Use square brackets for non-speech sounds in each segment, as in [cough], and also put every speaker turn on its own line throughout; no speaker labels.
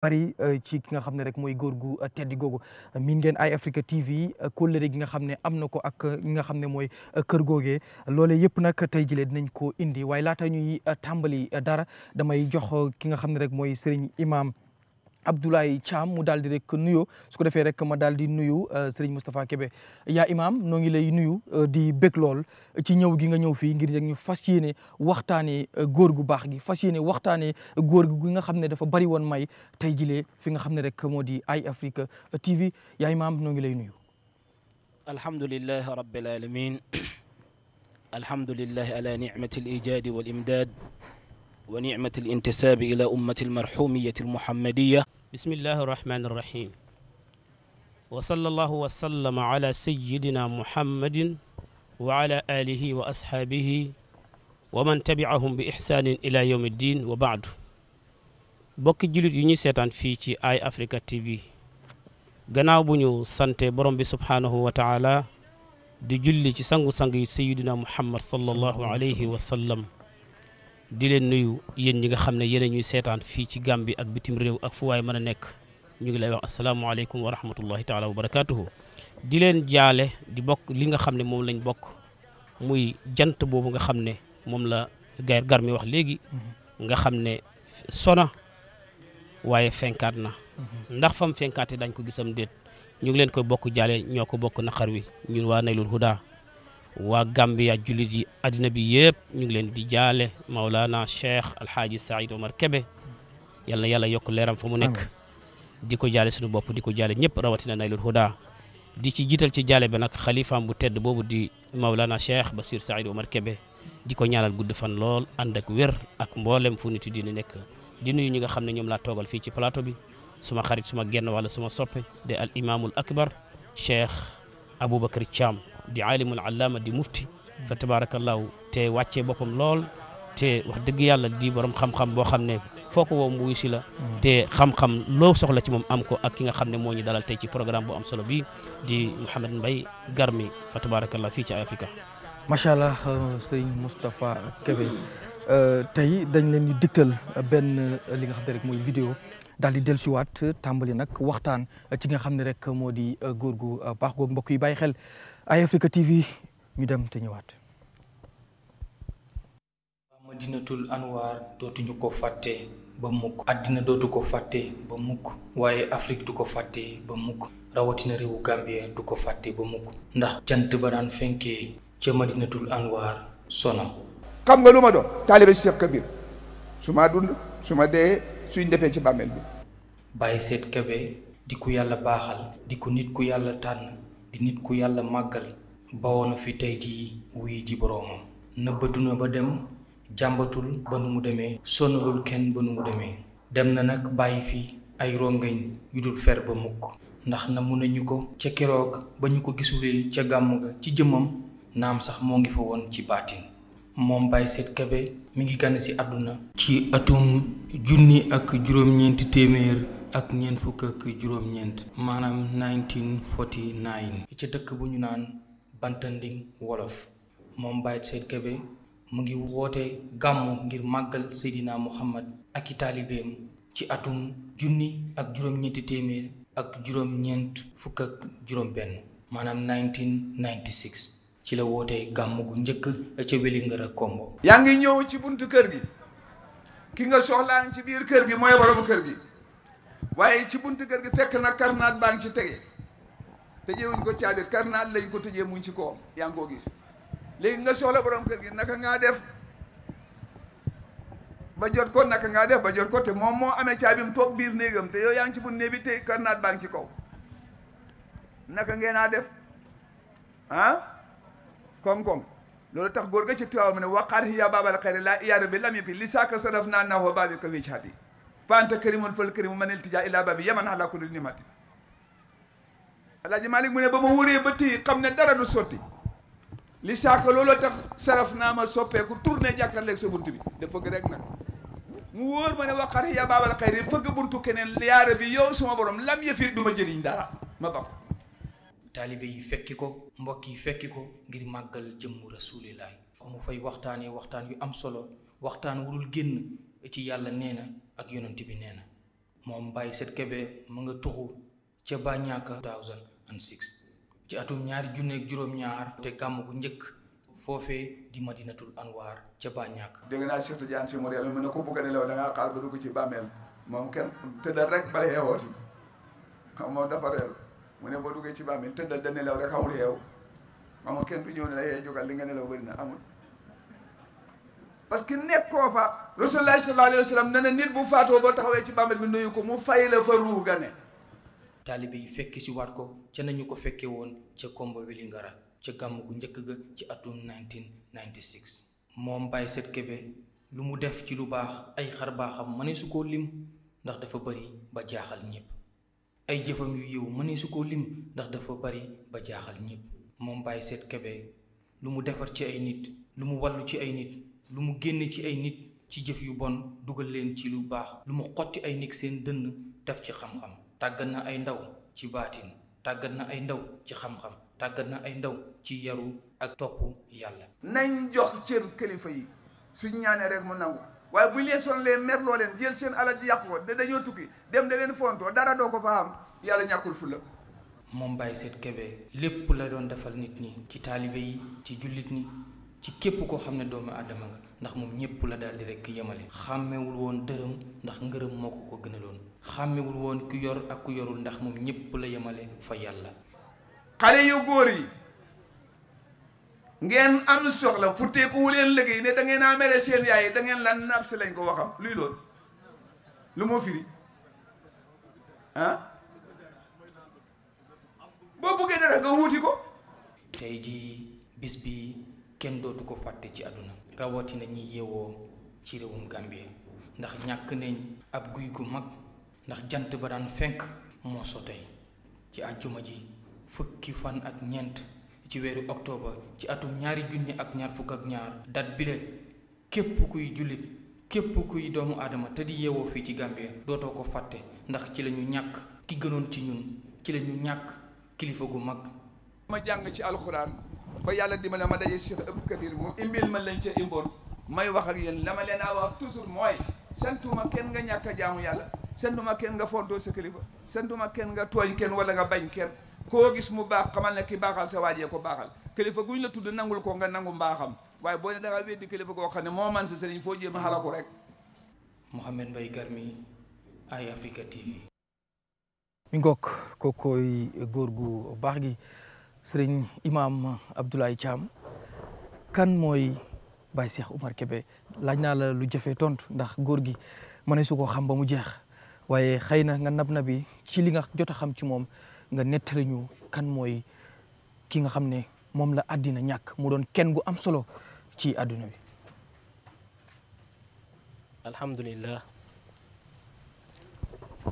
bari euh, ci ki nga xam ne rek mooy góor gu euh, tedd googu miin ngeen Eye Africa TV euh, kóllëre gi nga xam ne am na ko ak ñi nga xam ne mooy kër googee loole yëpp nag tey jile dinañ ko indi waaye laata ñuy tàmbali dara damay joxo ki nga xam ne rek mooy sëriñ imam Abdoulaye cham mu daldi rek nuyo su ko defé rek ma daldi nuyo Serigne mustapha Kébé ya imam no ngi lay nuyo di bek lol ci ñëw gi nga ñëw fi ngir ñu fasiyene yéene gor gu bax gi fasiyene yéene gor gu nga xamne dafa bari won may tay jilé fi nga xamne rek modi ay Africa TV ya imam no ngi lay nuyo
alhamdulilah rabbil alamin alhamdulillah ala ni'mati al ijaadi wal imdad ونعمة الانتساب إلى أمة المرحومية المحمدية بسم الله الرحمن الرحيم وصلى الله وسلم على سيدنا محمد وعلى آله وأصحابه ومن تبعهم بإحسان إلى يوم الدين وبعد بك جلد يونيسيتان في آي أفريكا تي في غناو بنيو سانتي بروم سبحانه وتعالى دي جلد سانغو سانغي سيدنا محمد صلى الله عليه وسلم. di leen nuyu yéen ñi nga xam ne yéen a ñuy seetaan fii ci Gàmbi ak bitim réew ak fu waay mën a nekk ñu ngi lay wax asalaamaaleykum wa rahmatullahi taala wa barakaatuhu di leen jaale di bokk li nga xam ne moom lañ bokk muy jant boobu nga xam ne moom la gar gar mi wax léegi mm-hmm. nga xam ne sona waaye fenkaat na mm-hmm. ndax fam fenkaate dañ ko gisam déet ñu ngi leen koy bokk jaale ñoo ko bokk naqar wi ñun waa Naylul Huda waa Gambia jullit yi addina bi yëpp ñu ngi leen di jaale Maulana Cheikh Alhaaji Saïd Omar Kebe yal yàlla yokk leeram fa mu nekk di ko jaale suñu bopp di ko jaale ñëpp rawatina Naylul Huda di ci jiital ci jaale bi nag xalifaam bu tedd boobu di Maulana Cheikh Basir Saïd Omar Kebe di ko ñaanal gudd fan lool ànd ak wér ak mboolem fu nit yi nekk di nuyu ñi nga xam ne ñoom laa toogal fii ci palato bi suma xarit ma genn wala suma soppe de al imaamul akbar Cheikh Aboubacar di alimul allama di mufti fa tabarakallahu te wacce bopam lol te wax deug yàlla di borom xam-xam bo xamne foko wo mu wisi la te xam-xam lo soxla ci mom am ko ak ki nga xamne moñu dalal tay ci programme bu am solo bi di mohammed mbay Garmi fa tabarakallahu fi ci afrika
macha allah sëñ Moustapha Kébé tey dañ leen di diktal benn li nga xam ne rek mooy vidéo daal di dellusiwaat tàmbali nag waxtaan ci nga xam ne rek moo di góor gu baax googu mbokk xel Eye Africa TV ñu dem te ñëwaat. Madinatul Anwar dootuñu ko fàtte ba mukk àddina dootu ko fàtte ba mukk waaye Afrique du ko fàtte ba mukk rawatina réewu Gambia du ko fàtte ba mukk
ndax jant ba daan fenkee ca Madinatul Anwar sona xam nga lu ma doon taalibe Cheikh Kabir su ma su ma dee suñ defee ci bàmmeel bi
Baye Seet Kebe di ku yàlla baaxal di ku nit ku yàlla tànn di nit ku yàlla màggal bawoon fi tey jii wuy ji boroomam nëbbatu na ba dem jàmbatul ba nu mu demee sonalul kenn ba nu mu demee dem na nag bàyyi fi ay rongañ yu dul fer ba mukk ndax na mu nañu ko ca keroog ba ñu ko gisulee ca gàmm ga ci jëmmam naam sax moo ngi fa woon ci baatin moom Baye Seyd Kébé mi ngi gane ci àdduna ci atum junni ak juróom-ñeenti téeméer ak ñeent fukk ak juróom-ñeent maanaam 1949 ci dëkk bu ñu naan Bantanding wolof moom Baye kebe mu ngi woote gàmmu ngir màggal Seydina Muhammad ak i taalibeem ci atum junni ak juróom-ñeenti téeméer ak juróom-ñeent fukk ak juróom-benn maanaam 1996 ci la wootee gàmm gu njëkk ca Wélingara Kombo.
yaa ngi ñëw ci buntu kër gi ki nga soxlaan ci biir kër gi mooy boromu kër gi. waaye ci buntu kër gi fekk na karnaat baa ngi ci tege tëjeewuñ ko caabi karnaat lañ ko tëjee mu ngi ci koom yaa ngi koo gis léegi nga soxla borom kër gi naka ngaa def ba jot ko naka ngaa def ba jot ko te moom moo amee caabim toog biir néegam te yow yaa ngi ci bu néeg bi te karnaat baa ngi ci kaw naka ngeen def ah kom kom loolu tax góor ga ci teewa mu ne waqaar hiya baabal la laa iyaada bi lam yi fi li saaka sadaf naa naa hoo baabi ko wéccaati فانت كريم فالكريم من التجا الى بابي يمن على كل نعمه الله مالك من بمو وري بتي خمنا دارا دو سوتي لي ساك لولو تخ سرفنا ما سوبيكو تورني جاكار ليك سوبنتي دي فك رك نا مو وور من وخر يا باب الخير فك بنتو كنن يا ربي يو سما بروم لم يفير دوما جيري دارا ما باك
طالبي فككو مبوكي فككو غير ماغال جيم رسول الله مو فاي وقتاني وقتان يو ام سولو وقتان ورول ген ci yàlla nee na ak yonent bi nee na moom Baye Set Kebe mu nga tuxu ca Banyanka 2006 ci atum ñaari junneeg juróom-ñaar te gàmm bu njëkk foofee di madinatul anwaar ca Banyanka.
dégg naa Cheikh Tidiane Sy Moriel mu ne ko bëgg nelaw da ngaa ba dugg ci bàmmeel moom kenn tëddal rek bala yeewooti mu ne boo duggee ci bàmmeel tëddal da nelaw rek amul yeew xam kenn du ñëw ne la yee eh, jógal nelaw bëri na parce que nekkoo fa rasulullah sallallahu alayhi wa sallam nit bu faatoo boo taxawee ci bàmmeel bi nuyu ko mu fay la fa ruu ga ne
taalibe yi fekki waat ko ca nañu ko fekke woon ca Kombo Wellingara ca gàmm gu njëkk ga ci atum 1996 moom Baye Set Kébé lu mu def ci lu baax ay xar baaxam mënee su koo lim ndax dafa bari ba jaaxal ñépp ay jëfam yu yiw mënee su koo lim ndax dafa bari ba jaaxal ñépp moom Baye Set Kébé lu mu defar ci ay nit lu mu wàllu ci ay nit lu mu génne ci ay nit ci jëf yu bon dugal leen ci lu baax lu mu xotti ay nit seen dënn def ci xam-xam tàggat na ay ndaw ci baatin tàggat na ay ndaw ci xam-xam tàggat na ay ndaw ci yaru ak topp yàlla
nañ jox cër kilifa yi suñ ñaanee rek mu nangu waaye bu leen sonlee mer loo leen jël seen alal ji ko da dañoo tukki dem da leen fontoo dara doo ko fa am yàlla ñàkkul fu
moom Baye seet Kébé lépp la doon defal nit ñi ci taalibe yi ci jullit ñi ci képp koo xam ne doomu aadama ndax moom ñëpp la daal di rek yemale xàmmewul woon dërëm ndax ngërëm moo ko ko gënaloon xàmmewul
woon ku yor ak ku yorul ndax moom ñëpp la yemale fa yàlla xale yu góor yi ngeen am soxla furteeku wu leen liggéey ne da ngeen a mere seen yaay da ngeen lan nab si lañ ko waxam luy loolu lu moo firi ah boo bëggee dara nga wuuti ko
tey ji bis bi kenn dootu ko fàtte ci àdduna rawatina ñi yeewoo ci réewum Gambie ndax ñàkk nañ ab guy gu mag ndax jant ba daan fenk moo so tey ci àjjuma ji fukki fan ak ñeent ci weeru octobre ci atum ñaari junni ak ñaar fukk ak ñaar dat bile képp kuy jullit képp kuy doomu aadama te di yeewoo fii ci Gambie dootoo ko fàtte ndax ci lañu ñàkk ki gënoon ci ñun ci lañu ñàkk kilifa gu mag
ma jàng ci alxuraan ba yàlla dimbale ma daje Cheikh Abdou Kadir mu imbil ma lañ ca may wax ak yéen la ma leen a wax toujours mooy santuma kenn nga ñàkk a jaamu yàlla santuma kenn nga fontoo sa kilifa santuma kenn nga tooñ kenn wala nga bañ kenn koo gis mu baax xamal ne ki baaxal sa waajee ko baaxal kilifa guñ la tudd nangul ko nga nangu mbaaxam waaye boo ne da ngaa weddi kilifa koo xam ne moo man sa sëriñ foo jéem a xalaku rek.
Mouhamed Mbaye Garmi Eye Africa TV. mi ngoog kookooy góor gu baax gi. sëriñ imaam Abdoulaye Thiam kan mooy Baye Cheikh Oumar Kébé laaj naa la lu jafe tontu ndax góor gi ma ne su ko xam ba mu jeex waaye xëy na nga nab nabi ci li nga jot xam ci moom nga nettali ñu kan mooy ki nga xam ne moom la àddina ñàkk mu doon kenn gu am solo ci àdduna bi.
alhamdulilah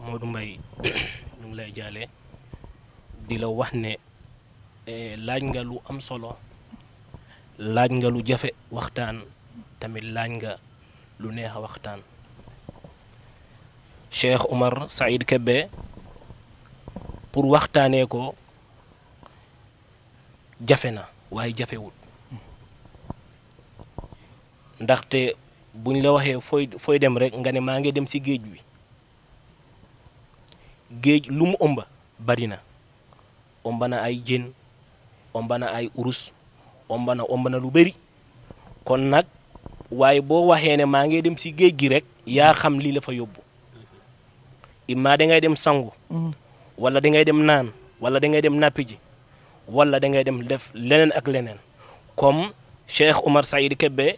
Modou Mbaye [coughs] ñu ngi lay jaale di la wax ne. Eh, laaj nga lu am solo laaj nga lu jafe waxtaan tamit laaj nga lu neex a waxtaan Cheikh Oumar Saïd Kébé pour waxtaanee ko jafe na waaye jafewul ndaxte buñ la waxee fooy dem rek nga ne maa ngi dem ci géej bi géej lu mu ëmba bari na ëmba na ay jën omba na ay urus omba na lu bëri kon nag waaye boo waxee ne maa ngi dem si géej gi rek yaa xam lii la fa yóbbu imma da dem sangu mm-hmm. wala da ngay dem naan wala da ngay dem nappi ji wala da ngay dem def leneen ak leneen comme Cheikh Omar Saïd Kébé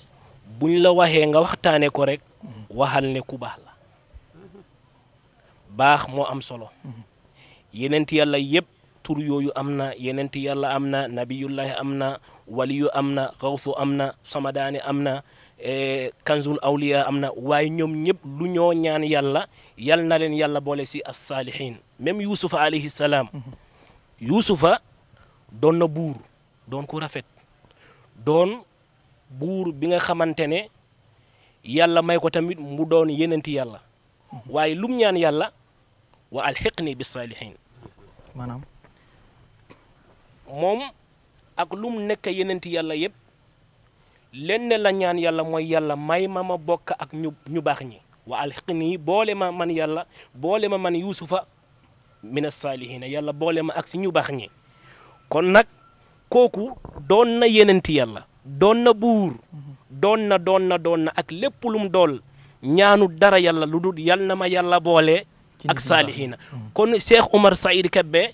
buñ la waxee nga waxtaanee ko rek mm-hmm. waxal ne ku baax la baax am solo mm-hmm. yeneen yàlla yëpp. tur yoyu amna na yenenti yàlla amna nabiyullah amna waliyu amna na amna samadani amna samadaani kanzul awliya amna way ñom ñep lu ñoo ñaan yàlla yal na len yàlla ci as-salihin même yusuf alayhi salam yuusufa don na bour don ko rafet don bour bi nga xamantene yàlla may ko tamit mu don yenenti yàlla waye lum ñaan yàlla wa alhiqni bis-salihin manam moom ak lum nekk yenenti yàlla yëpp lenn la ñaan yàlla mooy yàlla may ma ma bokk ak ñu ñu baax ñi wa alxiqnii boole ma man yàlla boole ma man yuusufa min asaalihina yàlla boole ma ak si ñu baax ñi kon nag kooku doon na yenenti yàlla doon na buur doon na doon na doon ak lépp lum dool ñaanu dara yàlla lu dul yal na ma yàlla boole ak saalihina kon Cheikh Omar Saïd Kébé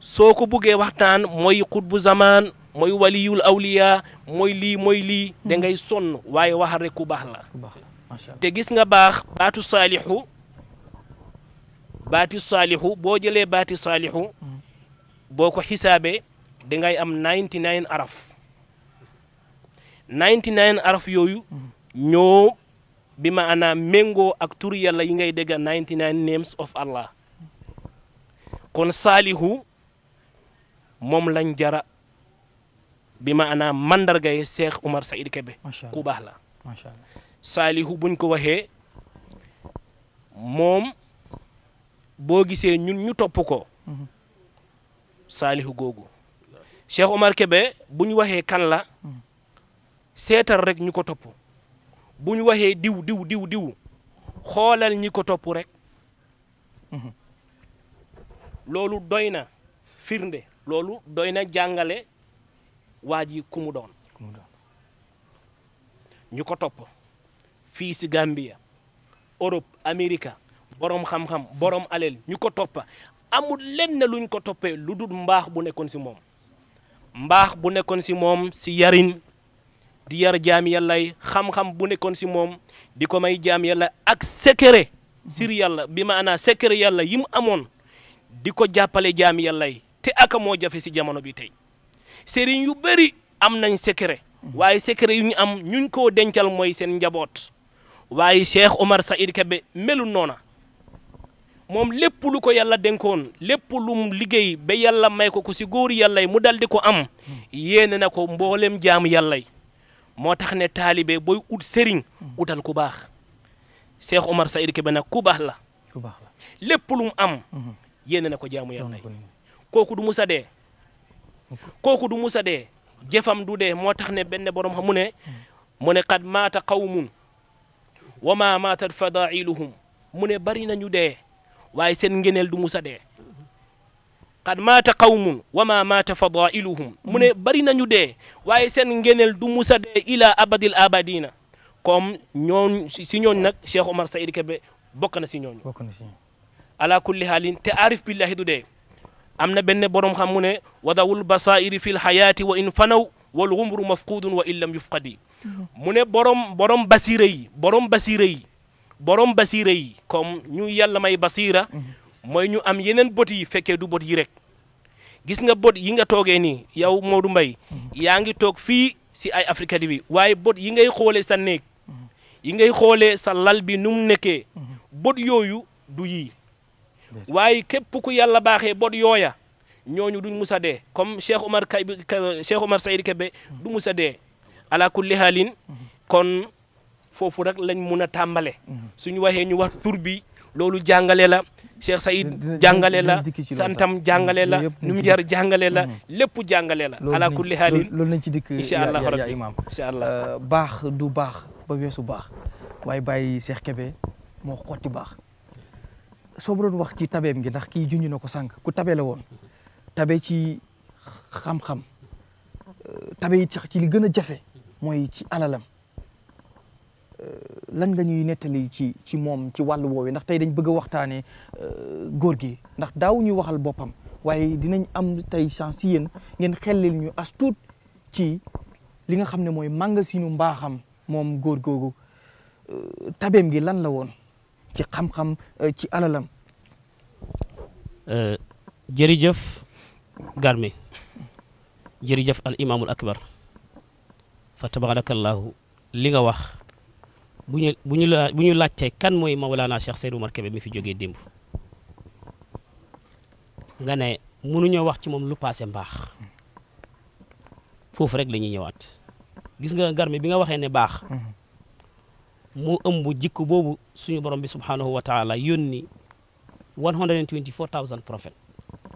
soo ko buggee waxtaan mooy xutbu zamaan mooy waliyul awliya mooy lii mooy lii dangay ngay sonn waaye wax rek ku baax la te gis nga baax baatu saalixu baati saalixu boo jëlee baatu saalixu hmm. boo ko xisaabee dangay ngay am 99 araf 99 araf yooyu hmm. ñoo bi ma ana méngoo ak tur yàlla yi ngay dégg 99 names of Allah hmm. kon saalixu moom lañ jara bi maanaam mandarga yi Cheikh Oumar Saïd Kébé ku baax la saalihu buñ ko waxee moom boo gisee ñun ñu topp ko mhm. saalihu googu Cheikh Oumar Kébé bu ñu waxee kan la mhm. seetal rek ñu ko topp bu ñu waxee diw diw diw diw xoolal ñi ko topp rek mhm. loolu doy na firnde loolu doy na jàngale waa ji ku mu doon ñu ko topp fii si Gambia Europe Amérique borom xam-xam borom aleel ñu ko toppa amul lenn luñ ko toppee lu dul mbaax bu nekkoon si moom mbaax bu nekkoon si moom si yarin di yar jaam yàllay xam-xam bu nekkoon si moom di ko may jaam yàlla ak secret sir yàlla bi maanaa secret yàlla yi mu amoon di ko jàppale jaam yàllay te aka moo jafe si jamono bi tey sëriñ yu bëri am nañ secret waaye secret yu ñu am ñuñ koo dencal mooy seen njaboot waaye Cheikh Omar Saïd Kébé melu noona moom lépp lu ko yàlla dénkoon lépp lum liggéey ba yàlla may ko ko si góor yàlla yi mu dal di ko am yéene na ko mboolem jaamu yàlla yi moo tax ne taalibe booy ut sëriñ utal ku baax Cheikh Omar Saïd Kébé nag ku baax la lépp lum am mhm. yéene na ko jaam yàlla yi kooku du musa dee kooku du musa dee borom xam mu ne mu ne qad maata qawmun wa ma maatat fadailuhum mu ne bari nañu dee waaye seen ngeneel du musa dee qad maata qawmun wa ma maata fadailuhum mu ne ila abadil abadina comme ñooñ si ñooñ nag Cheikh Omar Saïd Kébé te arif billahi du am na benn borom xam mu ne wadawul basairi fi lxayaati wa in fanaw wal xumru mafqudun wa in lam yufqadi mu ne borom borom basira yi borom basira yi borom basira yi comme ñu yàlla may basira mooy ñu am yeneen bot yi fekkee du bot yi rek gis nga bot yi nga toogee nii yow Modou Mbaye yaa ngi toog fii si ay Africa TV waaye bot yi ngay xoolee sa néeg yi ngay xoolee sa lal bi nu mu nekkee bot yooyu du yii waaye képp ku yàlla baaxee bot yooya ñooñu duñ mus a dee comme Cheikh Omar Kay Cheikh Omar Saïd Kébé du musa dee ala kulli haalin kon foofu rek lañ mun a tàmbale mhm. suñu waxee ñu wax tur bi loolu jàngale la Cheikh Saïd jàngale la santam jàngale la nu mu jar jàngale la mhm. lépp jàngale la ala kulli haalin loolu nañ ci dikk incha allah rabbi
imaam incha allah euh, baax du baax ba weesu baax waaye bàyyi Cheikh Kébé moo xotti baax soo doon wax ci tabeem gi ndax kii junj na ko sànq ku tabe la woon tabe ci xam-xam euh, tabe it ci li gën a jafe mooy ci alalam euh, lan nga ñuy nettali ci ci moom ci wàllu woowu ndax tey dañ bëgg a waxtaanee euh, góor gi ndax daaw waxal boppam waaye dinañ am tey chance si ngeen xellil ñu as ci li nga xam ne mooy màngasinu mbaaxam moom góor googu tabeem gi lan la woon. ci xam-xam euh, ci alalam.
Euh, jërëjëf Garmi jërëjëf al imaamul akbar fa tabarakallahu li nga wax bu ñu bu ñu la bu ñu laajtee kan mooy Mawlana Cheikh Seydou Oumar Kébé mi fi jógee démb nga ne mënuñoo wax ci moom lu paase mbaax foofu rek la ñuy ñëwaat gis nga Garmi bi nga waxee ne baax. Mhm. moo ëmb jikko boobu suñu borom bi subhanahu wa taala yónni 124000 prophètes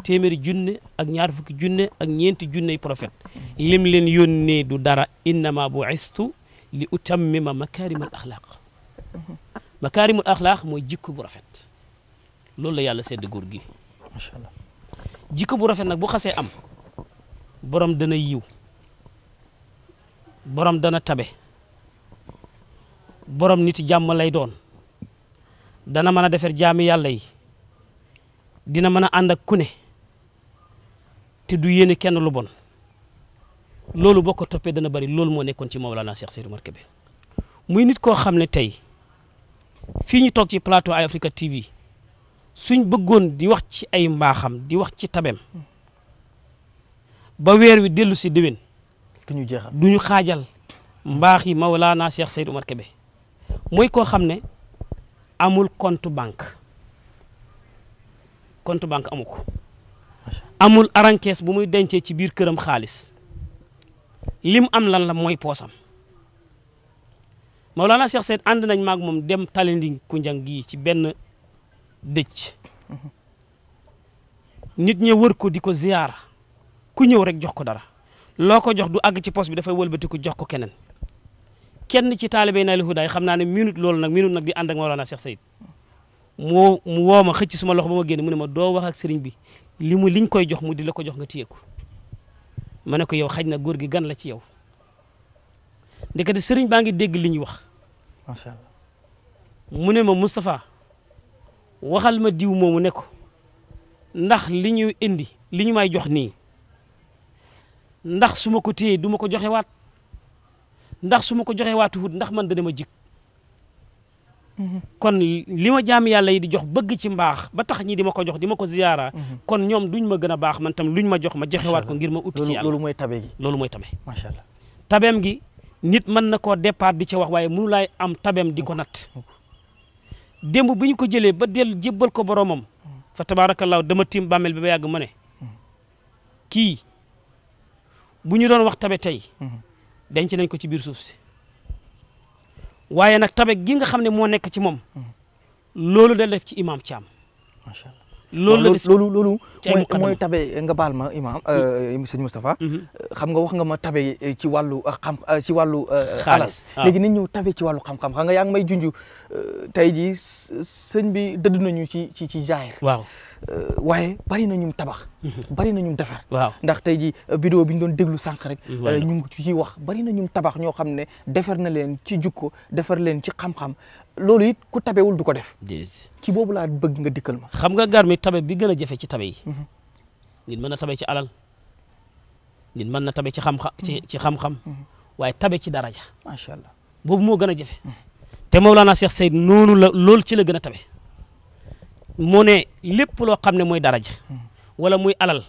téméri junne ak ñaar fukki junne ak ñeenti junney prophètes lim leen yónnee du dara innama buistu li utammima makaarimul axlaaq makaarimul axlaaq mooy jikko bu rafet loolu la yàlla sedd góor gi macha allah jikko bu rafet nag bu xasee am borom dana yiw borom dana tabe borom niti jamm lay doon dana mana defer jami yalla yi dina mana and ak ku te du yene kenn lu bon lolou boko topé dana bari lolou mo nekkon ci Mawlana Cheikh Seydou Marke bi muy nit ko xamne tay tey ci plateau ay Africa TV suñ bëggoon di wax ci ay mbaxam di wax ci tabem ba weer wi delu ci déwén. duñu ñu duñu xajal ñu yi Mawlana Cheikh Seydou Marke mooy koo xam ne amul kont banque compte banque amu ko amul arankees bu muy dencee ci biir këram xaalis lim am lan la mooy poosam Maolana Cheikh seet ànd nañ maag moom dem ku njang gi ci benn dëcc nit ñi wër ko di ko ziyaar ku ñëw rek jox ko dara loo ko jox du àgg ci poos bi dafay wëlbati ko jox ko keneen kenn ci taalibey Naylul daay xam naa ne minute loolu nag minute nag di ànd ak Mawlana Cheikh Sayid moo mu woo ma xëcc suma loxo ba ma génn mu ne ma doo wax ak sëriñ bi limu liñ koy jox mu di la ko jox nga téye ma ne ko yow xaj na góor gi gan la ci yow ndekete sëriñ baa ngi dégg li ñu wax. macha mu ne ma Moustapha waxal ma diw moomu ne ko ndax li ñu indi li may jox nii ndax su ma ko téye du ma ko joxewaat ndax su ma ko joxee waatu wut ndax man dana ma jik mhm. kon li ma jaam yàlla yi di jox bëgg ci mbaax ba tax ñi di ma ko jox di ma ko ziyaara mhm. kon ñoom duñ ma gën a baax man tam luñ ma jox ma joxewaat ko ngir ma ut ci yàlla loolu mooy tabe gi loolu mooy tabe macha tabeem gi nit mën na koo départ di ca wax waaye mënu laay am tabeem di ko natt démb bi ñu ko jëlee ba dellu jébbal ko boromam mhm. fa tabaarakallaahu dama tiim bàmmeel bi ba yàgg ma ne kii bu ñu doon wax tabe tey denc nañ ko ci biir suuf si waaye nag tabe gi nga xam ne moo nekk ci moom loolu da def ci imaam Thiam. macha allah loolu loolu loolu mooy
tabe nga baal ma imaam euh, mm-hmm. sëñ Moustapha. Mm-hmm. xam nga wax nga ma tabe euh, ci wàllu euh, xam ci wàllu. xaalis léegi nañ ñëw tabe ci wàllu xam-xam nga may junju tey jii sëñ bi dëdd nañu ci ci ci jaahir waaw Euh, waaye bari na ñum tabax. Mhm. bari na ñum defar. waaw ndax tey jii euh, vidéo bi ñu doon déglu sànq rek. Mhm. Euh, ñu ngi ciy wax bari na ñum tabax ñoo xam ne defar na leen ci jukko defar leen ci xam-xam loolu it ku tabewul du ko def. ci boobu laa bëgg nga dikkal ma. xam nga gar
mi tabe bi gën a jafe ci tabe yi. Mhm. nit mën na tabe ci alal nit mën na tabe ci xam-xam ci ci xam waaye tabe ci daraja. macha boobu moo gën a jafe. te na seex sey noonu la loolu ci la gën a tabe. mu ne lépp loo xam ne mooy daraja wala muy alal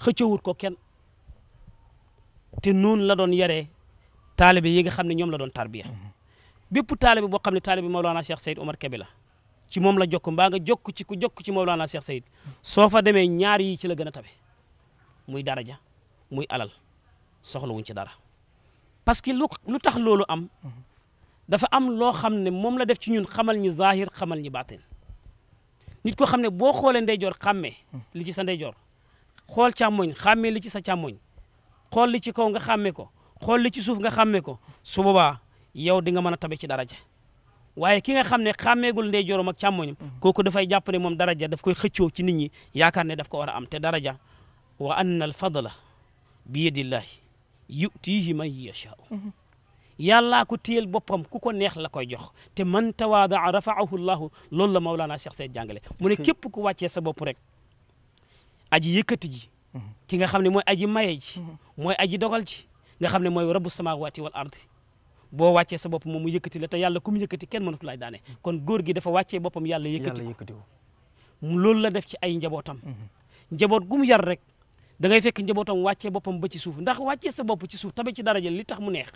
xëccawut ko kenn te noonu la doon yaree taalibe yi nga xam ne ñoom la doon tarbiya bépp taalibe boo xam ne taalibe Mawlana Cheikh Seyd Omar Kebe la ci moom la jokk mbaa nga jokk ci ku jokk ci Mawlana Cheikh Seyd soo fa demee ñaar yi ci la gën a tabe muy daraja muy alal soxla wuñ ci dara parce que lu lu tax loolu am dafa am loo xam ne moom la def ci ñun xamal ñi zahir xamal ñi baatin nit koo xam ne boo xoolee ndeyjoor xàmmee li ci sa ndeyjoor xool càmmoñ xàmmee li ci sa càmmoñ xool li ci kaw nga xàmmee ko xool li ci suuf nga xàmmee ko su boobaa yow di nga mën a tabe ci daraja waaye ki nga xam ne xàmmeegul ndeyjooram ak càmmoñam mm-hmm. kooku dafay jàpp ne moom daraja daf koy xëccoo ci nit ñi yaakaar ne daf ko war a am te daraja wa anna al fadla bi yadillahi yutihi man yashaau mm-hmm. yàllaa ko téyel boppam ku ko neex la koy jox te man tawaadaa rafaahu llahu loolu la Mawlana Cheikh Seydi jàngale mu ne képp ku wàccee sa bopp rek aji yëkkati ji mhm. ki nga xam ne mooy aji maye ji mhm. mooy aji dogal ji nga xam ne mooy rabu samawati wal ardi boo wàccee sa bopp moom mu yëkkati la te yàlla ku mu yëkkati kenn mënatu laay daane mhm. kon góor gi dafa wàccee boppam yàlla yëkkati ko loolu la def ci ay njabootam njaboot gu mu yar rek da ngay fekk njabootam wàccee boppam ba ci suuf ndax wàccee sa bopp ci suuf tabe ci daraja li tax neex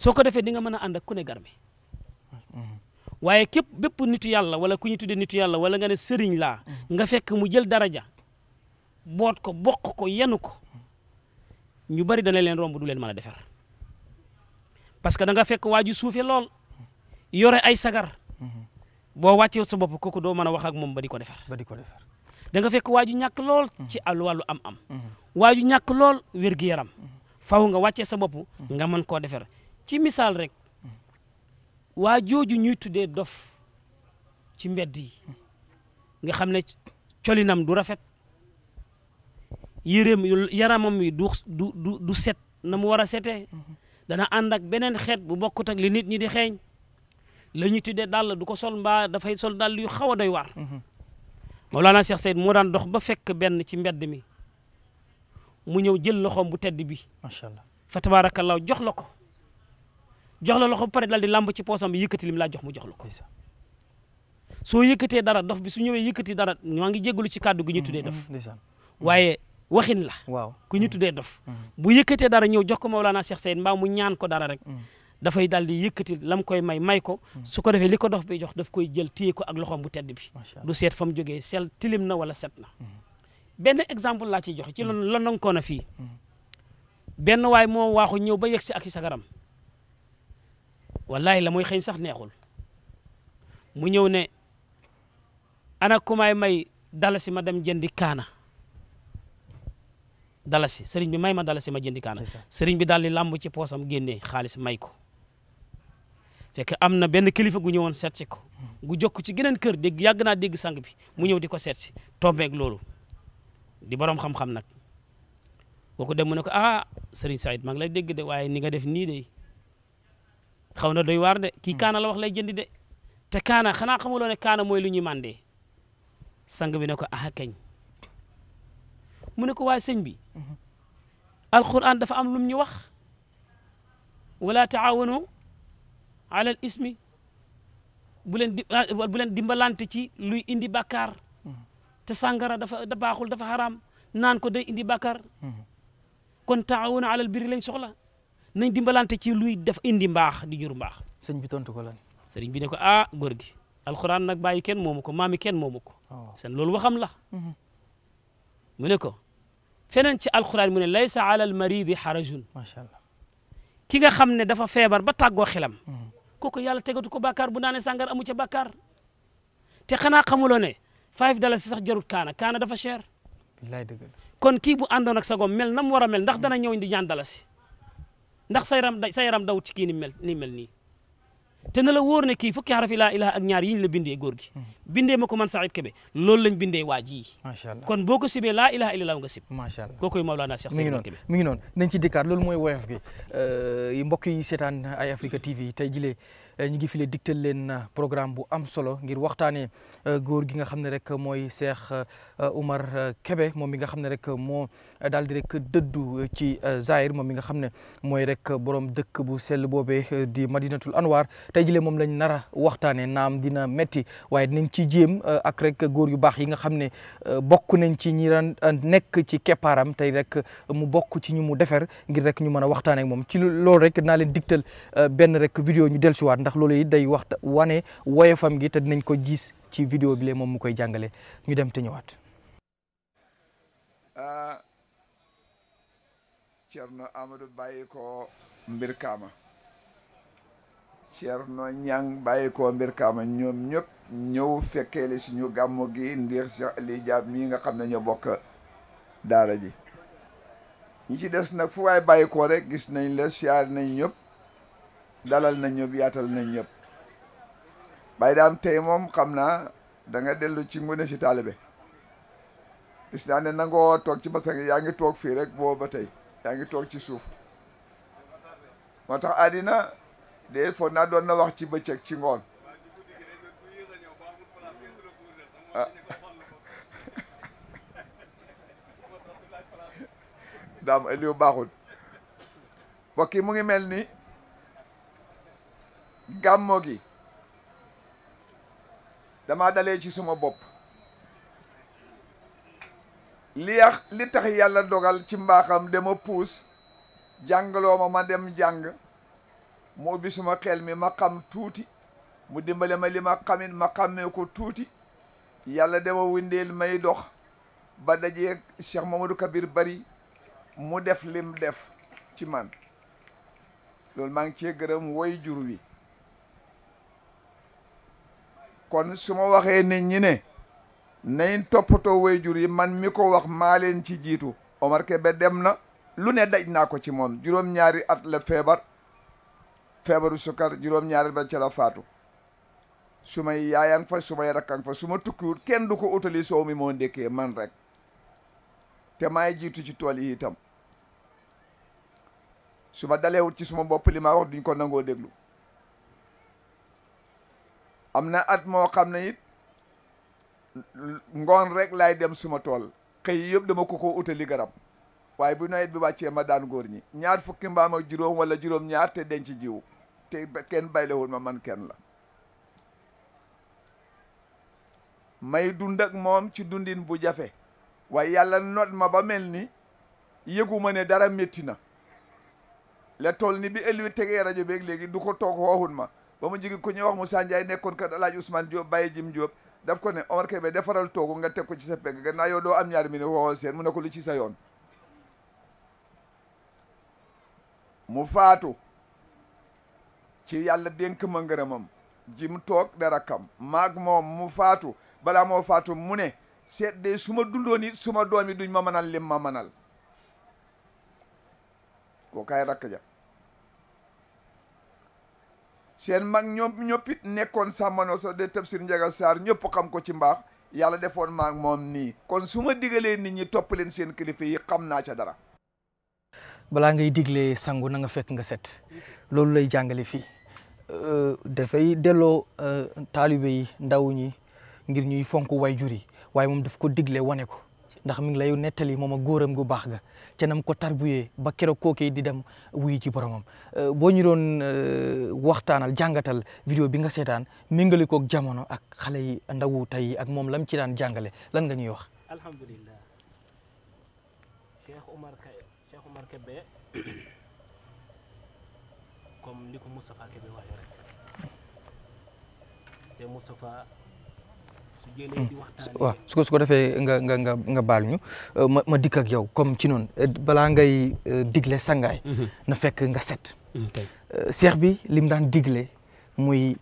soko defé di nga mëna and ak ku né garmi waye képp bép nitu yalla wala ku ñu tuddé nitu yalla wala nga né sëriñ la nga fekk mu jël daraja boot ko bokk ko yenu ko ñu bari na leen romb du leen mëna a parce que da nga fekk waju ju lool yore ay sagar bo wacce sa bop ko ko do mëna wax ak mom ba di ko ba di ko da nga fekk waju ñak lool ci al walu am-am mhm. waju ñak lool wér-gi-yaram faaw nga wacce sa bop nga mën ko ci misaal rek waa jooju ñuy tuddee dof ci mbedd yi nga xam ne colinam du rafet yéreem yaramam yi du du du set na mu war a setee dana ànd ak beneen xeet bu bokkut ak li nit ñi di xeeñ la ñuy tuddee dàll du ko sol mbaa dafay sol dàll yu xaw a doy waar Mawlana Cheikh Seyd moo daan dox ba fekk benn ci mbedd mi mu ñëw jël loxoom bu tedd bi macha allah fa jox la ko jox la loxo pare dal di làmb ci poosam bi yëkkati lim laa jox mu jox la ko soo yëkkatee dara dof bi su ñëwee yëkkati dara maa ngi jégalu ci kàddu gi ñu mm, tuddee dof mm, mm. waaye waxin la waaw ku ñu tuddee dof bu yëkkatee dara ñëw jox ko Mawlana Cheikh Seydi mbaa mu ñaan ko dara rek dafay dal di yëkkati lam koy may may ko su ko defee li ko dof bi jox daf koy jël téye ko ak loxoom bu tedd bi du seet fa mu jógee sel tilim na wala set na benn exemple laa ciy joxe ci lon londonkoo na fii benn waay moo waaxu ñëw ba yegg si ak ci sagaram wallahi la mooy xëñ sax neexul mu ñëw ne ana kumaay may dalasi ma dem jëndi kaana dalasi sëriñ bi may ma dalasi ma jëndi kaana sëriñ bi daal di làmb ci poosam génnee xaalis may ko fekk am na benn kilifa gu ñëwoon seet si ko gu jokk ci geneen kër dégg yàgg naa dégg sang bi mu ñëw di ko seet si tombeeg loolu di borom xam-xam nag ko dem mu ne ko ah sëriñ Saïd maa ngi lay dégg de waaye ni nga def nii de xaw na doy waar de kii hmm. kaana la wax lay jëndi de te kaana xanaa xamuloo ne kaana mooy lu ñuy mandee sang bi ne ko aha kañ mu ne ko waa sëñ bi hmm. alquran dafa am lum ñu wax wala taawanu alal ismi bu leen di ah, bu leen dimbalante ci luy indi bàkkaar hmm. te sàngara dafa da baaxul dafa xaraam naan ko day indi bàkkaar kon taawanu alal biri lañ soxla nañ dimbalante ci luy def indi mbax di jur mbax sëñ bi tontu ko lan. señ bi ne ko ah gor gi alquran nak bàyyi ken momuko mami ken momuko sen lolou waxam la. mu ne ko fenen ci alquran mu ne laysa ala almarid harajun xarajun. macha allah ki nga xamne dafa febar ba taggo xilam kooku yàlla tegatu ko bakar bu nané sàngar amu ci bakar te xana xamulone 5 dollars sax jarut kana kana dafa cher. billahi dëgg kon ki bu andon ak sagom mel nam wara mel ndax dana ñëw indi ñandalasi ndax sa yaram sa yaram daw ci kii ni mel ni nii te na la wóor ne kii fukki xarafi laa ilaha ak ñaar yi la bindee góor gi hmm. bindee ma ko man Saïd Kébé loolu lañ bindee waa ji macha allah kon boo ko sibee laa ilaha illallah nga sib macha allah kookoy Mawlana Cheikh Saïd Kébé
mi ngi noonu nañ ci euh, seetaan ay Africa TV tey jilee ñu ngi file digtal leen programme bu am solo ngir waxtaanee euh, góor gi nga xam ne rek mooy Cheikh euh, Oumar euh, kebe moom mi nga xam ne rek moo daal di rek dëddu ci Zaire moom mi nga xam ne mooy rek borom dëkk bu sell boobee di Madinatul Anwar tey jile moom lañ nara a waxtaanee naam dina metti waaye dinañ ci jéem ak rek góor yu baax yi nga xam ne bokk nañ ci ñi daan nekk ci keppaaram te rek mu bokk ci ñu mu defer ngir rek ñu mën a waxtaanee ak moom ci lool rek naa leen digtal benn rek vidéo ñu dellusiwaat ndax loolu it day wax wane woyofam gi te dinañ ko jiis ci vidéo bi lee moom mu koy jàngale ñu dem te
ñëwaat. Cerno ah, Amadou bàyyi ko mbir kaama Cerno Ñang bàyyi ko mbir kaama ñoom ñëpp ñëw fekkeeli suñu gàmmu gi ndir Cheikh Ali Diab mii nga xam ne ñoo bokk daara ji ñi ci des nag fu waay bàyyi ko rek gis nañ la siyaar nañ ñëpp dalal na ñëpp yaatal na ñëpp Baye Dame tey moom xam naa danga dellu ci ngune si taalibe gis naa ne nangoo toog ci basan yaa ngi toog fii rek boo ba tey yaa ngi toog ci suuf moo tax àddina de foog naa doon na wax ci bëccëg ci ngoon ah. [laughs] daam Aliou baaxul mbokk yi mu ngi mel ni gàmmo gi dama dale ci suma bopp li li tax yàlla dogal ci mbaaxam dama puus jàngaloo ma ma dem jàng mu ubbi suma xel mi ma xam tuuti mu dimbale ma li ma xamit ma xammee ko tuuti yàlla dama windeel may dox ba ma Cheikh Mamadou Kabir Bari mu def lim def ci man loolu maa ngi cee gërëm woy jur wi kon su ma waxee ne ñi ne nañ toppatoo wayjur yi man mi ko wax maa leen ci jiitu Omar be dem na lu ne daj naa ko ci moon juróom-ñaari at la feebar feebaru sukar juróom-ñaari ba ca la faatu su may yaayang fa su may rakkang fa su ma tukkiwut kenn du ko utali soow mi moo ndékkee man rek te maay jiitu ci tool yi itam su ma dalewut ci suma bopp li ma wax duñ ko nangoo déglu am na at moo xam ne it ngoon rekk laay dem suma tool xëy yëpp dama ko ko utali garab waaye bu nawet bi wàccee ma daan góor ñi ñaar fukki mbaam ak juróom wala juróom ñaar te denc jiw te kenn baylewul ma man kenn la may dund ak moom ci dundin bu jafe waaye yàlla not ma ba mel ni yëguma ne dara metti na la tool ni bi ëlwi tegee rajo beeg léegi du ko toog xooxun ma ba mu jigi ku ñuy wax Moussa Ndiaye nekkoon kat alaaj Ousmane Diop bàyyi Jim Diop daf ko ne Omar Kébé defaral toogu nga teg ko ci sa pegg gannaaw yow doo am ñaari minute waxoo seen mu ne ko lu ci sa yoon mu faatu ci yàlla dénk ma ngërëmam jim toog da rakkam maag moom mu faatu balaa moo faatu mu ne seet de su ma dundoon it su ma doom yi duñ ma mënal lim ma mënal koo kaay rakk ja seen mag ñoom ñoppit nekkoon sàmmanoo so de tafsir njaga saar ñëpp xam ko ci mbaax yàlla defoon maak moom ni kon su ma digalee nit ñi topp leen seen kilifa yi xam naa ca dara
balaa ngay diglee sangu na nga fekk nga set loolu lay jàngale fii euh, dafay delloo euh, taalibe yi ndaw ñi ngir ñuy fonk way jur yi waaye moom def ko digle wane ko ndax mi ngi lay nettali moom a góoram gu baax ga te nam ko tarbuyee ba keroog kookee di dem wuy ci boromam euh, boo ñu doon euh, waxtaanal jàngatal vidéo bi nga seetaan méngale koog jamono ak xale yi ndawu tey ak moom lam ci daan jàngale lan nga ñuy wax.
alhamdulillah Cheikh Omar Ka comme ni ko Moustapha Mm.
waaw su ko su ko defee nga nga nga nga baal ñu euh, ma ma dikk ak yow comme ci noonu euh, balaa ngay euh, digle sangaay mm-hmm. na fekk nga set mm, seex bi lim daan digle muy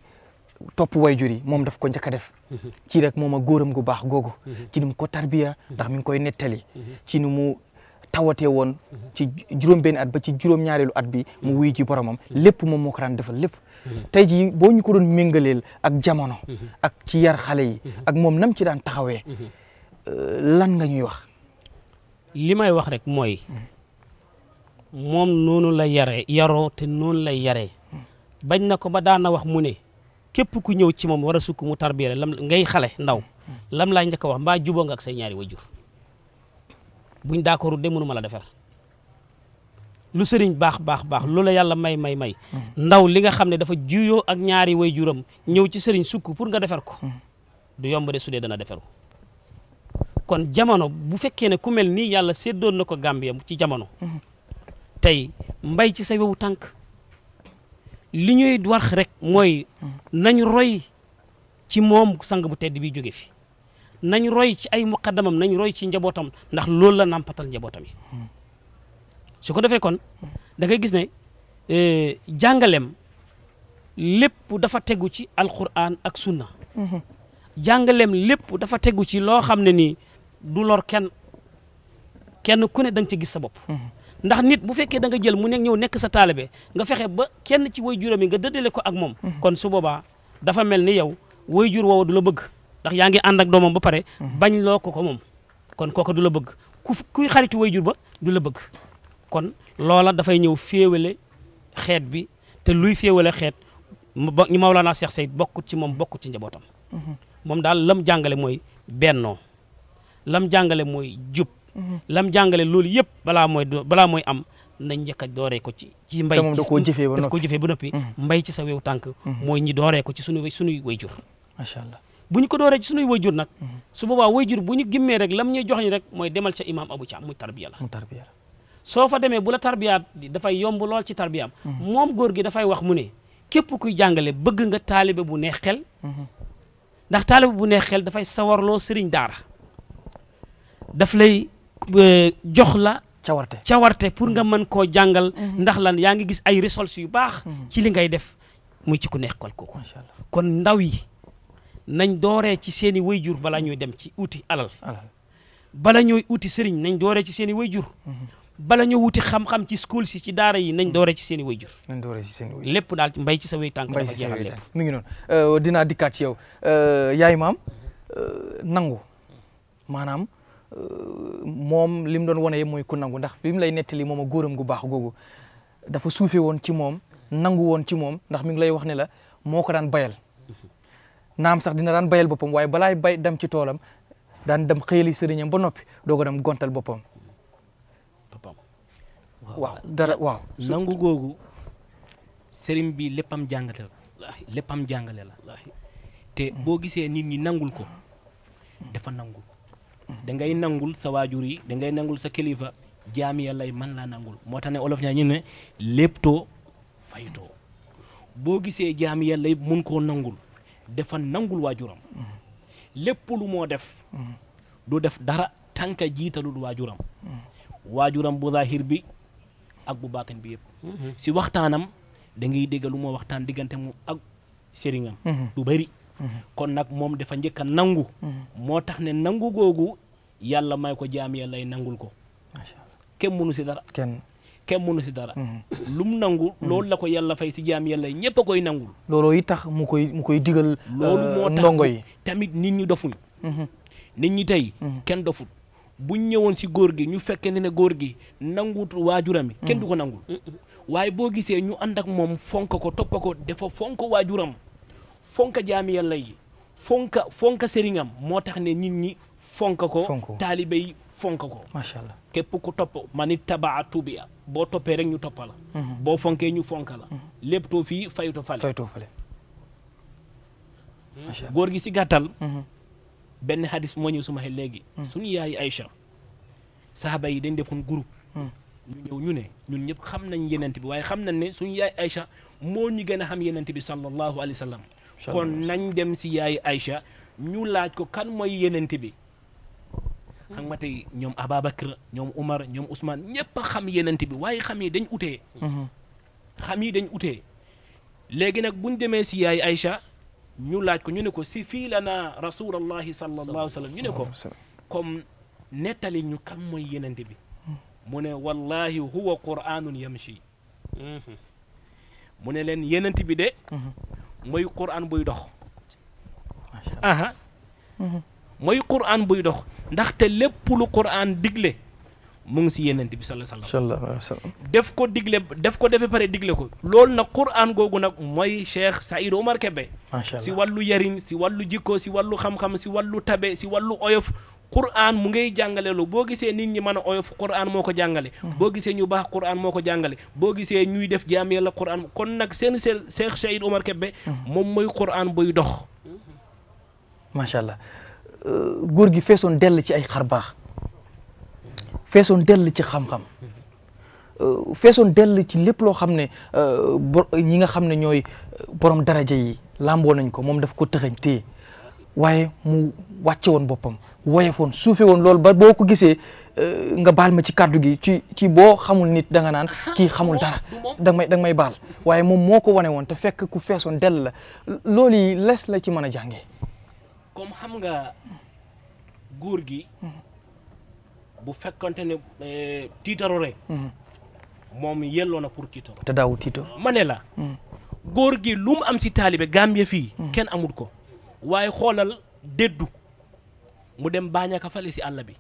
topp wayjur yi moom def ko njëkk a def mm-hmm. ci rek moom a góoram gu baax googu mm-hmm. ci ko tarbiya ndax mi koy nettali ci tawatee woon ci juróom-benn at ba ci juróom-ñaareelu at bi mu wuy ji boromam lépp moom moo ko daan defal lépp tey jii boo ñu ko doon méngaleel ak jamono ak ci yar xale yi ak moom nam ci daan taxawee lan nga ñuy wax li may
wax rek mooy moom noonu la yare yaroo te noonu lay yare bañ na ko ba daana wax mu ne képp ku ñëw ci moom war a sukk mu tarbiya la ngay xale ndaw lam laa njëkk a wax mbaa juboo nga ak say ñaari wajur buñ d'accordul de mënuma la defar lu sëriñ baax baax baax loola yàlla may may may mm-hmm. ndaw li nga xam ne dafa juyoo ak ñaari way juram ñëw ci sëriñ sukk pour nga defar ko mm-hmm. du yomb de su dee dana defaru kon jamono bu fekkee ne ku mel nii yàlla séddoon na ko Gambia ci jamono mm-hmm. tey mbay ci sa wewu tànk li ñuy war rek mooy nañ roy ci moom sang bu tedd bi jóge fi nañ roy ci ay muqaddamam nañ roy ci njabootam ndax loolu la nampatal njabootam yi su ko defee kon da gis ne e, jàngalem lépp dafa tegu ci alquran ak sunna jàngaleem lépp dafa tegu ci loo xam ne nii du lor kenn kenn ku ne da nga gis sa bopp ndax nit bu fekkee da nga jël mu nekk ñëw nekk sa taalibe nga fexe ba kenn ci way juram yi nga dëddale ko ak moom uhuh. kon su boobaa dafa mel ni yow way jur woowa du la bëgg ndax yaa ngi ànd ak doomam ba pare. Mhm. bañ loo ko ko moom kon kooka du la bëgg ku kuy xaritu jur ba du la bëgg kon loola dafay ñëw féewale xeet bi te luy féewale xeet ba ñu Mawlana Cheikh Seyd bokkut ci moom bokkut ci njabootam. Mhm. moom daal lam jàngale mooy bennoo lam jàngale mooy jub. Mhm. lam jàngale loolu yëpp balaa mooy balaa mooy am. na njëkk a ko ci ci mbay daf koo jëfee ba noppi mbay ci sa wew tànk mooy ñi dooree ko ci suñu suñuy wayjur macha allah bu ñu ko dooree su suñuy wayjur nag mhm. su boobaa wayjur bu ñu gimmee rek lam ñuy jox rek mooy demal ca imaam Abu Caam muy tarbiya la soo fa demee bu la tarbiyaat dafay yomb lool ci tarbiyaam mhm. moom góor gi dafay wax mu ne képp kuy jàngale bëgg nga taalibe bu neex xel mhm. ndax taalibe bu neex xel dafay sawarloo sëriñ daara daf lay e, jox la cawarte cawarte pour nga mën koo jàngal ndax lan yaa ngi gis ay résultats yu baax ci li ngay def muy ci ku neex xel kooku kon ndaw yi nañ dooree ci seeni way jur bala ñuy dem ci uti alal bala ñooy uti sëriñ nañ dooree ci seen i wayjur mm-hmm. bala ñoo wuti xam-xam ci school si ci daara yi nañ mm-hmm. dooree ci seeni way wayjur nañ dooree ci i lépp daal mbay ci sa wéy tànk dafa jeexal lépp mi
ngi noonu euh, dinaa dikkaat ci euh, yaay maam euh, nangu maanaam moom li mu doon wane mooy ku nangu ndax bi mu lay nettali moom a góoram gu baax googu dafa suufe woon ci moom nangu woon ci moom ndax mi ngi lay wax ne la moo ko daan bayal naam sax dina daan bayal boppam waaye balaay bay dem ci toolam daan dem xëyali sëriñam ba noppi doo ko dem gontal boppam.
waaw dara nangu googu sëriñ bi léppam jàngate la léppam jàngale la te boo gisee nit ñi nangul ko dafa nangu mm-hmm. dangay ngay nangul sa waajur yi dangay ngay nangul sa kilifa jaami yàlla yi man laa nangul moo tax ne olof ñaa ñu ne lépp too faytoo boo gisee jaami yàlla yi mun koo nangul. dafa nangul waajuram lépp lu moo def du def dara tànka jiitalul waajuram waajuram bu zaahir bi ak bu baatin bi yëpp si waxtaanam da ngay dégg lu moo waxtaan diggante mu ak sëriñam du bëri kon nag moom dafa njëkk nangu moo tax ne nangu googu yàlla may ko jaam yàlla ay nangul ko kenn mënu si dara kenn mënu si dara. Mhm. lu mu nangu. Mhm. loolu la ko yàlla fay si jaam yàlla ñëpp a koy nangul.
looloo yi tax mu koy mu koy digal. loolu moo euh, tax
tamit nit ñi dofuñ. Mhm. nit ñi tey. kenn doful buñ ñëwoon si góor gi ñu fekkente ne góor gi nanguut waajuram yi kenn du ko nangul. waaye boo gisee ñu ànd ak moom fonk ko toppa ko dafa fonk waajuram fonk jaami yàlla yi fonk fonk sëriñam moo tax ne nit ñi fonk ko taalibe yi fonk ko macha allah képp ku topp man it tabaa tubiya boo toppee rek ñu toppa mhm. boo fonkee ñu fonk la mhm. lépp too fii fayuto fale góor gi si gàttal mhm. benn xadis moo ñëw suma xel léegi suñu yaay ay saxaaba yi dañ defoon groupe ñu ñëw ñu ne ñun ñëpp xam nañ yenent bi waaye xam nañ ne suñ suñu ay Aïcha moo ñu gën a xam yenent bi sallallahu alayhi wa sallam kon nañ dem si yaay Aïcha ñu laaj ko kan mooy yenent bi xam nga tey ñoom Ababacar ñoom Umar ñoom Ousmane ñëpp a xam yenent bi waaye xam yi dañ ute mhm. xam yi dañ ute léegi nag buñ demee si yaay Aïcha ñu laaj ko ñu ne ko si fii lana rasulallahi sallallahu alayhi ñu ne ko comme nettali ñu kam mooy yenent bi mhm. mu ne wallahi huwa quraanun yamshi mhm. mu ne leen yenent bi de mooy quraan buy dox aha mooy quraan buy dox ndaxte lépp lu quraan digle mu ngi si yenent bi sala la def ko digle def ko defe pare digle ko loolu nag quraan googu nag mooy Cheikh Saïd Omar Kébé si wàllu yarin si wàllu jikko si wàllu xam-xam si wàllu tabe si wàllu oyof quraan mu ngay jàngale lu boo gisee nit ñi mën a oyof quraan moo ko jàngale hmm. boo gisee ñu baax quraan moo ko jàngale boo gisee ñuy def jaam yàlla quraan kon nag seen seen Cheikh Saïd Omar Kébé hmm. moom mooy
quraan buy dox macha góor gi feesoon dell ci ay xar baax feesoon dell ci xam-xam feesoon dell ci lépp loo xam ne ñi nga xam ne ñooy borom daraja yi làmboo nañ ko moom daf ko tëxañ téye waaye mu wàcce woon boppam woyefoon suufe woon loolu ba boo ko gisee euh, nga baal ma ci kàddu gi ci ci boo xamul nit danga naan [laughs] kii xamul dara da may da may baal waaye moom moo ko wane woon te fekk ku feesoon dell la loolu yi les la ci mën a jàngee
comme xam nga góor gi. bu fekkante ne eh, tiitaro moom yelloo na pour tiitaro. te daawu tiito. ma ne la. góor gi lu am si taalibe Gambia fii. kenn amul ko waaye xoolal déddu mu dem baañaka fale si àll bi.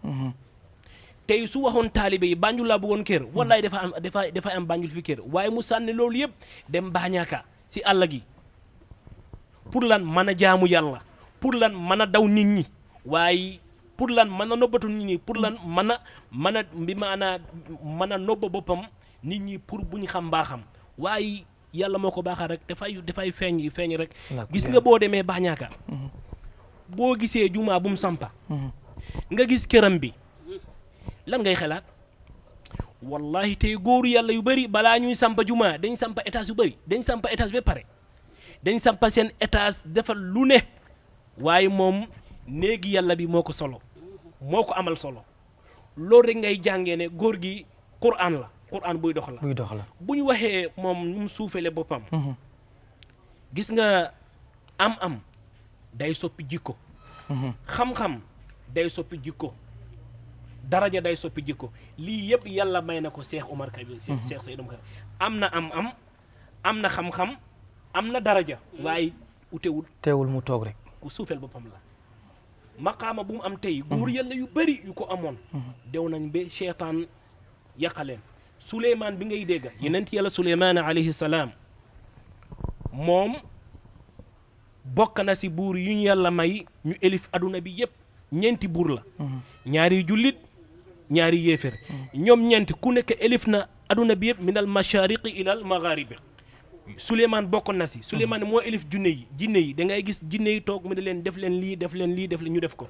tey su waxoon taalibe yi Banjul laa bëggoon kër wallaay dafa am dafa dafa am Banjul fi kër waaye mu sànni loolu yëpp dem baañaka si àll gi pour lan mën a jaamu yàlla. pour lan mën a daw nit ñi waaye pour lan mën a nobbatu nit ñi pour lan mën a mën a bi maanaa mën a nobba boppam nit ñi pour bu ñu xam baaxam waaye yàlla moo ko baaxal rek dafay dafay feeñ feeñ rek. gis nga boo demee Bañaaka. boo gisee jumaa bu mu sampa. nga gis këram bi lan ngay xalaat. wallahi tey góoru yàlla yu bari balaa ñuy sampa jumaa dañ sampa étage yu bari dañ sampa étage ba pare dañ sampa seen étage defal lu ne. waaye mom neegi yalla bi moko ko solo moko amal solo lo rek ngay jàngee ne góor gi qur'an la qur'an buy dox la buy dox la buñ waxe mom num soufele bopam hmm gis nga am am day soppi jikko mm-hmm. xam-xam day soppi jikko daraja day soppi jikko li yeb yalla may na ko Seex Umar Kabir mm-hmm. Seex Seydou Umar am am amna am xam-xam amna daraja mm-hmm. waye
outewul teewul mu tok rek
ku soufel maka la maqama bu mu am tay góor yalla yu bari yu ko amone dew nañ be cheytaan yàqaleen suleyman bi ngay dega yenent yalla suleyman alayhi salam mom bok na si bour yu yalla may ñu elif aduna bi yep ñenti bour la ñaari julit ñaari yefer ñom ñeenti ku nek elif na aduna bi yep min mashariqi ila al magharibi Souleymane bokkoon na si Souleymane mhm. moo élif junne yi jinne yi da ngay gis jinne yi toog mu ne leen def leen lii def leen lii def leen ñu def ko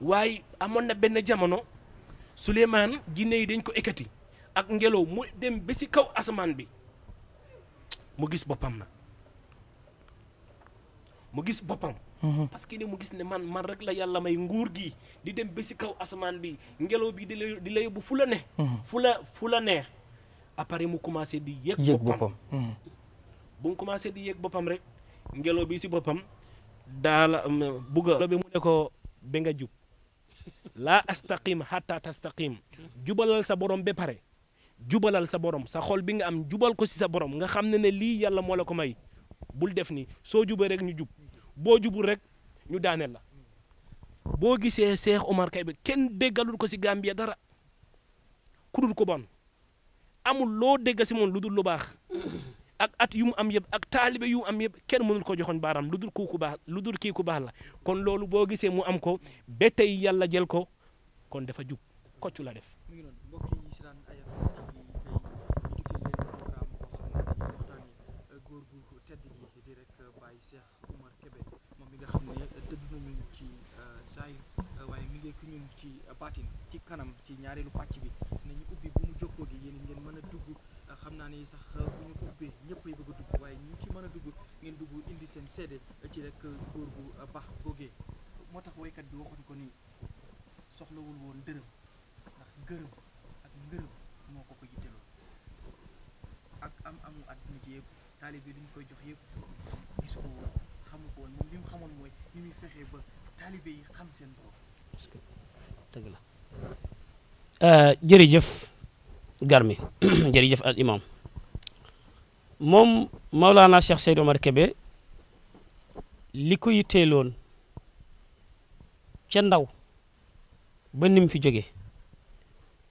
waaye amoon na benn jamono Souleymane jinne yi dañ ko ekkati ak ngelaw mu dem ba si kaw asamaan bi mu gis boppam na mu gis boppam mhm. parce que ni mu gis ne man man rek la yàlla may nguur gi di dem ba si kaw asamaan bi ngelaw bi di la di yóbbu fu la ne mhm. fu la fu la neex après mu commencé di yëg boppam bu mu commencé di yéeg ngelaw bi si boppam daala um, bugga ngelaw mu ne ko ba nga jub laa astaqim hatta tastaqim jubalal sa borom ba pare jubalal sa borom sa xol bi nga am jubal ko si sa borom nga xam ne ne lii yàlla moo la ko may bul def nii soo jubee rek ñu jub boo jubul rek ñu daaneel la boo gisee Cheikh Omar Kay bi kenn déggalul ko si Gambia dara ku dul ko bon amul loo dégg si moom lu dul lu baax ak at yu mu am yëpp ak taalibe yu mu am yëpp kenn mënul ko joxoñ baaraam lu dul kii ku baax lu dul kii ku baax la kon loolu boo gisee mu am ko ba tey yàlla jël ko kon dafa jub kocc la def.
Euh, euh, baatin euh, ci kanam ci ñaareelu pàcc bi nañu ubbi bu mu jokkoo gi yéen ngeen mën a dugg xam naa ne sax ngeen dugg indi seen seede ci rek góor gu baax googee moo tax woykat bi waxoon ko nii soxlawul woon dërëm ndax gërëm ak ngërëm moo ko ko jitteeloo ak am amu àdduna ji yëpp taalibe li koy jox yëpp gis ko woon xamu ko woon moom li xamoon mooy ni muy fexee ba taalibe yi xam seen bopp dëgg la
euh, jërëjëf garmi [coughs] jëf al imam moom Maulana Cheikh Seydou Omar Kébé li ko yitteeloon ca ndaw ba nim fi jóge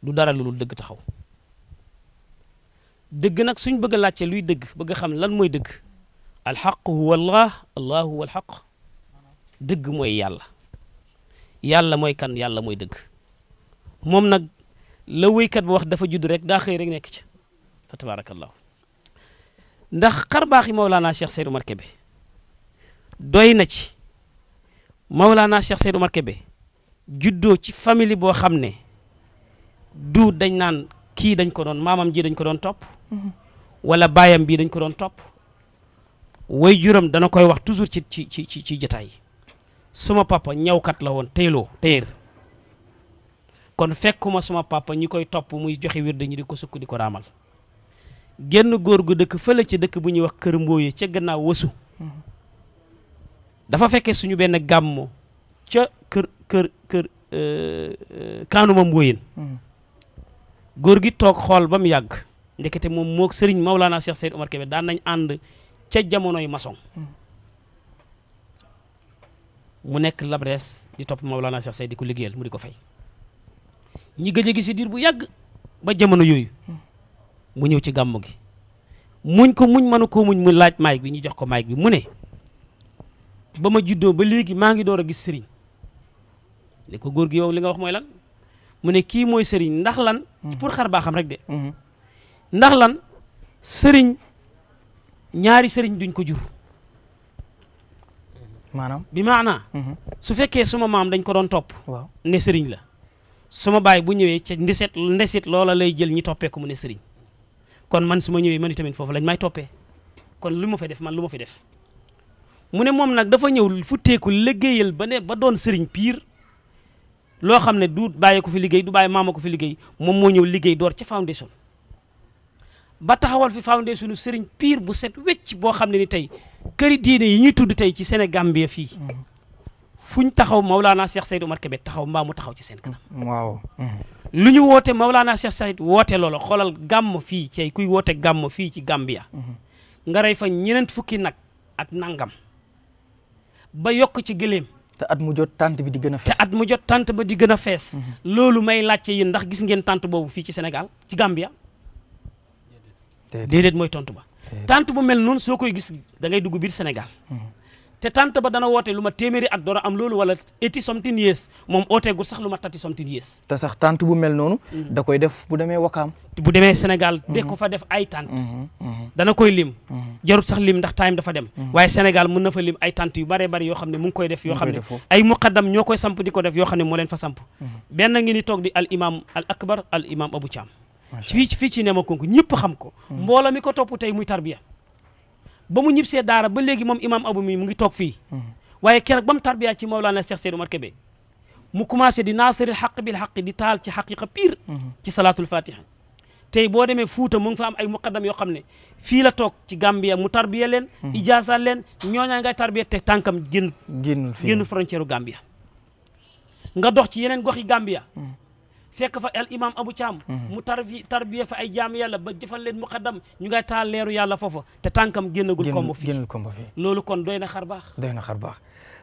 du dara lu dëgg taxaw dëgg nag suñ bëgg a laajte luy dëgg bëgg a xam lan mooy dëgg alxaq huwa allah allah huwa alxaq dëgg mooy yàlla yàlla mooy kan yàlla mooy dëgg moom nag la wéykat ba wax dafa judd rek daa xëy rek nekk ca fa tabaarakallahu ndax xarbaax yi Mawlana Cheikh Seydou Mar Kébé doy na ci Mawlana Cheikh Seydou Mar Kébé juddoo ci famille boo xam ne du dañ naan kii dañ ko doon maamam ji dañ ko doon topp mm-hmm. wala baayam bii dañ ko doon topp way juram dana koy wax toujours ci ci ci ci jataay suma papa ñawkat la woon teeloo téer kon fekkuma suma papa ñi koy topp muy joxe wird ñi di ko sukk di ko raamal genn góor gu dëkk fële ci dëkk bu ñuy wax kër mbooye ca gannaaw wasu dafa fekkee suñu benn gàmmo ca kër kër kër euh, euh, kaanuma mbooyin góor gi toog xool ba mu yàgg ndekete moom moog sëriñ Maulana Cheikh Seyd Omar Kébé daan nañ ànd ca jamonoy maçon mu nekk labrees di topp Maulana Cheikh Seyd di ko liggéeyal mu di ko fay ñi gëj a si diir bu yàgg ba jamono yooyu mu ñëw ci gàmmu gi muñ ko muñ mënu koo muñ mu laaj maay bi ñu jox ko maay bi mu ne ba ma juddoo ba léegi maa ngi door a gis sëriñ li ko góor gi yow li nga wax mooy lan mu ne kii mooy sëriñ ndax lan mm-hmm. pour xar baa xam rek de mm-hmm. ndax lan sëriñ ñaari sëriñ duñ ko jur maanaam bi maanaa mm-hmm. su fekkee suma maam dañ ko doon topp ne sëriñ la suma baay bu ñëwee ca ndeset ndeset loola la jël ñi toppeeku mu ne sëriñ kon man su ma ñëwee man tamit foofu lañ may toppee kon lu ma fa def man lu ma fi def mu ne moom nag dafa ñëw futteeku liggéeyal ba ne ba doon sëriñ piir loo xam ne du bàyyi ko fi liggéey du bàyyi maama ko fi liggéey moom moo ñëw liggéey door ci foundation ba taxawal fi foundation sunu sëriñ piir bu set wecc boo xam ne ni tey këri diine yi ñuy tudd tey ci Sénégambie fii mhm. fuñ taxaw Maulana Cheikh Seydou Omar Kébé taxaw mbaa mu taxaw ci seen kanam
waaw mhm.
lu ñu woote Maulana Cheikh Saïd woote loola xoolal gàmm fii ci kuy woote gàmm fii ci Gambia. Mhm. nga rey fa ñeneen fukki nag ak nangam ba yokk ci gëléem. te at mu jot tànt bi di gën a fees. at mu jot tànt ba di gën a fees. Mhm. loolu may laajte yéen ndax gis ngeen tànt boobu fii ci senegal ci Gambia. déedéet mooy tontu ba. tànt bu mel noonu soo koy gis da ngay dugg biir senegal mhm. te tant ba dana wootee lu ma téeméeri at door am loolu wala eighty something years moom gu sax lu ma thirty something years
te sax tant bu mel noonu mm-hmm. da koy def bu demee wakaam bu demee senegal
de mm-hmm. ko fa def ay tant mm-hmm. dana koy lim jarut sax lim ndax time dafa dem waaye senegal mun na fa lim ay tant yu bare bëri yoo xam ne mu ngi koy def yoo xam ne ay muqaddam ñoo koy samp di ko def yoo xam ne moo leen fa samp benn ngi ni toog di al imam al akbar al imam Abou fii fii ci Nema Konko ñëpp xam ko mbooloo mi ko topp tey muy tarbiya ba mu ñib see daara ba léegi moom imaam abu mii mu ngi toog fii mm-hmm. waaye keroog ba mu tarbiyaa ci Mawlana Cheikh Seydou Omar Kébé mu commencé di naasiril xaq bi xaq di taal ci xaqiqa pire mm-hmm. ci salaatul fatiha tey boo demee Fuuta mu ngi fa am ay muqaddam yoo xam ne fii la toog ci Gambia mu tarbiya leen mm-hmm. ijaasa leen ñooñaa ngay tarbiya te tànkam génn génn frontière u Gambia nga dox ci yeneen gox yi Gambia fekk fa al imaam Abu Caam mhm. mu tarbi tarbiya fa ay jaam yàlla ba jëfal leen muqaddam ñu ngay taal leeru yàlla foofa te tànkam génnagul komb fi génnul komb fi loolu kon doy na xar baax
doy na xar baax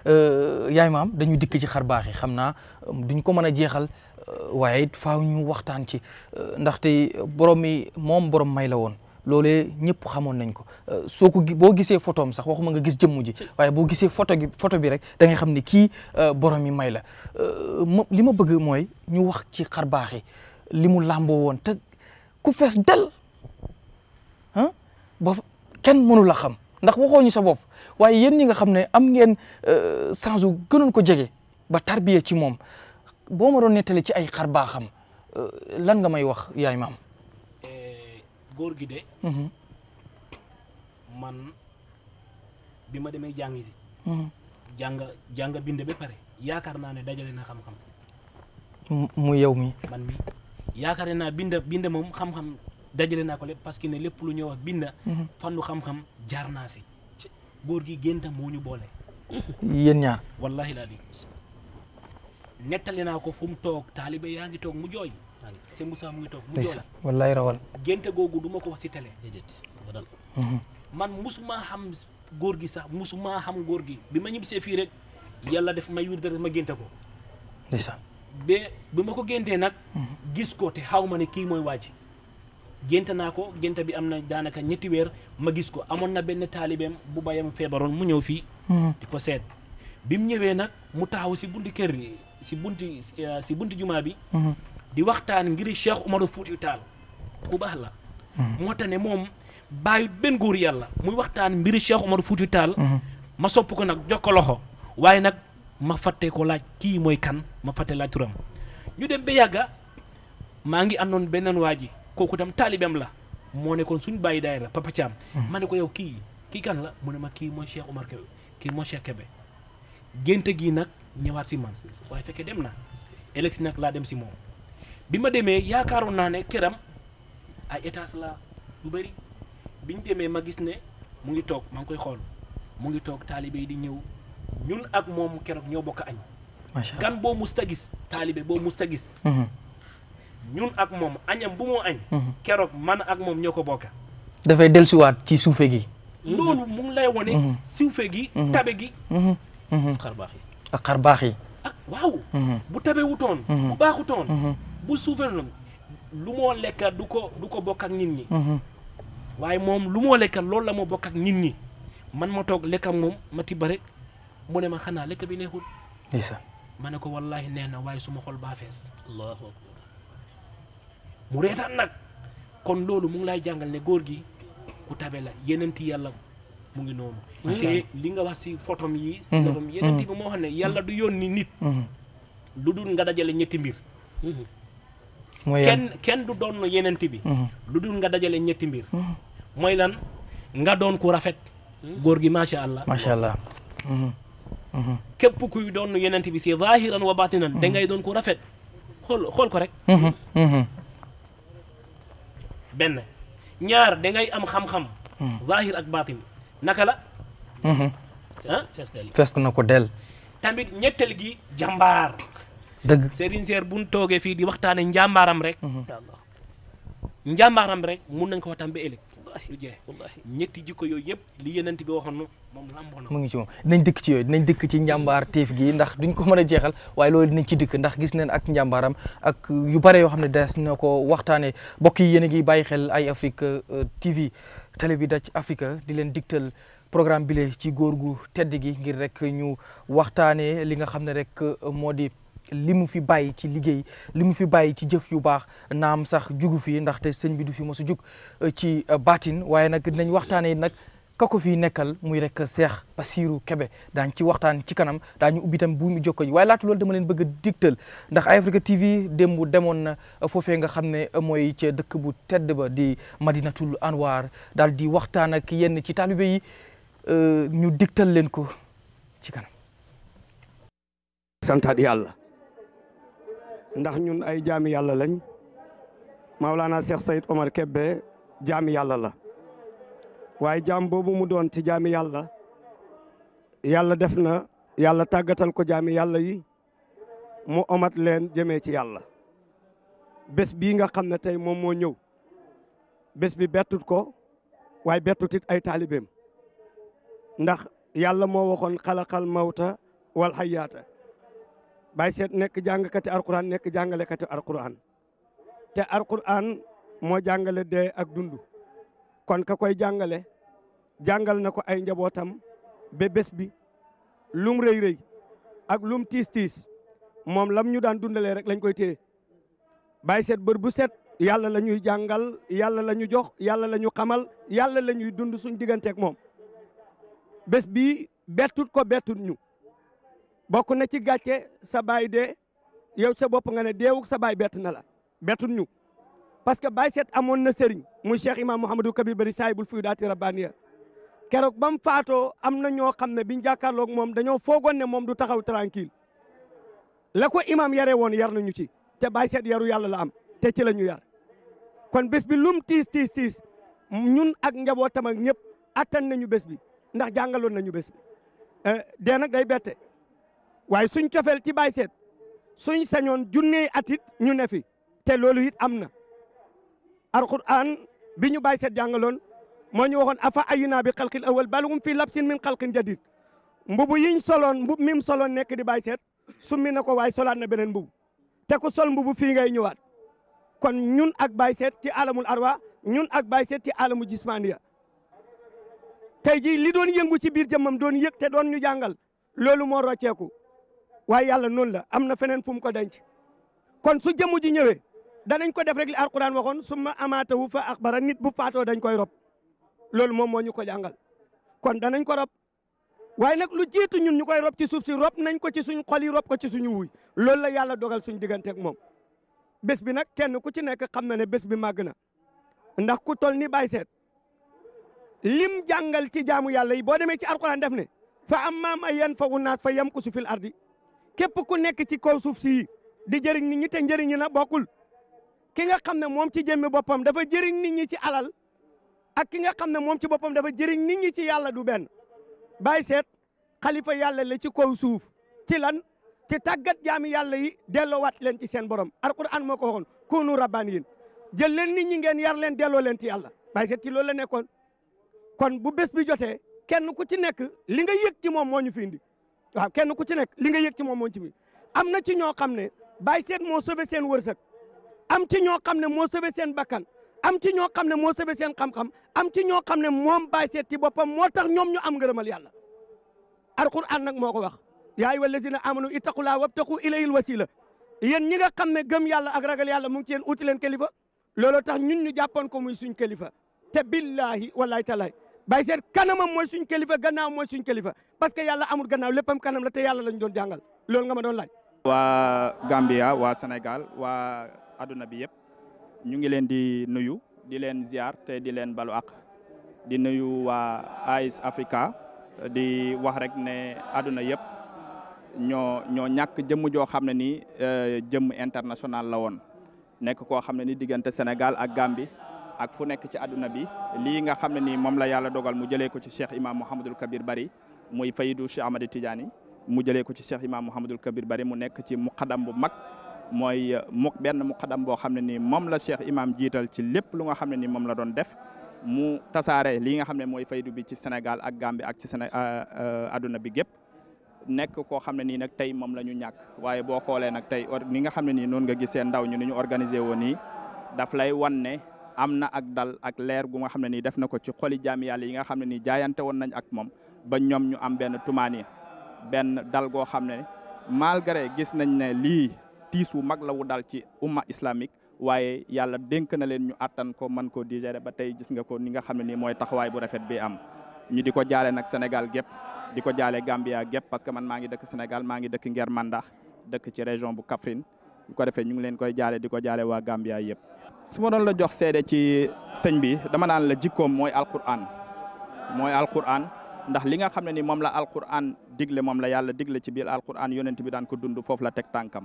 euh, yaay maam dañu dikk ci xar baax yi xam naa euh, duñ ko mën a jeexal euh, waaye it faaw ñu waxtaan ci ndaxte borom mi moom borom may la woon loole ñëpp xamoon nañ ko euh, soo ko boo gisee photo am sax ma nga gis jëmm ji waaye boo gisee photo gi photo bi rek da ngay xam ne kii euh, borom yi may la euh, ma li ma bëgg mooy ñu wax ci xar baax yi li mu làmboo woon te ku fees del ah ba kenn mënu la xam ndax waxoo ñu sa bopp waaye yéen ñi nga xam ne am ngeen chance u gënoon ko jege ba tarbiye ci moom boo ma doon nettali ci ay xar baaxam lan nga may wax yaay maam góor gi de. Mhm.
man bi ma demee jàngi si. jàng mhm. jàng bind ba pare yaakaar naa ne dajale na xam-xam. mu yow mi man mi yaakaar naa bind bind moom xam-xam dajale naa ko lépp parce que ne lépp lu ñuy wax bind. Mhm. fànnu xam-xam jaar naa si. góor gi génta moo ñu boole. yéen ñaar. wallahi laa di nettali naa ko fu toog taalibe yaa ngi toog mu jooy. alxuraan sëñ Moussa mu ngi toog mu joola wallaay rawal génte googu du ma ko wax ci télé déedéet mhm. man musumaa xam góor gi sax musumaa xam góor gi bi ma ñibbisee fii rek yàlla def ma yur dara ma génte ko ndeysaan bi ma ko géntee nag mhm. gis ko te ne kii mooy waaj génte naa ko génte bi am na daanaka ñetti weer ma gis ko amoon na benn taalibeem bu bayam feebaroon mu ñëw fii mhm. di ko seet bi mu ñëwee nag mu taxaw si bunti kër si bunti si bunti jumaa bi di waxtaan ngir cheikh umaru fuuti taal ku bax la hmm. moo tax ne moom bàyyut benn góor muy waxtaan mbir cheikh umaru fuuti taal hmm. ma sopp ko nak jokko loxo waye nak ma fatte ko laaj ki moy kan ma fatte laaj turam ñu dem be yaga ma ngi benen waji koku tam talibem la mo ne kon suñ daayira papa cham mané ko yow ki ki kan la mo ne ma ki cheikh umar kebe ki mo cheikh kebe génte gi nak ñewat si man waye fekke dem na nak la dem ci mom bi ma demee yaakaaroon naa ne këram ay étage la lu bëri bi ñu demee ma gis ne mu ngi toog ma ngi koy xool mu ngi toog taalibe yi di ñëw ñun ak moom keroog ñoo bokk añ gan boo musta gis taalibe boo musta gis mm-hmm. ñun ak moom añam bu moo añ mm-hmm. keroog man ak moom ñoo ko bokka
dafay dellusiwaat ci suufe gi mm-hmm.
loolu mu ngi lay wone suufe gi tabe gi xarbaax yi yi ak waaw bu tabe wutoon bu baaxutoon bu souverain lu moo lek du ko du ko bokk ak nit ñi mhm. waye mom lu moo lekka la mo bok ak nit ñi man ma toog lekkam moom ma ti bare mo ne ma xana lek bi neexul ma mané ko wallahi neena na suma xol ba fess allahu akbar mu reetaan nak kon lolu mu ngi lay jangal ne gor gi ku tabe la yenenti yalla mu ngi wasi te li nga wax ci fotom yi ci lofam mhm. yenenti mhm. bi moo xam ne du yonni nit lu nga dajale ñetti mbir kenn kenn du doon yenent bi mhm. lu dul nga dajale ñetti mbir mhm. mooy lan nga doon ku rafet hmm? góor gi macha allah macha
allah mhm.
képp kuy doon yenent bi si zahiran wa batinan da doon ku rafet xool xool ko rek ñaar da ngay am xam-xam zahir ak batin naka la
ah na ko del
tamit ñetteel gi jàmbaar dëgg Serigne Seer bu ñu toogee fii di waxtaanee njàmbaaram rek. Mhm. njàmbaaram rek mun nañ ko waxtaan ba ëllëg. ñetti jikko yooyu yëpp li yenent bi waxoon moom lamboo na mu ngi
ci moom dinañ dëkk ci yooyu dinañ dëkk ci njàmbaar téef gi ndax duñ ko mën a jeexal waaye loolu dinañ ci dikk ndax gis neen ak njàmbaaram ak yu bare yoo xam ne des na ko waxtaanee mbokk yi yéen a ngi bàyyi xel ay Africa euh, TV télé bi daj Africa di leen digtal programme bile ci góor gu tedd gi ngir rek ñu waxtaanee li nga xam ne rek euh, moo di li mu fi bàyyi ci liggéey li mu fi bàyyi ci jëf yu baax naam sax jugu fi ndaxte sëñ bi du fi mos a jug euh, ci euh, baatin waaye nag dinañ waxtaanee nag ka ko fi nekkal muy rek seex Bassirou kebe daañ ci waxtaan ci kanam daañu ubbi tam bu mu jokko ji waaye laata loolu dama leen bëgg a digtal ndax ay Africa TV démb demoon na euh, foofee nga xam ne mooy ca dëkk bu tedd ba di Madinatul Anwar daal di waxtaan ak yenn ci taalibe yi ñu digtal leen ko ci kanam
santaat yàlla ndax ñun ay jaami yàlla lañ Maulana Cheikh Sayid Omar Kebbe jaami yàlla la waaye jaam boobu mu doon ci jaami yàlla yàlla def na yàlla tàggatal ko jaami yàlla yi mu omat leen jëmee ci yàlla bés bi nga xam ne tey moom moo ñëw bés bi bettut ko waaye bettut ay taalibeem ndax yàlla moo waxoon xalaqal mawta wal hayaata Baye Seet nekk jàngkati Alquran nekk jàngalekati Alquran te Alquran moo jàngale de ak dund kon ka koy jàngale jàngal na ko ay njabootam ba bés bi lum rëy rëy ak lum tiis tiis moom lam ñu daan dundalee rek lañ koy téye Baye Seet bër bu set yàlla la ñuy jàngal yàlla la ñu jox yàlla la ñu xamal yàlla la ñuy dund suñ digganteeg moom bés bi bettut ko bettut ñu. bokk na ci gàcce sa baay dee yow sa bopp nga ne deewuk sa baay bett na la bettuñu parce que baay seet amoon na sëriñ muy cheikh imam mouhamadou kabir bari saayibul fuyu daati rabbaniya keroog ba mu faatoo am na ñoo xam ne biñ jàkkaarloog moom dañoo foogoon ne moom du taxaw tranquille la ko imam yare woon yar nañu ci te baay seet yaru yàlla la am te ci la ñu yar kon bés bi lum tiis tiis tiis ñun ak njabootam ak ñëpp attan nañu bés bi ndax jàngaloon nañu bés bi eh, dee nag day waaye suñ tiofel ci bay set suñ sañon jouné atit ñu ne fi te yit amna am alquran bi bay set jangalon mo ñu waxon afa ayna bi xalqil awal balhum fi labsin min khalqin jadid mbubu yiñ solon mbub mim solon nek di bay set summi nako way solat na benen mbubu te ku sol mbubu fi ngay ñëwaat kon ñun ak bay set ci alamul arwa ñun ak bay set ci alamul jismaniya tay ji li doon yëngu ci bir jëmam doon yek te doon ñu jangal lolu mo rocceku waaye yàlla noonu la am na feneen fu mu ko denc kon su jëmm ji ñëwe danañ ko def rek li alquran waxoon summa amaatahu fa axbara nit bu faatoo dañ koy rob loolu moom moo ñu ko jàngal kon danañ ko rob waaye nag lu jiitu ñun ñu koy rob ci suuf si rob nañ ko ci suñ xol yi rob ko ci suñu wuy loolu la yàlla dogal suñ digganteeg moom bés bi nag kenn ku ci nekk xam na ne bés bi màgg na ndax ku tol ni bàyyi seet lim jàngal ci jaamu yàlla yi boo demee ci alquran def ne fa amma man yanfau naas fa yamkusu fil ardi képp ku nekk ci kaw suuf si di jëriñ nit ñi te njëriñ na bokkul ki nga xam ne moom ci jëmmi boppam dafa jëriñ nit ñi ci alal ak ki nga xam ne moom ci boppam dafa jëriñ nit ñi ci yàlla du benn bàyyi seet xalifa yàlla la ci kaw suuf ci lan ci tàggat jaami yàlla yi delloowaat leen ci seen borom alquran moo ko waxoon kunu rabbaniyin jël leen nit ñi ngeen yar leen delloo leen ci yàlla bàyyi seet ci loolu la nekkoon kon bu bés bi jotee kenn ku ci nekk li nga yëg ci moom moo ñu fi indi waaw kenn ku ci nekk li nga yëg ci moom moo ci biir am na ci ñoo xam ne bàyyi seet moo sauvé seen wërsëg am ci ñoo xam ne moo sauvé seen bakkan am ci ñoo xam ne moo sauvé seen xam-xam am ci ñoo xam ne moom bàyyi seet ci boppam moo tax ñoom ñu am ngërëmal yàlla alquran nag moo ko wax yaa ayyuha allazina amanu ittaqullah wabtaqu ilayhil wasila yéen ñi nga xam ne gëm yàlla ak ragal yàlla mu ngi ci yéen uti leen kilifa looloo tax ñun ñu jàppoon ko muy suñ kilifa te billahi wallahi talaay bàyyi seet kanamam mooy suñ kilifa gannaaw mooy suñ kilifa parce que yalla amul gannaaw leppam kanam la te yalla lañ doon jangal lool nga ma doon laaj.
wa Gambia wa Senegal, wa aduna bi yëpp ñu ngi leen di nuyu di leen ziar te di leen balu ak di nuyu wa AIS Africa di wax rek ne aduna yëpp ño ño ñak jëm jo xamne ni euh, jëm international la won nek ko xamne ni digënté Senegal ak Gambie ak fu nek ci aduna bi li nga xamne ni mom la yalla dogal mu jëlé ko ci Cheikh Imam mohammedul Kabir Bari mooy fayidu Cheikh Ahmad Tidiane mu jëlee ko ci Cheikh Imam Mouhamadul Kabir Bari mu nekk ci muqadam bu mag mooy euh, mu benn muqadam boo xam ne ni moom la Cheikh Imam jiital ci lépp lu nga xam ne ni moom la doon def mu tasaare lii nga xam ne mooy faydu bi ci Sénégal ak Gambie ak ci Séné euh, euh, adduna bi gépp nekk koo xam ne nii nag tey moom la ñu ñàkk waaye boo xoolee nag tey ni nga xam ne nii noonu nga gisee ndaw ñu ni ñu organisé woon nii daf lay wan ne am na ak dal ak leer gu nga xam ne nii def na ko ci xoli jaami yàlla yi nga xam ne nii jaayante woon nañ ak moom ba ñoom ñu am benn tumaani benn dal goo xam ne malgré gis nañ ne lii tiis wu mag la wu dal ci umma islamique waaye yàlla denk na leen ñu attan ko man koo digérer ba tey gis nga ko ninga xam ne nii mooy taxawaay bu rafet bi am ñu di ko jaale nag Sénégal gépp di ko jaale Gambia gépp parce que man maa ngi dëkk Sénégal maa ngi dëkk mandax dëkk ci région bu Kaffrine bu ko defee ñu ngi leen koy jaale diko ko jaale waa Gambia yëpp su doon la jox seede ci sëñ bi dama naan la jikkoom mooy alquran mooy ndax li nga xam ne ni moom la alquran digle moom la yàlla digle ci biir alquran yonent bi daan ko dund foofu la teg tànkam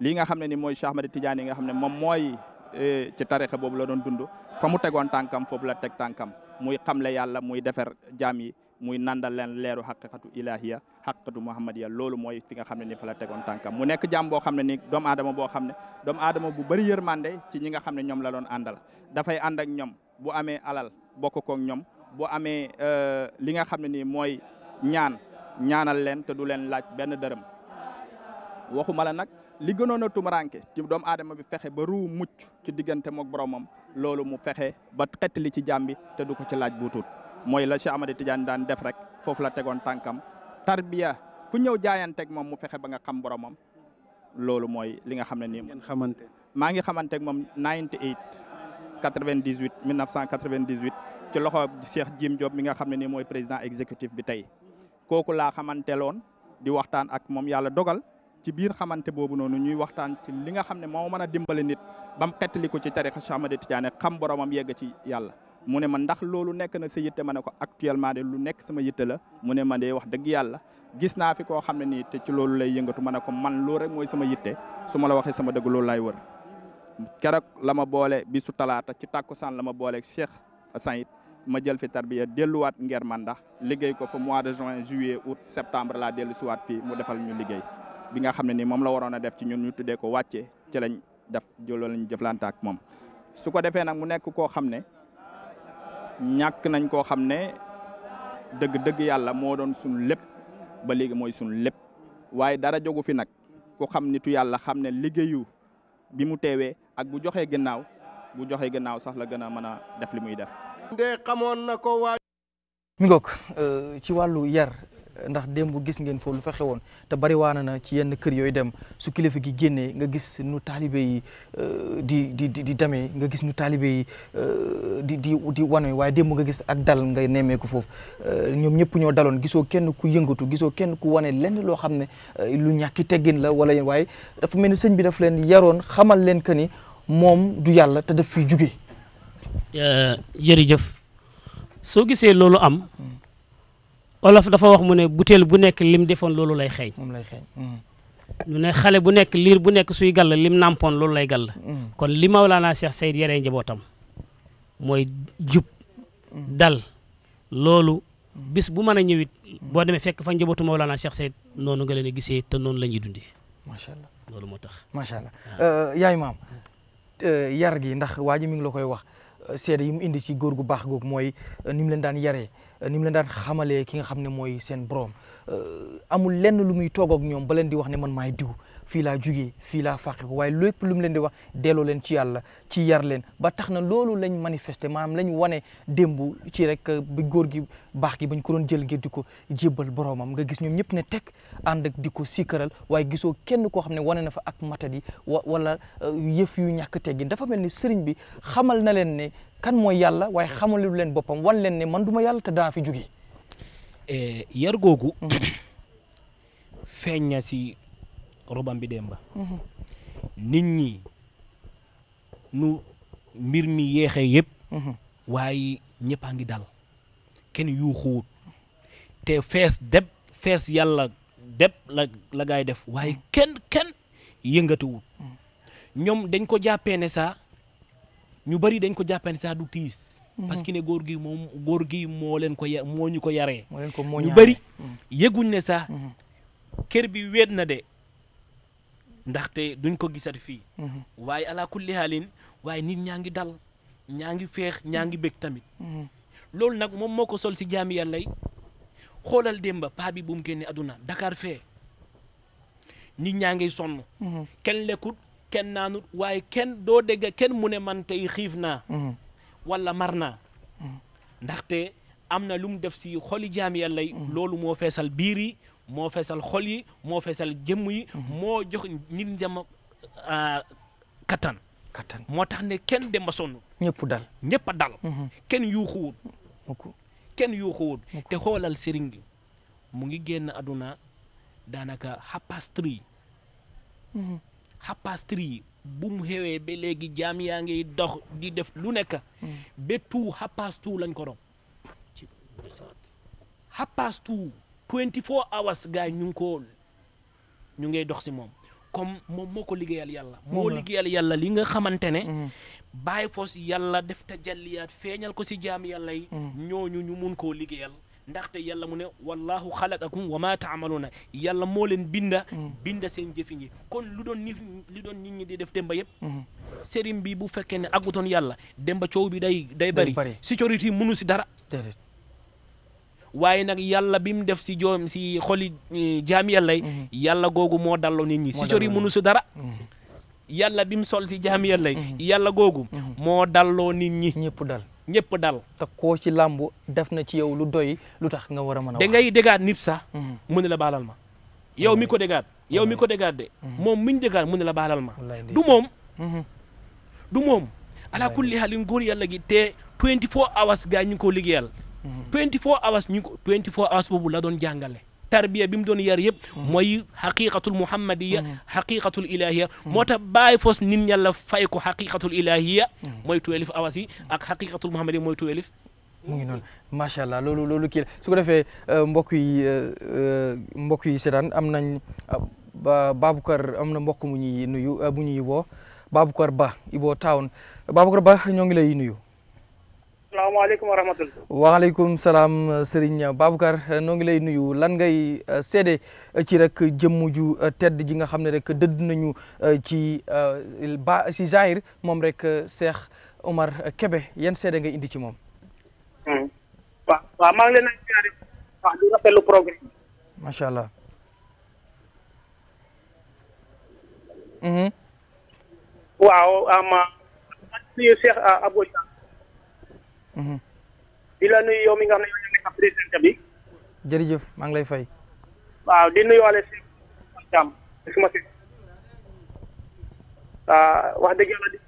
lii nga xam ne ni mooy Cheikh Ahmed Tidiane yi nga xam ne moom mooy e, ci tarixa boobu la doon dund fa mu tegoon tànkam foofu la teg tànkam muy xamle yàlla muy defar jaam yi muy nandal leen leeru xaqiqatu ilahiya xaqiqatu muhammadiya loolu mooy fi nga xam ne ni fa la tegoon tànkam mu nekk jaam boo xam ne ni doomu aadama boo xam ne doomu aadama bu bëri yërmande ci ñi nga xam ne ñoom la doon àndal dafay ànd ak ñoom bu amee alal bokk koog ñoom bu amee euh, li nga xam ne ni mooy ñaan ñaanal leen te du leen laaj benn dërëm waxuma la nag li gënoon a tumuranke ci doomu aadama bi fexe ba ruu mucc ci diggante mook boromam loolu mu fexe ba xett li ci jàmbi te du ko ci laaj bu mooy la Cheikh Amady Tidiane daan def rek foofu la tegoon tànkam tarbiya ku ñëw jaayanteeg moom mu fexe ba nga xam boromam loolu mooy li nga xam ne nii. ngeen xamante maa ngi xamanteeg moom 98 98 1998. ci loxo Cheikh Jim Job mi nga xam ni moy président exécutif bi tay koku la di waxtaan ak mom yalla dogal ci biir xamanté bobu nonu ñuy waxtaan ci li nga xam mo moo dimbalé nit bam mu xettali ko ci tarixa Cheikh Ahmad Tidiane xam boromam yegg ci yalla mune ne ma ndax lolu nek na sa yitté mané ko actuellement dé lu nek sama yitté la mune ma wax deug yalla gis na fi ko ni té ci lolu lay yëngatu mané ko man lo rek moy sama yitté suma la waxé sama deug lolu lay wër kérok lama bolé bisu talata ci takusan lama bolé Cheikh saint ma jël fi tarbiya delluwaat Ngerman ndax liggéey ko fo mois de juin juillet août septembre laa dellu siwaat fii mu defal ñu liggéey bi nga xam ne ni moom la waroon def ci ñun ñu tuddee ko wàcce ci lañ def loolu lañ jëflante ak moom su ko defee nag mu nekk koo xam ne ñàkk nañ koo xam ne dëgg-dëgg yàlla moo doon suñ lépp ba léegi mooy suñ lépp waaye dara jogu fi nag ku xam nitu yàlla xam ne liggéeyu bi mu teewee ak bu joxee gannaaw bu joxee gannaaw sax la gën mën a def li muy def
ndee xamoon na ko waa
mi ngoog euh, ci wàllu yar ndax démb gis ngeen
foofu lu fa xewoon te bari waana na ci yenn kër yooyu dem su kilifa gi génnee nga gis nu taalibe yi euh, di di di demee nga gis nu taalibe yi euh, di di di wane waaye démb nga gis ak dal nga nemmeeku foofu ñoom ñëpp ñoo daloon gisoo kenn ku yëngatu gisoo kenn ku wane lenn loo xam ne lu ñàkki teggin la wala waaye dafa mel ni sëñ bi daf leen yaroon xamal leen que ni moom du yàlla te daf fi jugee.
Euh,
jërëjëf soo gisee loolu am olof dafa wax mu ne butéel bu nekk lim defoon loolu lay xeeñ ñu hmm. ne xale bu nekk liir bu nekk suy gall lim nàmpoon loolu lay gàll hmm. kon li Mawlaana Cheikh Sayid yaree njabootam mooy jub hmm. dal loolu bis bu mën a ñëwit boo demee fekk fa njabootu Mawlaana Cheikh Sayid noonu nga leen gisee te noonu la ñuy dundee macha allah loolu moo tax
macha allah euh, yaay maam euh, yar gi ndax waa ji mi ngi la koy wax seede yi mu indi si góor gu baax googu mooy euh, ni mu leen daan yaree euh, ni mu leen daan xamalee ki nga xam ne mooy seen borom euh, amul lenn lu muy toog ak ñoom ba leen di wax ne man maay diw fii laa jugee fii laa fàqe ko waaye lépp lu mu leen di wax delloo leen ci yàlla ci yar leen ba tax na loolu lañ manifesté maanaam lañ wane démb ci rek euh, bi góor gi baax gi bañ ko doon jël ngir di ko jébbal boroomam nga gis ñoom ñëpp ne teg ànd ak di ko waaye gisoo kenn koo xam ne wane na fa ak matadi wa wala euh, yëf yu ñàkk teggin dafa mel ni sëriñ bi xamal na leen ne kan mooy yàlla waaye xamalu leen boppam wan leen ne man du ma yàlla te daa fi jugee.
Eh, yar [coughs] robam bi demba mhm. nit ñi nu mbir mi yeexee yépp mhm. waaye ñëppaa dal kenn yuuxuwut te fees deb fees yalla deb la la gaay def waaye mhm. kenn kenn yëngatuwut ñoom dañ ko ja ne saa ñu bari dañ ko ja ne saa du tiis parce que ne gor gui mom gor gui mo len ko ya mo len ko moñu bari yëguñ ne ker bi weet na de ndaxte duñ ko gisati fii. Mhm. waaye ala kulli haalin waaye nit ñaa ngi dal ñaa ngi feex ñaa ngi bég tamit. Mhm. loolu nag moom moo ko sol si jaami yàlla xoolal démba paa bi bu mu génnee àdduna Dakar fee nit ñaa ngi sonn. Mhm. kenn lekkut kenn naanut waaye kenn doo dégg kenn mu ne man tey xiif naa. walla mar naa. ndaxte am na lu mu def si xoli jaami yàlla yi. loolu moo feesal biir moo feesal xol yi moo feesal jëmm yi mhm. moo jox nit njama ah, kattan kattan moo tax ne kenn dem ba sonn ñëpp dal ñëpp a dal mhm. kenn yuuxuwut kenn yuuxuwut te xoolal sëriñ gi mu ngi génn aduna daanaka xapastri yi mhm. xapastri yi bu mu xewee ba léegi jaam yaa ngi dox di def lu nekk ba tout xapastu lañ ko rob xapastu 24 hours gars ñu ngi ko ngay dox si moom comme moom moo ko liggéeyal yàlla moo liggéeyal yàlla li nga xamante ne mm-hmm. bàyyi foos yàlla def tajalliyaat feeñal ko si jaam yàlla yi mm-hmm. ñooñu ñu mun koo liggéeyal ndaxte yàlla mu ne wallahu xalaqakum wa ma taamaluuna yàlla moo leen binda mm-hmm. binda seen jëfin yi kon lu doon nit doon nit ñi di def demba yëpp sëriñ bi bu fekkee ne àggutoon yàlla demba coow bi day day bari sécurité yi mënu si dara waaye nag yàlla bi mu def si joom si xoli eh, jaam yàlla mhm. yàlla googu moo dalloo nit ñi si cor yi mënu si dara mhm. yàlla bi mu sol si jaam yàlla yi mhm. googu moo dalloo nit ñi ñëpp dal ñëpp dal te koo ci
làmb def na ci yow lu doy lu tax nga war a mën a
ngay dégaat nit sax mu ne la baalal ma yow mi ko dégaat yow mi ko dégaat de moom mi ñu dégaat mu ne la baalal ma du moom du moom ala kulli halin góor yàlla gi te 24 hours gaa ñu ko liggéeyal 24 hours ñu ko 24 hours boobu la doon jàngale. tarbiya bi mu doon yar yëpp mooy xaqiqatul muhammadiya xaqiqatul ilahiya moo tax bàyyi fos nit ñàlla fay ko xaqiqatul ilahiya mooy tuwelif awas yi ak xaqiqatul muhammadiya mooy tuwelif
mu ngi noon macha allah loolu loolu kii la su ko defee euh, mbokk yi euh, euh, mbokk yi seetaan am nañ Baboucar am na mbokk mu ñuy nuyu mu ñuy woo Baboucar Ba Ibo Town Baboucar Ba ñoo ngi lay nuyu
salaamaaleykum
wa salaam Serigne Babacar noo ngi lay nuyu lan ngay uh, seede uh, ci rek jëmm uh, tedd ji nga xam ne rek dëdd nañu ci ba si moom rek Cheikh Omar Kebe yan seede nga indi ci moom.
Hmm. waaw waaw maa ngi leen di ziare wax di rafetlu Bila la nuyu yow mi nga xam ne yow nekk président bi
ngi lay fay
waaw di nuyu wale si jàmm suma si wax dëgg di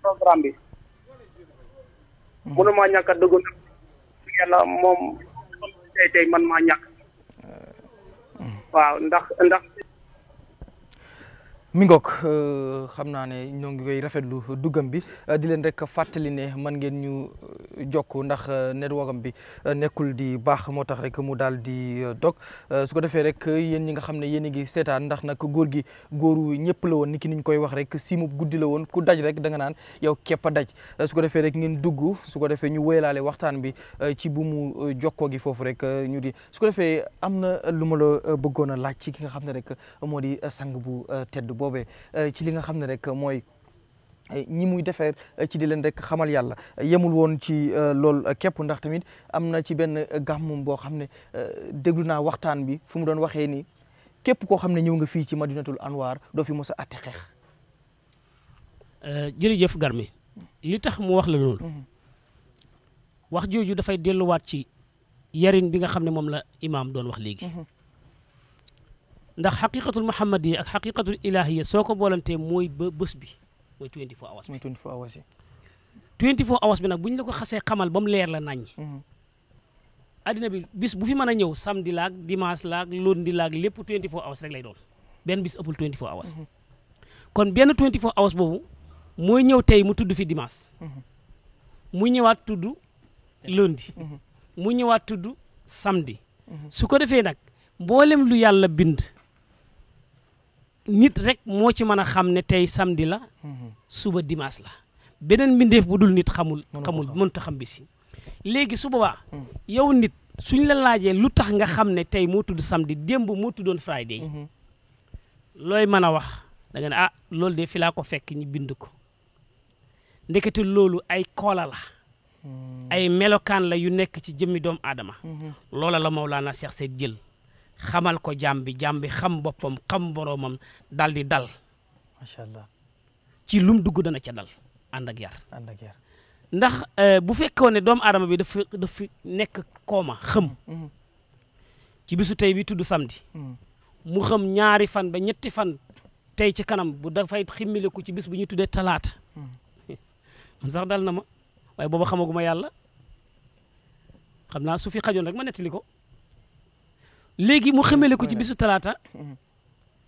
programme bi mënu hmm. maa ñàkk a mom, nag yàlla man euh, hmm. waaw
ndax ndax mi ngoog euh, xam naa ne ñoo ngi koy rafetlu duggam bi euh, di leen rek fàttali ne mën ngeen ñu euh, jokk ndax network am bi nekkul di baax moo tax rek mu daal di dog su ko defee rek yéen ñi nga xam ne yéen a ngi seetaan ndax nag góor gi góoru ñëpp la woon ni ki ni koy wax rek simub guddi la woon ku daj rek da naan yow képp daj su ko defee rek ngeen dugg su ko defee ñu wéyalaale waxtaan bi ci bu mu jokkoo gi foofu rek ñu di su ko defee am na lu ma la bëggoon a laaj ci ki nga xam ne rek moo di sang bu tedd boobee euh, ci li nga xam ne rek mooy euh, ñi muy defeer euh, ci di leen rek xamal yàlla yemul woon ci lool képp ndax tamit am na ci benn gàmmum boo xam ne déglu naa waxtaan bi fu mu doon waxee ni képp koo xam ne ñëw nga fii ci madinatul anwar doo fi mos a atte xeex
jërëjëf Garmi li tax mu wax la loolu
mhm. wax jooju dafay
delluwaat ci yarin bi nga xam ne moom la imaam doon wax léegi mhm. ndax xaqiqatul muhammad yi ak xaqiqatul ilahiya soo ko boolantee mooy ba bés bi mooy 24 hours. mooy bi nag bu ñu la ko xasee xamal ba mu leer la naññi. Mm-hmm. addina bi bis bu fi man a ñëw samedi laag dimanche laag lundi laag lépp 24 hours rek lay doon benn bis ëppul 24 hours. Mm-hmm. kon benn 24 hours boobu mooy ñëw tey mu tudd fi dimanche. Mm-hmm. mu ñëwaat tudd lundi. mu ñëwaat tudd samedi. su ko defee nag mboolem lu yàlla bind. nit rek moo ci mën a xam ne tey samdi la mhm. suba dimaas la beneen mbindeef bu dul nit xamul xamul mënta xam bisi léegi su boobaa mhm. yow nit suñ la laajee lu tax nga xam ne tey moo tudd samedi démb moo tuddoon friday mhm. looy mën a wax danga nga ne ah loolu de fi laa ko fekk ñu bind ko ndekete loolu ay koola la ay melokaan la yu nekk ci jëmmi doomu aadama loola la Mawlaana Seex Seyd jël xamal ko jàmm bi jàmm bi xam boppam xam boroomam dal di dal. macha ci lum dugg dana ca dal ànd ak yar. ndax eh, bu fekkoon ne doomu adama bi dafa dafa nekk kooma xëm. Mm-hmm. ci bisu tey bi tudd samedi. Mm-hmm. mu xam ñaari fan ba ñetti fan tey ci kanam bu dafay ximmiliku ci bis bu ñuy tuddee talaata. Mm-hmm. man sax dal na ma waaye booba ma yàlla xam naa su fi xajoon rek ma nettali ko. léegi mu xamele ko ci bisu talaata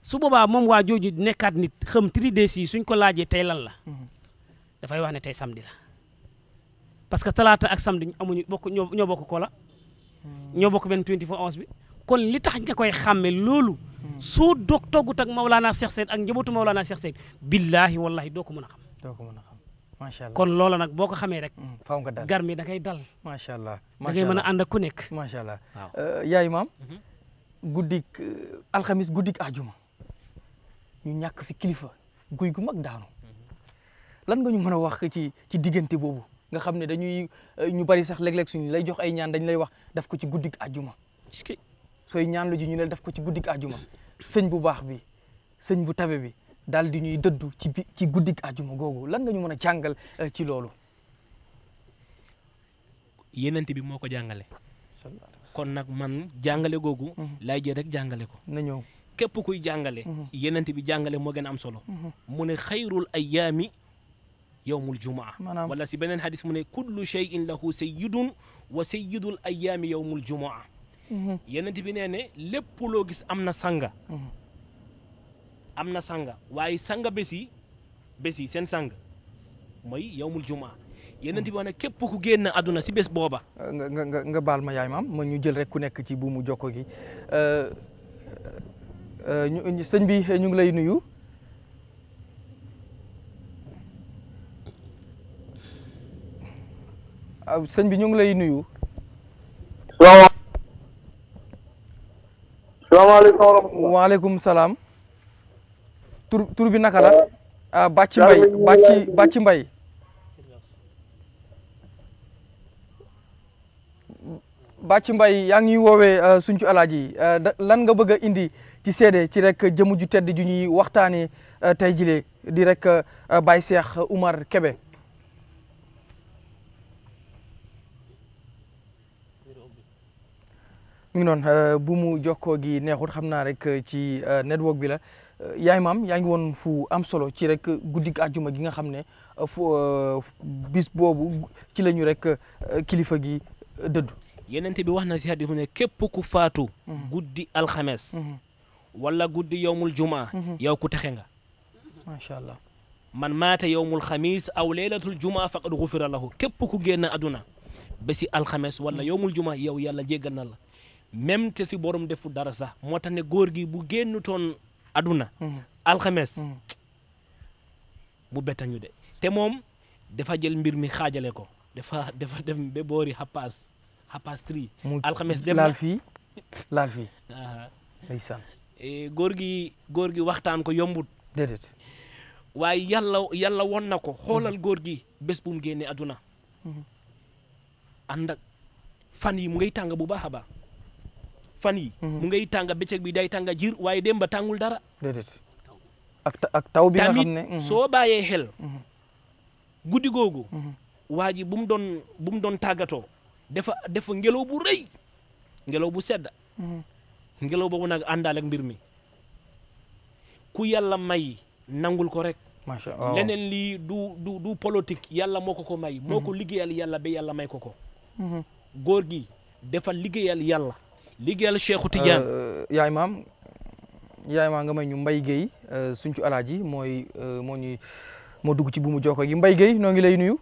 su boobaa moom waa jooju nekkaat nit xam tridés sii suñ ko laajee tey lan la mm-hmm. dafay wax ne tey samedi la parce que talaata ak samedi amuñu bokk ñoo bokk ko la mm-hmm. ñoo bokk benn 24 hours bi kon li tax nga koy xàmme loolu mm-hmm. soo doog toggut ak Maolana Cheikh Seyd ak njabootu Maolana Cheikh Seyd billaahi wallahi doo ko mën a xam
doo a macha allah kon loola
nag boo ko xamee rek faaw nga dal gar mi da ngay dal macha allah da ngay mën a ànd ak
ku nekk macha allah euh, yaay maam guddik euh, alxamis guddik ajuma ñu ñàkk fi kilifa guy gu mag daanu lan nga ñu mën a wax ci ci diggante boobu nga xam ne dañuy euh, ñu bari sax léeg-léeg suñu lay jox ay ñaan dañ lay wax daf ko ci guddik ajuma sooy ñaan lu ji ñu ne daf ko ci guddik ajuma sëñ bu baax bi sëñ bu tabe bi daal di ñuy dëddu ci bi ci guddik ajuma googu lan nga ñu mën a jàngal euh, ci loolu
yenente bi moo ko jàngale kon nag man jàngale googu. Mhm. laay jël rek jàngale ko. na ñëw képp kuy jàngale. Mhm. yenent bi jàngale moo gën a am solo. Mhm. mu ne xayrul ayaami yowmul jumaa. wala si beneen xadis mu ne kullu cheyin lahu sayyidun wa sayyidul ayaami yowmul jumaa. yenent bi nee ne lépp loo gis am na sanga. am na sanga waaye sanga bés yi bés yi seen sang mooy yowmul jumaa.
yeneen bi wax ne képp ku génn àdduna si bés booba. nga nga nga baal ma yaay maam ma ñu jël rek ku nekk ci buumu jokko gi euh, euh, ñu sëñ bi ñu ngi lay nuyu. sëñ bi ñu ngi lay nuyu. salaamaaleykum salaam. tur bi naka la. ah Mbay Bàcci Mbay. Bathie mbay yaa ngi woowee euh, suñcu alaaji euh, lan nga bëgg a indi ci seede ci rek jëmu ju tedd ju ñuy waxtaanee euh, tey jile di rek Baye Cheikh Oumar Kébé. mi ngi noonu bu mu jokkoo gi neexut xam naa rek ci network bi la yaay maam yaa ngi woon fu am solo ci rek guddik àjjuma gi nga xam ne fu bis boobu ci lañu ñu rek kilifa gi
dëddu. yenente bi wax na si xadis mu ne képp ku faatu mhm. guddi alxames mhm. wala guddi yowmul jumaa mhm. yow ku texe nga macha man maata yowmul xamis aw leylatul jumaa faqad gufira lahu képp ku génn aduna ba si alxames wala yowmul jumaa yow yàlla jéggal na la même si borom defu dara sax moo tax ne góor gi bu génn toon aduna alxames mu bettañu de te moom dafa jël mbir mi xaajale ko dafa dafa def ba boori xappaas apastri.
mu alxames dem laal fii laal fii. ndeysaan.
E, góor gi góor gi waxtaan ko yombut. déedéet. waaye yàlla na ko. xoolal mhm. góor gi bés bu mu génnee àdduna. Mhm. ànd fan yi mu ngay tàng bu baax a baax. fan yi mhm. mu ngay tàng bëccëg bi day tàng jir waaye dem ba tàngul dara.
déedéet taw bi nga tamit soo
bàyyee xel. guddi googu. waa ji bu mu doon bu mu doon tàggatoo. dafa defa ngelaw bu rëy ngelaw bu sedd. Hmm. ngelaw boobu nag àndaale mbir mi ku yàlla may nangul ko rek. macha leneen lii du du du politique yàlla moo ko ko may. moo hmm. ko liggéeyal yàlla ba yàlla may ko ko.
Hmm. góor gi dafa liggéeyal yàlla. liggéeyal Cheikhu Tidiane. Euh, yaay maam yaay maam nga may ñu Mbaye Guèye euh, suñcu alaaji mooy euh, moo ñuy moo dugg ci buumu jokkoo gi Mbaye Guèye noo ngi lay nuyu.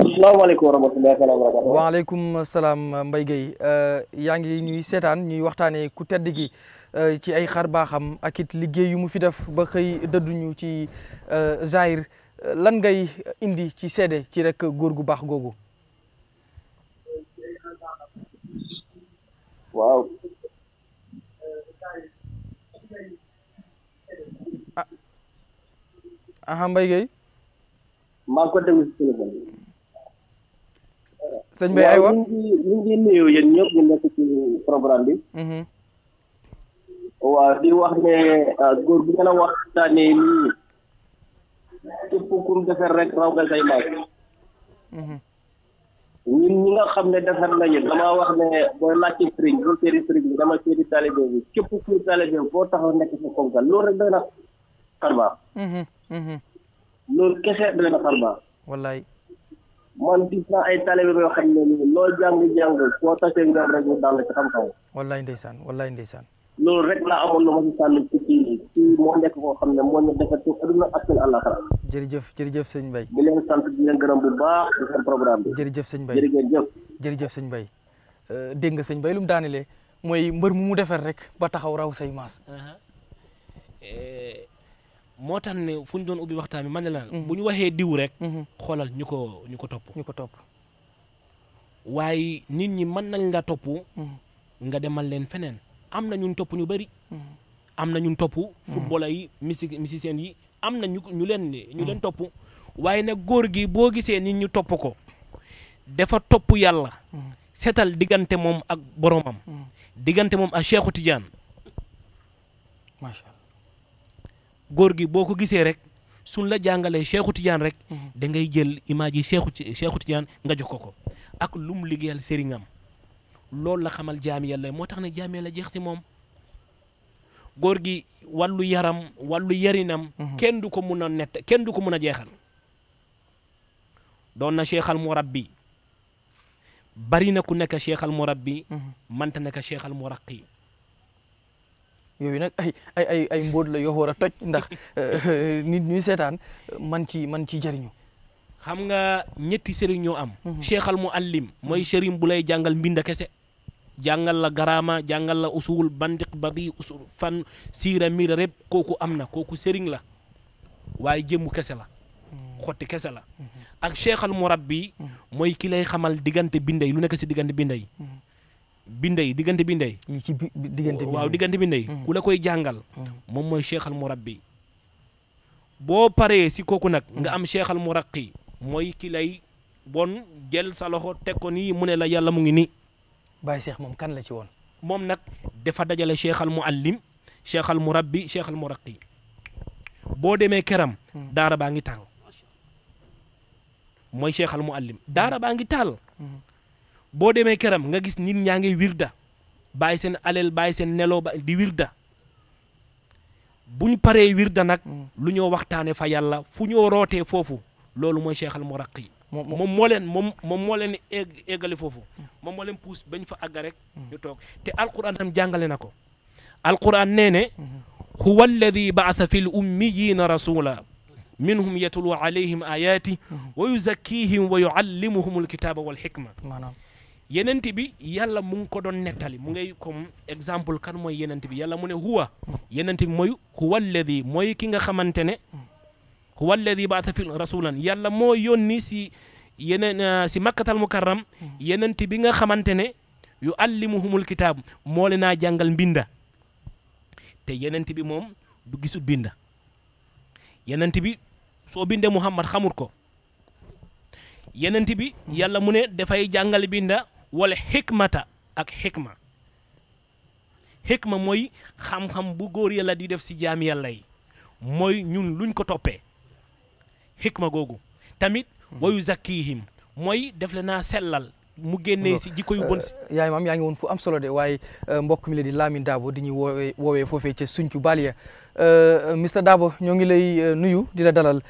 asalaamaaleykum wa rahmatulah wabarakatuh waaleykum salaam Mbaye Gueye euh, yaa ngi ñuy seetaan ñuy waxtaanee ku tedd gi euh, ci ay xar baaxam ak it liggéey yu mu fi def ba xëy dëdduñu ci euh, Zahir lan ngay indi ci seede ci rek góor gu baax googu. waaw. ah. Mbaye Gueye. maa ngi ko déglu si téléphone sëñ bi
aywa
ñu ngi ngi nuyu yéen ñëpp ñu nekk ci programme bi. Mm-hmm. waaw di wax ne euh, góor bi ngeen a waxtaanee nii képp ku defar rek raw nga say maag. Mm-hmm. ñun ñi nga xam ne defar nañu dama wax ne booy laajte sëriñ boo seeti sëriñ bi dama seeti taalibe bi képp ku taalibe boo taxaw nekk sa konkal loolu rek doy na xarbaax.
Mm-hmm. loolu kese doy na xarbaax. wallaay. man
gis naa ay talibé yoo xam ne nii loo jàng-jàng boo tasee ñoom rek ñu dal ci xam-xam.
wallaay ndeysaan wallaay
loolu rek laa amoon lu ma si sànni ci kii kii moo nekk koo xam ne moo ñu defar ci aduna ak seen àllaxara.
jërëjëf jërëjëf sëñ Mbaye. di leen sant di leen gërëm bu baax di seen programme bi. jërëjëf sëñ Mbaye jërëjëf. jërëjëf sëñ Mbaye euh, dégg nga sëñ Mbaye lu mu daanelee mooy mbër mu mu defar rek ba taxaw raw say maas. Uh-huh. Eh, moo tax ne fu ñu doon ubbi waxtaan bi
man la mhm. bu ñu waxee diw rek. Mhm. xoolal ñu ko ñu ko topp. ñu ko topp waaye nit ñi mën nañ nga topp. Mhm. nga demal leen feneen am na ñu topp ñu bari am na ñu topp. footballeur yi musique musiciens yi am na ñu ñu leen ñu topp. waaye nag góor gi boo gisee nit ñu topp ko dafa topp yàlla. setal diggante moom ak boromam. diggante moom ak Cheikhou Tidiane. góor gi boo ko gisee rek suñ la jàngalee Cheikhou Tidiane rek mhm. da ngay jël image yi Cheikhou Cheikhou Tidiane nga jox ko ko ak lu mu liggéeyal sëriñam loolu la xamal jaami yàlla moo tax ne jaami yàlla jeex si moom góor gi wàllu yaram wàllu yarinam mhm. kenn du ko mun a nett kenn du ko mun a jeexal doon na cheikhal murabbi bari na ku nekk cheikhal murabbi mhm. manta nekk cheikhal muraqi
yooyu nag ay ay ay ay la yoo war toj ndax euh, nit ñuy seetaan man ci man ci jëriñu
xam nga ñetti sëriñ ñoo am mhm. cheikhal mu allim mooy sëriñ bu lay jàngal mbind kese jàngal la garaama jàngal la usul bandiq badi usul fan siira miira rép kooku am na kooku sëriñ la waaye jëmmu kese la mhm. xotti kese la mhm. ak cheikhal mu rabbi mooy ki lay xamal diggante binda yi lu nekk si diggante binda yi binda diggante binda yi.
ci diggante waaw
diggante binda yi. Mm. ku la koy jàngal. Mm. moom mooy cheikhal murabbi boo paree si kooku nag. Mm. nga am cheikhal muraqi mooy ki lay bon jël sa loxo teg ko nii mu ne la yàlla mu ngi nii.
Baye Cheikh moom kan la ci woon.
moom nag dafa dajale cheikhal muallim cheikhal murabbi cheikhal muraqi boo demee këram. daara baa ngi taal mooy mu muallim daara baa ngi taal. boo demee këram nga gis nit ñaa ngi wirda bàyyi seen aleel bàyyi seen nelaw ba di wirda buñ paree wirda nag lu ñoo waxtaane fa yàlla fu ñoo rootee foofu loolu moy Cheikh al Mouraqi moom moo leen moom moo leen eggale foofu moom moo leen puus bañ fa àgga ñu toog te alquran tam jàngale na ko alquran nee ne huwa alladi baasa fi l ummiyina rasula minhum yatlu alayhim ayati wa yuzakkihim wa yuallimuhum yenent bi yàlla mu ngi ko doon nettali mu ngay comme exemple kan mooy yenent bi yàlla mu ne huwa yenent bi mooy huwa alladi mooy ki nga xamante ne huwa yi baata fi rasulan yàlla moo yónni si yeneen ah, si makkatal mukarram yenent bi nga xamante ne yu allimuhumul kitaab moo naa jàngal mbinda te yenent bi moom du gisu binda yenent bi soo bindee Muhammad xamul ko yenent bi yàlla mu ne dafay jàngal binda wala xikmata ak xikma xikma mooy xam-xam bu góor yàlla di def si jaam yàlla yi mooy ñun luñ ko toppee
xikma googu tamit wayu zakkihim
mooy def naa sellal mu génnee si jikko yu bon si
euh, yaay maam yaa ngi woon fu am solo de waaye euh, mbokk mi la di Lamine Dabo di ñuy woowee woowee foofee ca Sinthiou Balia euh, Mister Dabo ñoo ngi lay nuyu di la dalal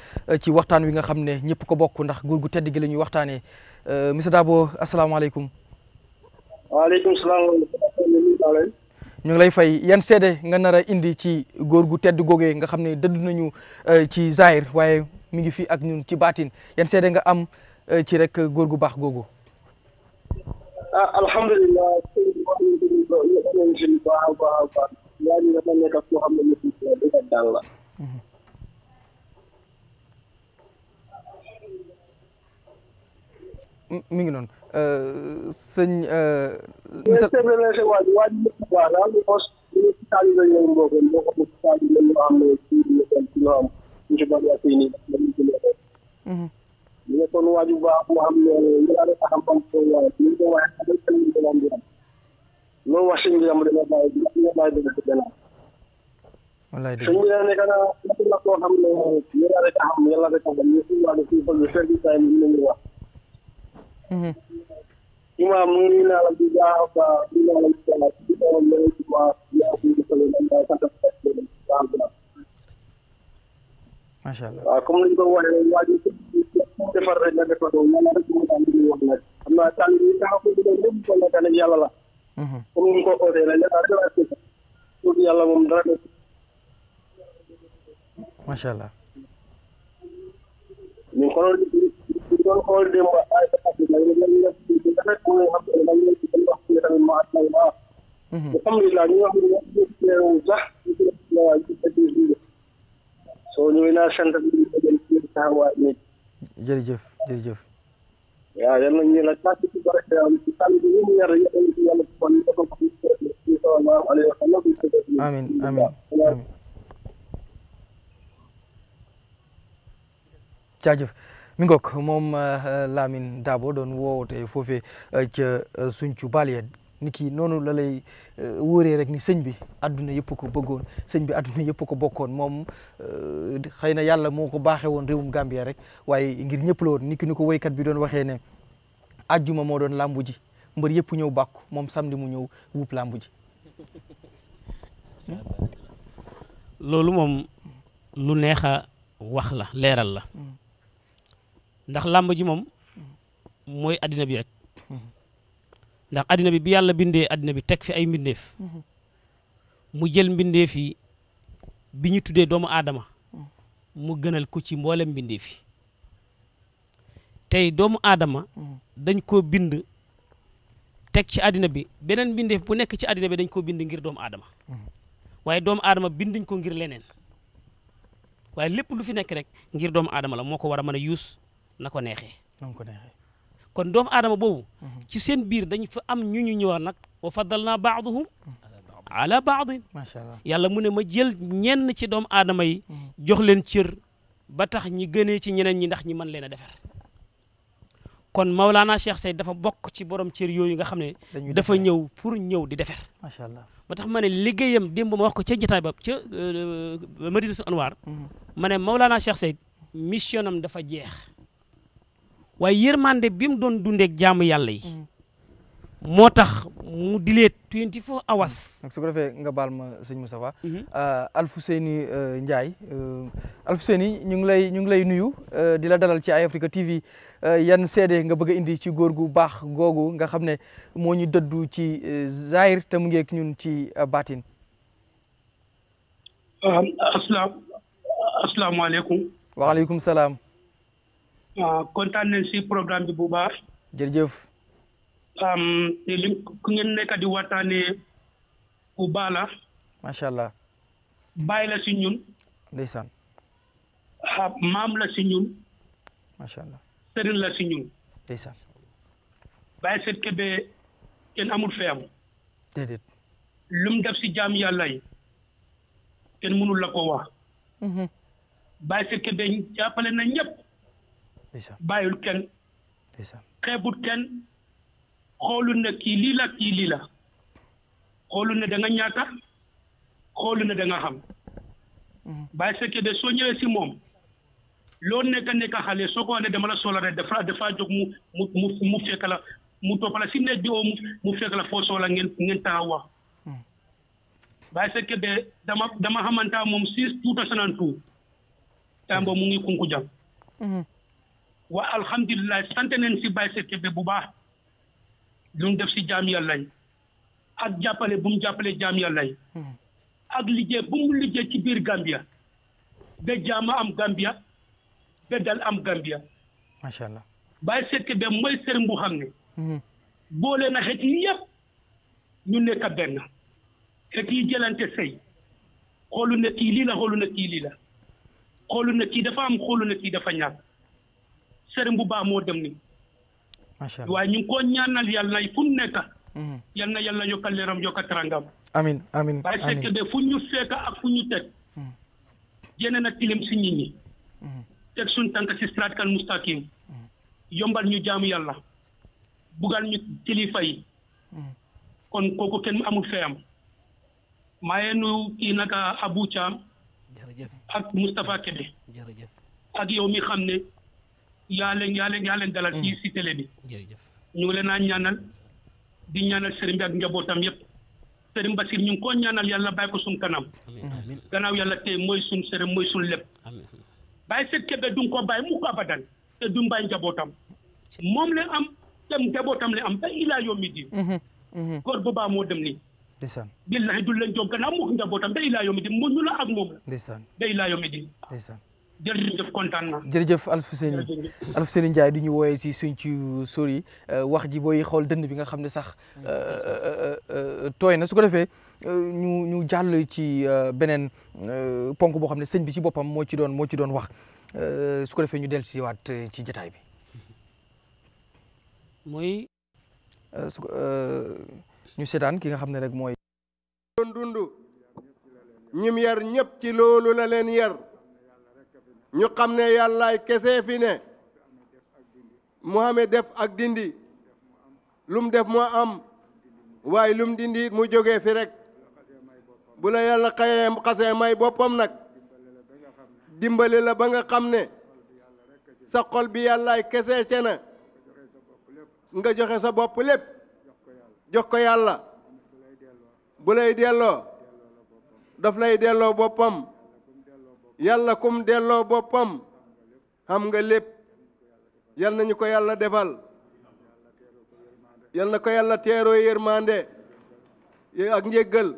ci waxtaan wi nga xam ne ñëpp ko bokk ndax góor gu tedd gi la ñuy waxtaanee Mister Dabo asalaamaaleykum
waaleykum salaam.
ñu lay fay yan seede nga nar a indi ci góor gu tedd googee nga xam ne dëdd nañu euh, ci Zahir waaye mi ngi fi ak ñun ci baatin yan seede nga am euh, ci rek góor gu baax googu. ah mm-hmm. ngi noonu. sëñ. monsieur
le ñu ne kon waaju baax mu xam ne ñu daal di xam-xam soo waaye ñu ngi ko waaye xam nga sëñ bi dama am loolu wax sëñ bi dama dama bàyyi dina dina bàyyi dina si gannaaw. wallaay dëgg sëñ bi dana nekk naa la koo xam ne ñu daal di xam yàlla rek a xam ñu si waa de si bëgg fekk saa yi ñu ne ñu wax. cuma mungkin alam juga apa bila alam juga kita mulai dua ya di kalian Masya Allah. Aku mulai bawa yang wajib sefarad na ko do na na ko tan ni won na amma tan ni ta ko do ni ko na tan yalla la hmm jajuf ya
mi ngoog moom eh, eh, Lamine Dabo doon woote foofee eh, ca Sinthiou Balye ni ki noonu la lay wóoree rek ni sëñ bi adduna yëpp ko bëggoon sëñ bi adduna yëpp ko bokkoon moom xëy na yàlla moo ko baaxee woon réewum Gambia rek waaye ngir ñëpp la woon ni ki ko woykat bi doon waxee ne ajjuma moo doon làmbu ji mbër yëpp ñëw bàkku moom samedi mu ñëw wuub làmbu ji
hmm?
loolu moom lu neex a wax la leeral la hmm. ndax làmb ji moom mooy addina bi rek mhm. ndax addina bi yàlla bindee addina bi teg fi ay mbindeef mhm. mu jël mbindeef yi bi ñu tuddee doomu aadama mhm. mu gënal ko ci mboolem mbindeef yi tey doomu aadama dañ koo bind teg ci addina bi beneen bindeef bu nekk ci addina bi dañ koo bind ngir doomu aadama waaye doomu aadama binduñ ko ngir leneen waaye lépp lu fi nekk rek ngir doomu adama la moo ko war a mën a yuus na ko neexee. na kon doomu aadama boobu. Mhm. ci seen biir dañ fa am ñu ñu ñëwaat nag wa faddal naa baaduhum mhm. ala baadin macha allah yàlla mu ne ma jël ñenn ci doomu aadama yi. Mhm. jox leen cër ba tax ñi gënee ci ñeneen ñi ndax ñi man leen a kon Maulana Cheikh Seyd dafa bokk ci borom cër yooyu nga xam ne. dafa ñëw pour ñëw di defar. macha allah ba tax ma ne liggéeyam démb ma wax ko ca jotaay ba ca euh, Madinatul Anwar. ma ne Maulana Cheikh Seyd mission dafa jeex. waaye yërmande bi mu doon dundeek jaamu yàllay mm.
moo tax mu dileet 24 hours. Mm. su ko defee nga baal ma sëñ Moustapha. Mm-hmm. Euh, Alfousseyni euh, Ndiaye euh, Alfousseyni ñu ngi lay ñu ngi lay nuyu di la dalal ci Eye Africa TV yan seede nga bëgg a indi ci góor gu baax googu nga xam ne moo ñu dëddu ci Zahir te mu ngeek ñun ci baatin.
asalaamaaleykum.
waaleykum salaam.
waaw kontaan nañ si programme bi bu baax. jërëjëf. te li ku ngeen nekk di waxtaanee bu baax la. macha allah. bàyyi la si ñun. ndeysaan. maam la si ñun. macha allah. sëriñ la si ñun. ndeysaan. bàyyi seet kebe kenn amul fee am. déedéet. lu mu def si jaam yàlla kenn mënul la ko wax. Mhm. bàyyi seet kebe jàppale na ñëpp. bàyyul kenn xeebut kenn xoolul ne kii lii la kii la xoolul ne da ñaata xoolul ne danga nga xam Baye mhm. Seck de soo ñëwee si moom loolu nekk nekk xale soo ko wane dama la soxla rek dafa dafa jóg mu mu mu mu fekk la mu toppala si ne joo mu fekk la foo soxla ngeen ngeen taxaw wax Baye mhm. Seck de dama dama xamante moom si 2002 temps boobu mu ngi kunku wa alhamdulilah sant nañ si Baye Seck bi bu baax lu mu def si jaam yàlla yi ak jàppale bu mu jàppale jaam yàlla yi ak liggéey bu mu liggéey ci biir Gambia ba jaama am Gambia ba dal am Gambia. macha allah Baye Seck bi mooy sëriñ bu xam ne. boole na xeet yi yëpp ñu nekk benn xeet yi jëlante sëy xoolu na kii lii la xoolu na kii lii la xoolu na kii dafa am xoolu na kii dafa ñàkk. serigne bu ba mo dem ni waaye ñu ko ñaanal yalla yi fu nekk yal mhm. yalla yàlla yokkal leeram yokka trangam
amin amin ci ke de
fu ñu fekk ak fu ñu teg mhm. yene na tilim ci nit ñi tek sun tank ci strat kan mustaqim mhm. yombal ñu jaamu yalla bugal ñu tilifa yi kon kooku kenn amul feyam maye nu ki naka abu caam ak mustapha kebe ak yow mi xamne yaa leen yaa leen yaa leen dalal fii si mm.
télé
ñaanal di ñaanal sëriñ bi ak njabootam yépp sëriñ Basir ñu ngi koo ñaanal yàlla bàyyi ko suñ kanam gannaaw yàlla tey mooy suñ mooy suñ lépp bàyyi seet kebe du ko bàyyi mu ko abadan te du bàyyi njabootam moom leen am dem njabootam leen am ba ilaa yoomi mhm, mhm. bu baax moo dem nii ndeysaan billahi du leen joom gannaaw mu njabootam ba ilaa yoomi di mu la ak moom la ndeysaan ba ilaa yoomi di jërëjëf kontaan naa. jërëjëf
Alfousseyni Alfousseyni Ndiaye du ñu wooyee si suñ ci sóor yi euh, wax ji booy xool dënd bi nga xam ne sax euh, euh, tooy na su ko defee ñu jàll ci beneen ponk boo xam ne sëñ bi ci boppam moo ci doon moo ci doon wax su ko defee ñu dellu si waat ci jataay bi. mooy. su ko ñu seetaan ki nga xam ne rek mooy.
doon ñim yar ñëpp ci loolu la leen yar. ñu ya yalla ay kese fi ne Muhammad def ak dindi lum def mo am waaye lum dindi mu ferek, fi rek bu la yàlla xayee xasee may bopam nak dimbalé la ba nga sa xol bi ay kese ci na nga joxe sa bop lepp jox ko yalla bu lay delloo daf lay bopam yàlla kum delloo boppam xam nga lépp yal nañu ko yàlla defal yal na ko yàlla teeroo yërmande ak njéggal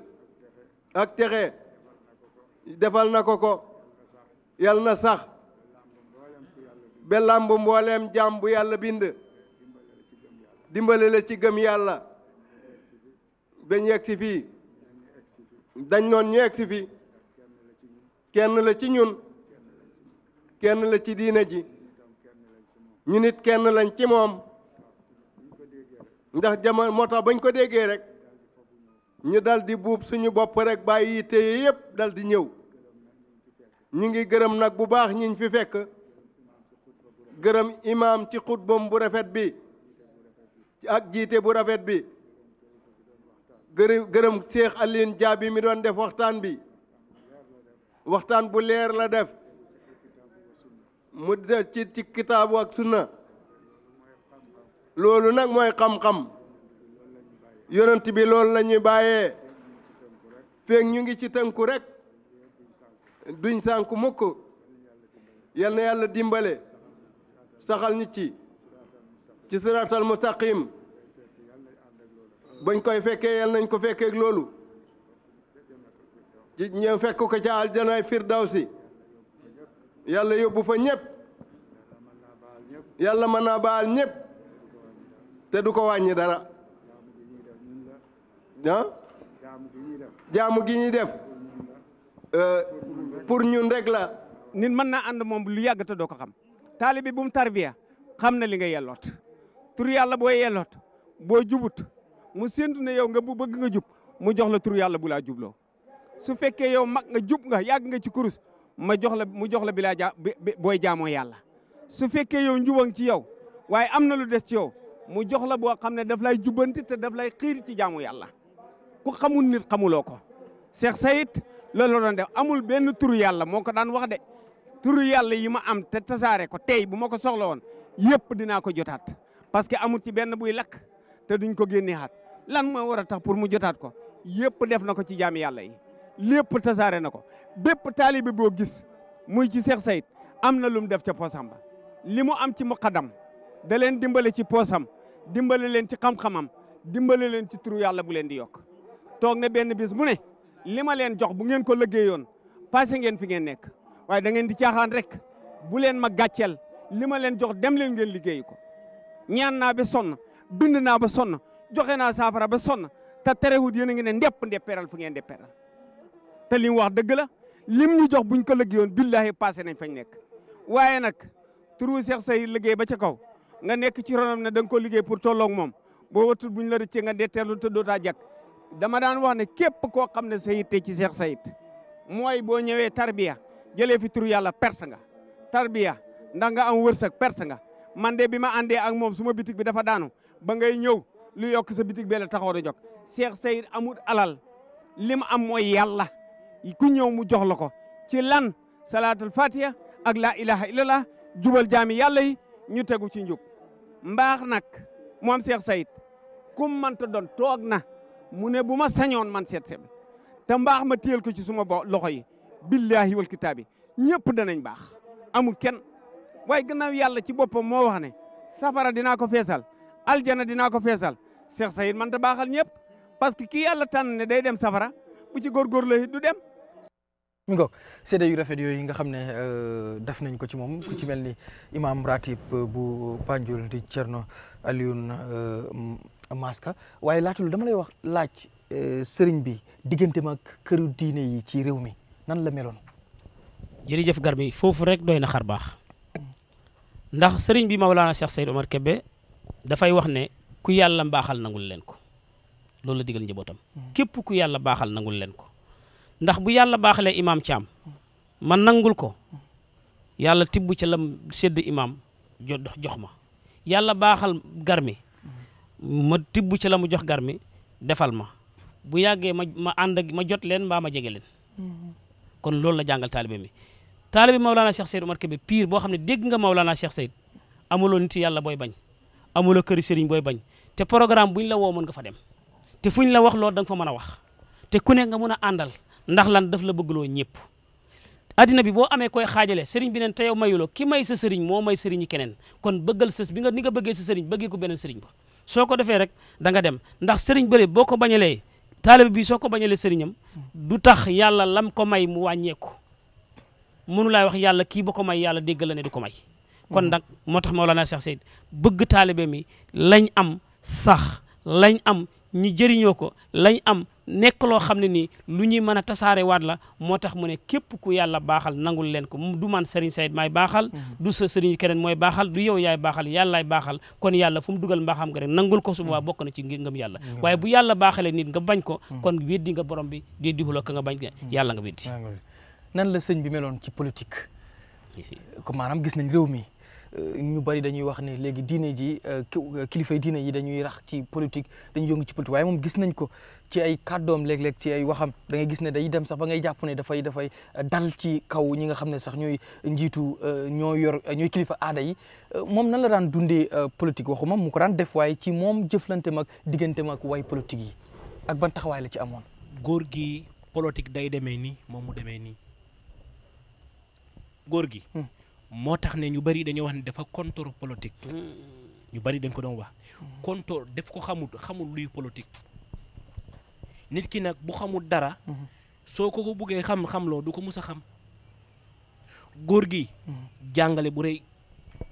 ak texe defal na ko ko yal na sax bellamb mbooleem jaam bu yàlla bind dimbale la ci gëm yàlla bañ yegg si fii dañ noon ñu yegg si kenn la ci ñun kenn la ci diina ji ñu nit kenn lañ ci moom ndax jamono moo tax bañ ko déggee rek ñu daldi buub suñu bopp rek bàyyi yitte yépp dal di ñëw ñu ngi gërëm nag bu baax ñiñ fi fekk gërëm imaam ci xutbam bu rafet bi ci ak jiite bu rafet bi gërëm gërëm Cheikh Aline Diaby mi doon def waxtaan bi waxtaan bu leer la def mu def ci ci kitaabu ak sunna loolu nag mooy xam-xam yonent bi loolu lañuy bàyyee feeg ñu ngi ci tënku rek duñ sànku mukk yal yàlla dimbale saxal ñu ci ci siraatal mustaqim bañ koy fekkee yal nañ ko fekkeeg loolu ñew fekk ko ca aljanaay firdausi yalla yobbu fa ñep yalla mën baal ñep te du ko wàññi dara ah jaamu gi ñi def
euh, pour ñun rek la nit mën naa ànd moom lu yagg ta doo ko xam talibi bu mu tarbiya xam na li nga yelot tur yalla boy yelot boy jubut mu sentu ne yow nga bu bëgg nga jub mu jox la tur yalla bu la jublo su fekkee yow mag nga jub nga yàgg nga ci kurus ma jox la mu jox la bi laa ja booy jaamoo yàlla su fekkee yow njubang ci yow waaye am na lu des ci yow mu jox la boo xam ne daf lay jubbanti te daf lay xiir ci jaamu yàlla ku xamul nit xamuloo ko Cheikh sayit loolu la doon def amul benn turu yàlla moo ko daan wax de turu yàlla yi ma am te tasaare ko tey bu ma ko soxla woon yëpp dinaa ko jotaat parce que amul ci benn buy lakk te duñ ko génne xaat lan moo war a tax pour mu jotaat ko yëpp def na ko ci jaami yàlla lépp tasaare na ko bépp taalibe boo gis muy ci seex Sayid am na lu mu def ca poosam ba li mu am ci muqaddam da leen dimbale ci poosam dimbale leen ci xam dimbale leen ci turu yàlla bu leen di yokk toog na benn bis mu ne li ma leen jox bu ngeen ko liggéeyoon passé ngeen fi ngeen nekk waaye da ngeen di caaxaan rek bu ma gàcceel li ma leen jox dem leen ngeen liggéey ko ñaan naa ba sonn bind naa ba sonn joxe naa saafara ba sonn te terewut yéen a ngi ne ndepp fu ngeen deppeeral te mu wax dëgg la lim ñu jox buñ ko liggéeyoon billahi passé nañ fañ nekk waaye nag turu seex Seye liggéey ba ca kaw nga nekk ci ronam ne da nga ko liggéey pour tolloog moom boo watul buñ la rëccee nga detteerlu te dootaa jak dama daan wax ne képp koo xam ne sayit tey ci Cheikh Sayit mooy boo ñëwee tarbiya jëlee fi turu yàlla perte nga tarbiya ndax nga am wërsëg perte nga man de bi ma àndee ak moom suma bitig bi dafa daanu ba ngay ñëw lu yokk sa bitig bee taxaw da jog Cheikh Sayit amul alal lim am mooy yàlla ku ñew mu jox lako ci lan salatul fatiha ak la ilaha illallah jubal jami yalla yi ñu teggu ci njub mbaax nag Cheikh kum ta don tok na mu ne bu man set sebe ta mbax ma teyel ko ci suma bo loxo yi billahi wal kitaabi ñëpp danañ bax amul ken way gannaaw yalla ci bopam mo wax ne safara dina ko fessal aljana dina ko fessal Cheikh man ta baxal ñepp parce que ki yalla tan ne day dem safara bu ci lay du dem
mi ngoog seede yu rafet yooyu nga xam ne euh, def nañ ko ci moom ku ci mel ni imam ratib bu Banjul di Cerno Alioune euh, Maska waaye laata lu dama lay wax laaj euh, sëriñ bi diggante mag këru diine yi ci réew mi nan la meloon
jërëjëf gar bi foofu rek doy na xar baax ndax sëriñ bi ma Mawlana Cheikh Seydou Omar Kébé dafay wax ne ku yàlla mbaaxal nangul leen ko loolu la digal njabootam hmm. képp ku yàlla baaxal nangul leen ko ndax bu yàlla baaxalee imaam Thiam ma nangul ko yàlla tibb ci lam sédd imaam jo jox ma yàlla baaxal garmi ma tibb ci la mu jox garmi defal ma bu yàggee ma ma ànd ak ma jot leen mbaa ma jege leen kon loolu la jàngal taalibe mi taalibe Maulana Cheikh Seydou Omar Kébé pire boo xam ne dégg nga Maulana Cheikh Seydou amuloo nit yàlla booy bañ amuloo këri sëriñ booy bañ te programme buñ la woo mën nga fa dem te fuñ la wax loolu da nga fa mën a wax te ku ne nga mën a àndal ndax lan daf la bëggloo ñëpp adina bi bo amé koy xajalé sëriñ bi neen te yow mayulo ki may sa sëriñ mo may sëriñ keneen kon bëggal sëss bi nga ni nga bëggé sa sëriñ bëggé ko benen sëriñ ba soko défé rek da nga dem ndax sëriñ bëlé boko bañalé talib bi soko bañalé sëriñam du tax yalla lam ko may mu wàññeeku mënu lay wax yalla ki ba may yalla déggal la né du may kon mm-hmm. nak motax maulana Cheikh Seyd bëgg talibé mi lañ am sax lañ am ñu jëriñoko lañ am nekk loo xam ne ni lu ñuy mën a tasaare waat la moo tax mu ne képp ku yàlla baaxal nangul leen ko du man Serigne Saïd maay baaxal mhm. du sa Serigne keneen mooy baaxal du yow yaay baaxal yàllaay baaxal kon yàlla fu mu dugal mbaaxam nga rek nangul ko su boobaa mhm. bokk na ci ngëm yàlla waaye bu yàlla baaxalee nit nga bañ ko mhm. kon weddi nga borom bi di dihuloo nga bañ nga yàlla
nga weddi nan la sëñ bi meloon ci politique comme maanaam gis nañ réew mi euh, ñu bari dañuy wax ne léegi diine ji euh, euh, kilifay diine yi dañuy rax ci politique dañuy yëngu ci politique waaye moom gis nañ ko ci ay kàddoom léeg-léeg ci ay waxam da ngay gis ne day dem sax ba ngay jàpp ne dafay dafay euh, dal ci kaw ñi nga xam ne sax ñooy njiitu euh, ñoo yor ñooy kilifa aada yi euh, moom nan la daan dundee politique waxuma mu ko daan def waaye ci moom jëflante mag diggante mag way politique yi ak ban taxawaay la ci amoon. góor gi politique day demee nii
moom mu demee nii góor gi. Hmm. moo tax ne ñu bari dañoo wax ne dafa contre politique. Hmm. ñu bari dañ ko doon wax. Hmm. contre def ko xamul xamul luy politique. nit ki nag bu xamul dara mhm. soo ko ko buggee xam xamloo du ko mus a xam góor gi mhm. jàngale bu rëy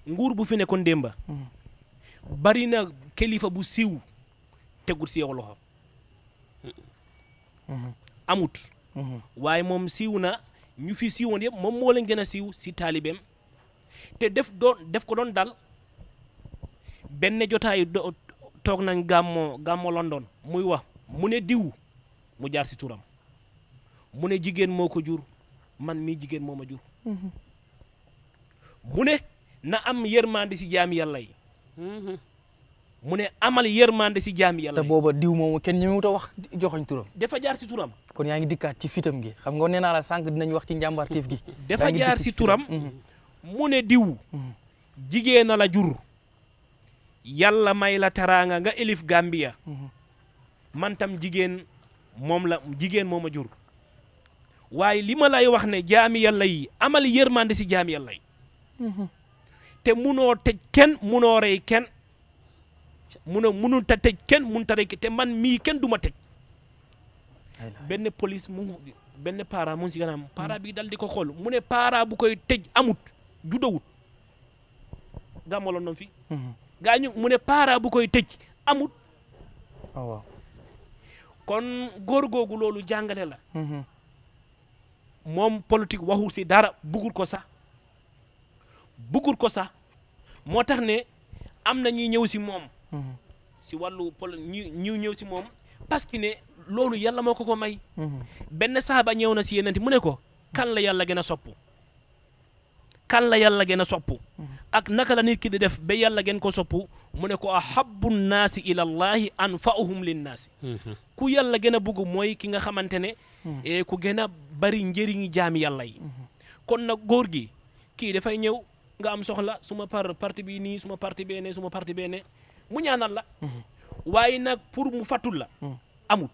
nguur bu fi nekkoon démba mhm. bari na kilifa bu siiw tegul si yow loxo amut waaye moom siiw na ñu fi siiwoon yëpp moom moo leen gën a siiw si taalibeem te def doon ko doon dal benn jotaayu toog nañ gàmmo gàmmo London muy wax mu ne diw mu jaar ci touram mu ne jur man mi jigen moma ma jur mhm. mu na am yermande si jami yalla yi mhm. mu ne amal yermande si jami
yalla ta bobo booba diw moomu kenn ñemewut a wax joxoñ touram
defa jaar ci turam
kon yaangi dikkat ci fitam gi xam nga neena la sank dinañ wax ci njàmbaar tif gi [laughs] defa jaar ci touram mhm. mu diw
la jur yalla may la taranga nga elif Gambia man tam jigen moom la jigéen moo ma jur waaye li ma lay wax ne jaami yàlla yi amal yërmande si jaami yàlla yi mhm. te munoo tëj kenn munoo rey kenn munoo munul ta tëj kenn mun ta rey te man mii kenn du ma tëj benn police mu benn para mu ngi si ganaam para dal di ko xool mu ne para bu koy tëj amut judawut gàmmaloon noonu fi mhm. gaañu mu ne para bu koy tëj amut oh, waaw kon góor googu loolu jàngale la mm-hmm. moom politique waxu si dara buggul ko sax buggul ko sax moo tax ne am na ñuy ñëw si moom mm-hmm. si wàllu pol ñu ñu ñëw si moom parce que ne loolu yàlla moo ko ko may mm-hmm. benn saaba ñëw na si yeneen mu ne ko kan la yàlla gën a soppu kan la yàlla gën a soppu ak naka la nit ki di def ba yàlla gën ko soppu mu ne ko ahabbu nnaasi ila allahi anfa'uhum linnaasi ku yàlla gën a bëgg mooy ki nga xamante ne hmm. eh, ku gën a bari njëriñu jaami yàlla yi hmm. kon nag góor gi kii dafay ñëw nga am soxla suma par parti bi nii suma parti bee ne suma parti bee mu ñaanal la hmm. waaye nag pour mu fàttul la amul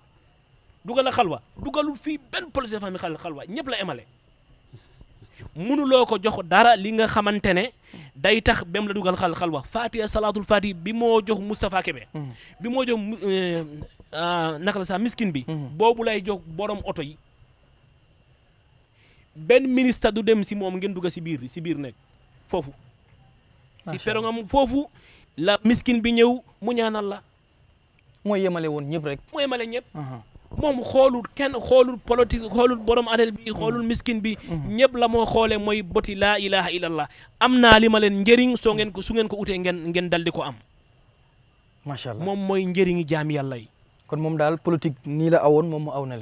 dugal a xalwa dugalul fii benn police famille xal xalwa ñëpp la emale mënuloo ko jox dara li nga xamante ne day tax bem la dugal xal xalwa faatiha salaatul faatiha bi moo jox Moustapha Kébé bi moo jox eh, Euh, naka la sax miskin bi. Mhm. boobu lay jox borom oto yi benn ministre du dem si moom ngeen dugg si biir si biir nekk foofu. si mu foofu la miskin bi ñëw mu ñaanal la.
mooy yemale woon ñëpp rek. mooy yemale ñëpp.
moom xoolul kenn xoolul politique xoolul borom alal bi mhm. xoolul miskin bi. Mhm. ñëpp la moo xoolee mooy boti laa ilaha illallah am naa li ma leen njëriñ soo ngeen ko su ngeen ko utee ngeen ngeen dal ko am.
macha moom mooy njëriñu jaam yàlla yi. kon moom daal politique nii la awoon moom mu aw na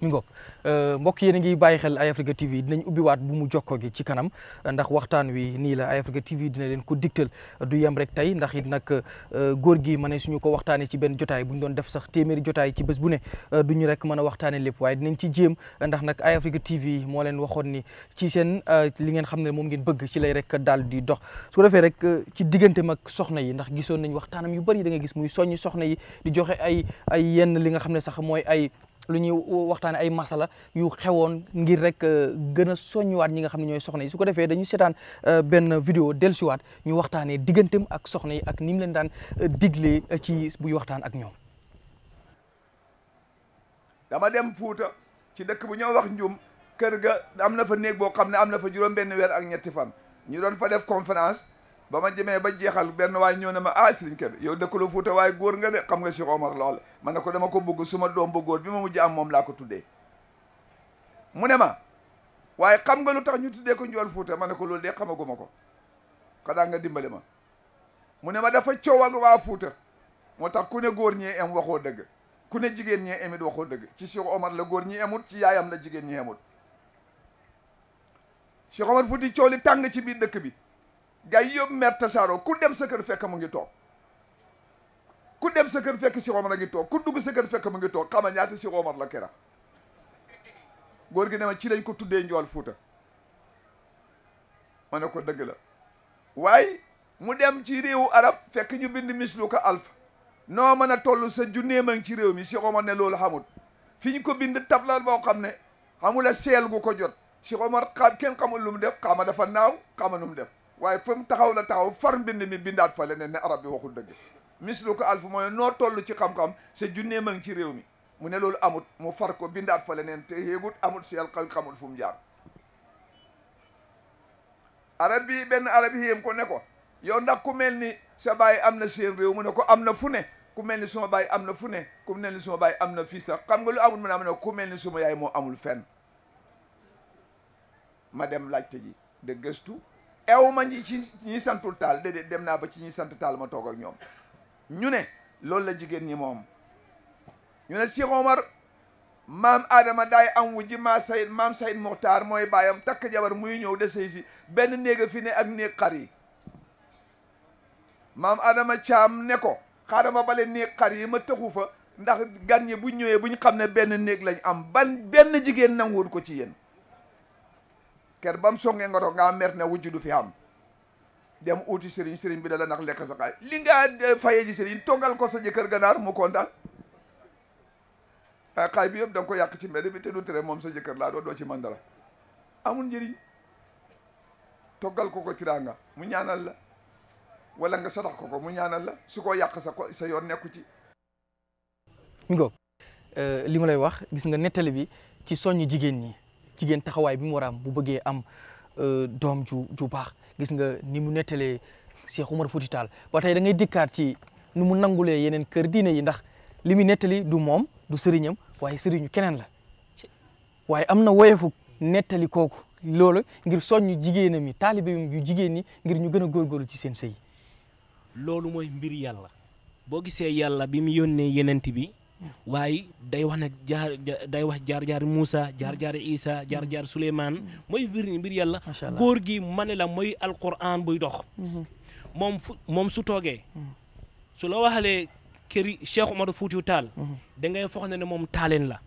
mi ngoog euh, mbokk yéen a ngi bàyyi xel Eye Africa TV dinañ ubbiwaat bu mu jokko gi ci kanam ndax waxtaan wi nii la Eye Africa dina leen ko digtal du yem rek tey ndax it nag euh, góor gi ma ne suñu ko waxtaanee ci benn jotaay bu ñu doon def sax téeméeri jotaay ci bés bu ne euh, du ñu rek mën a waxtaanee lépp waaye dinañ ci jéem ndax nag Eye Africa TV moo leen waxoon ni ci seen li ngeen xam ne moom ngeen bëgg ci lay rek daal di dox su ko defee rek ci diggante mag soxna yi ndax gisoon nañ waxtaanam yu bëri da nga gis muy soññi soxna yi di joxe ay ay yenn li nga xam ne sax mooy ay lu ñuy waxtaane ay masala yu xewoon ngir rek euh, gën a soññiwaat ñi nga xam ne ñooy soxna yi su ko defee dañu seetaan euh, benn vidéo dellusiwaat ñu waxtaanee digganteem ak soxna yi ak ni mu leen daan euh, diglee ci buy waxtaan ak
ñoom dama dem Fuuta ci dëkk bu ñoo wax njum kër ga am na fa néeg boo xam ne am na fa juróom benn weer ak ñetti fan ñu doon fa def conférence ba ma jëmee ba jeexal benn waaye ñëw ne ma ah Sëriñ Kebe yow dëkkaloo Fuuta waaye góor nga de xam nga Cheikh Omar lool ma ne ko dama ko bëgg suma doom ba góor bi ma mujj am moom laa ko tuddee mu ne ma waaye xam nga lu tax ñu tuddee ko njool Fuuta ma ne ko loolu de ma ko xanaa nga dimbali ma mu ne ma dafa coow ak waa Fuuta moo tax ku ne góor ñee em waxoo dëgg ku ne jigéen ñee emit waxoo dëgg ci Cheikh Omar la góor ñi emut ci yaayam la jigéen ñi emut Cheikh Fuuti coow li tàng ci biir dëkk bi gaa yi yëpp mer ku dem sa kër fekk mu ngi toog ku dem sa kër fekk si Omar toog ku dugg sa kër fekk mu ngi toog xama ñaata si Omar la kera góor gi ne ma ci lañ ko tuddee njool fuuta ma ne ko dëgg la waaye mu dem ci réewu arab fekk ñu bind mislu ko alf noo mën a toll sa junnee ma ci réew mi si Omar ne loolu xamut fi ñu ko bind tablal boo xam ne xamula seel gu ko jot si Omar kenn xamul lu mu def xama dafa naaw xama nu mu def waaye fa mu taxaw la taxaw far mbind mi bindaat fa nen ne arab bi waxul dëgg mislu ko alfu noo toll ci xam-xam sa junnee ma ngi ci réew mi mu ne loolu amut mu far ko bindaat fa leneen te yéegut amut si yàlla xamul fu mu arab bi benn arab yi yéem ko ne ko yow ndax ku mel ni sa baay am na seen réew mu ne ko am na fu ne ku mel ni suma baay am na fu ne ku mel ni suma baay am na fii sax xam nga lu amul am ne ku mel ni suma yaay moo amul fenn ma dem laajte ji de ew ma ñi ci ñi santul taal déedéet dem naa ba ci ñi sant taal ma toog ak ñoom ñu ne loolu la jigéen ñi moom ñu ne Cheikh Omar maam Adama daay am wu ji maa Sayid maam Sayid Muxtaar mooy baayam takk jabar muy ñëw de sëy si benn néeg a fi ne ak néeg xar yi maam Adama caam ne ko xaaral ma bale néeg xar yi ma tëxu fa ndax gan ñi bu ñëwee bu ñu xam ne benn néeg lañ am ban benn jigéen nanguwul ko ci yéen ker ba mu songee nga toog ngaa mer ne wujj du fi am dem uuti sëriñ sëriñ bi dala nax lekk sa xaay li nga eh, faye ji sëriñ toggal ko sa jëkkër ganaar mu kontaan waaye eh, bi yëpp da ko yàq ci mbedd bi te du tere moom sa jëkkër laa doo doo ci man dara amul njëriñ toggal ko ko tiraanga mu ñaanal la wala nga sadax ko ko mu ñaanal la su ko yàq sa ko sa yoon nekku ci
mi ngoog eh, li ma lay wax gis nga nettali bi ci soññ jigéen ñi jigéen taxawaay bi mu war am bu bëggee am euh, doom ju ju baax gis nga ni mu nettalee Cheikh Oumar Fouti Tall ba tey da dikkaat ci nu mu nangulee yeneen kër diina yi ndax li mu nettali du moom du sëriñam waaye sëriñu keneen la waaye am na woyefu nettali kooku loolu ngir soññu jigéenam yi taalibe yu jigéen ñi ngir ñu gën a góorgóorlu ci seen sëy
loolu mooy mbir yàlla boo gisee yàlla bi mu yónnee yenent bi waaye day wax nag jaar day wax jaar jaar Moussa jaar jaar Isa jaar jaar Souleymane mooy mbir mbir yàlla góor gi mane la mooy alquran moy dox mhm. moom fu moom su toogee mhm. su la waxalee këri Cheikh Omar fuuti Tall mhm. da ngay foog ne ne moom taaleen la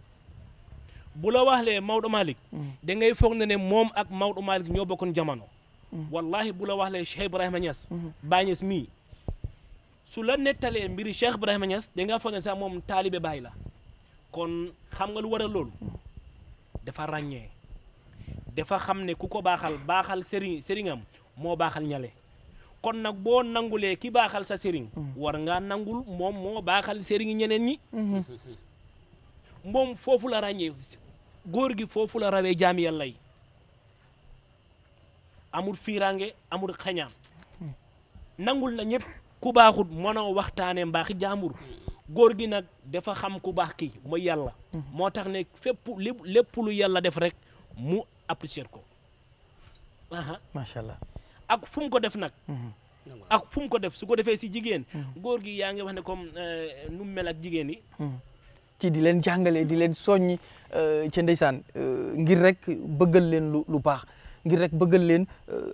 bu la waxalee Maodo Malick da ngay foog ne ne moom ak Maodo Malick ñoo bokkoon jamono wallahi bu la waxalee Cheikh Ibrahima Niass Baye Niass mii su la nettalee mbiri Cheikh Ibrahima Niass da ngaa foog ne sax moom taalibe baay la kon xam nga lu war a loolu dafa ràññee dafa xam ne ku ko baaxal baaxal sëriñ sëriñam moo baaxal ñale kon nag boo nangulee ki baaxal sa sëriñ war ngaa nangul moom moo baaxal sëriñ ñeneen ñi moom foofu la ràññee góor gi foofu la rawee jaami yàlla yi amul fiiraange amul xañaam nangul na ñépp ku baxut mono waxtane mbaaxi jamur, gorgi gi nak dafa xam ku bax ki mooy yalla motax ne fépp lepp lu yalla def rek mu apprécier ko macha allah ak fum ko def nak mhm. ak fum ko def su ko defé jigen, jigen mhm. yang gi ya nga wax ne comme euh, nu mel
ak jigen yi mhm. ci di len jangalé di len soñi euh, ci ndeysaan euh, ngir rek beugal len lu bax ngir rek beugal len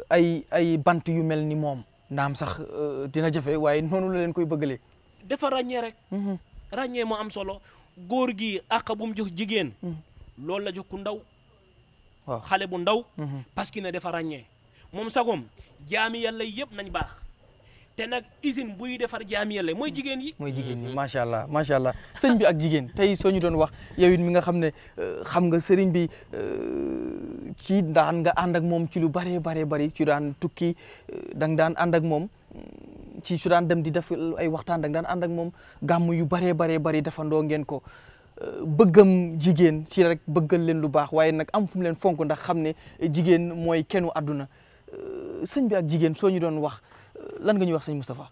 ay ay bant yu mel ni mom. naam sax euh, dina jafe waaye noonu la leen koy bëggalee.
defar ràññee rek. Mhm. ràññee moo am solo góor gi àq bu mu jox jigéen. Mhm. loolu la jox ku ndaw. xale bu ndaw. Mhm. parce que ne defar ràññee moom sagoom jaami yàlla yëpp nañ baax.
te nag usine buy defar jaam yàlla mooy jigéen yi. mooy jigéen yi macha allah macha allah sëñ bi ak jigéen tey soo ñu doon wax yow mi nga xam ne euh, xam nga sëriñ bi euh, ci daan nga ànd ak moom ci lu baree baree bari ci daan tukki euh, da nga daan ànd ak moom. Mm, ci su daan dem di def ay waxtaan dang nga daan ànd ak moom gàmm yu baree baree bari defandoo ngeen ko bëggam jigéen si rek bëggal leen lu baax waaye nag am fum mu leen fonk ndax xam ne jigéen mooy kennu àdduna sëñ bi ak jigéen soo ñu doon wax lan nga ñuy wax sëñ Moustapha.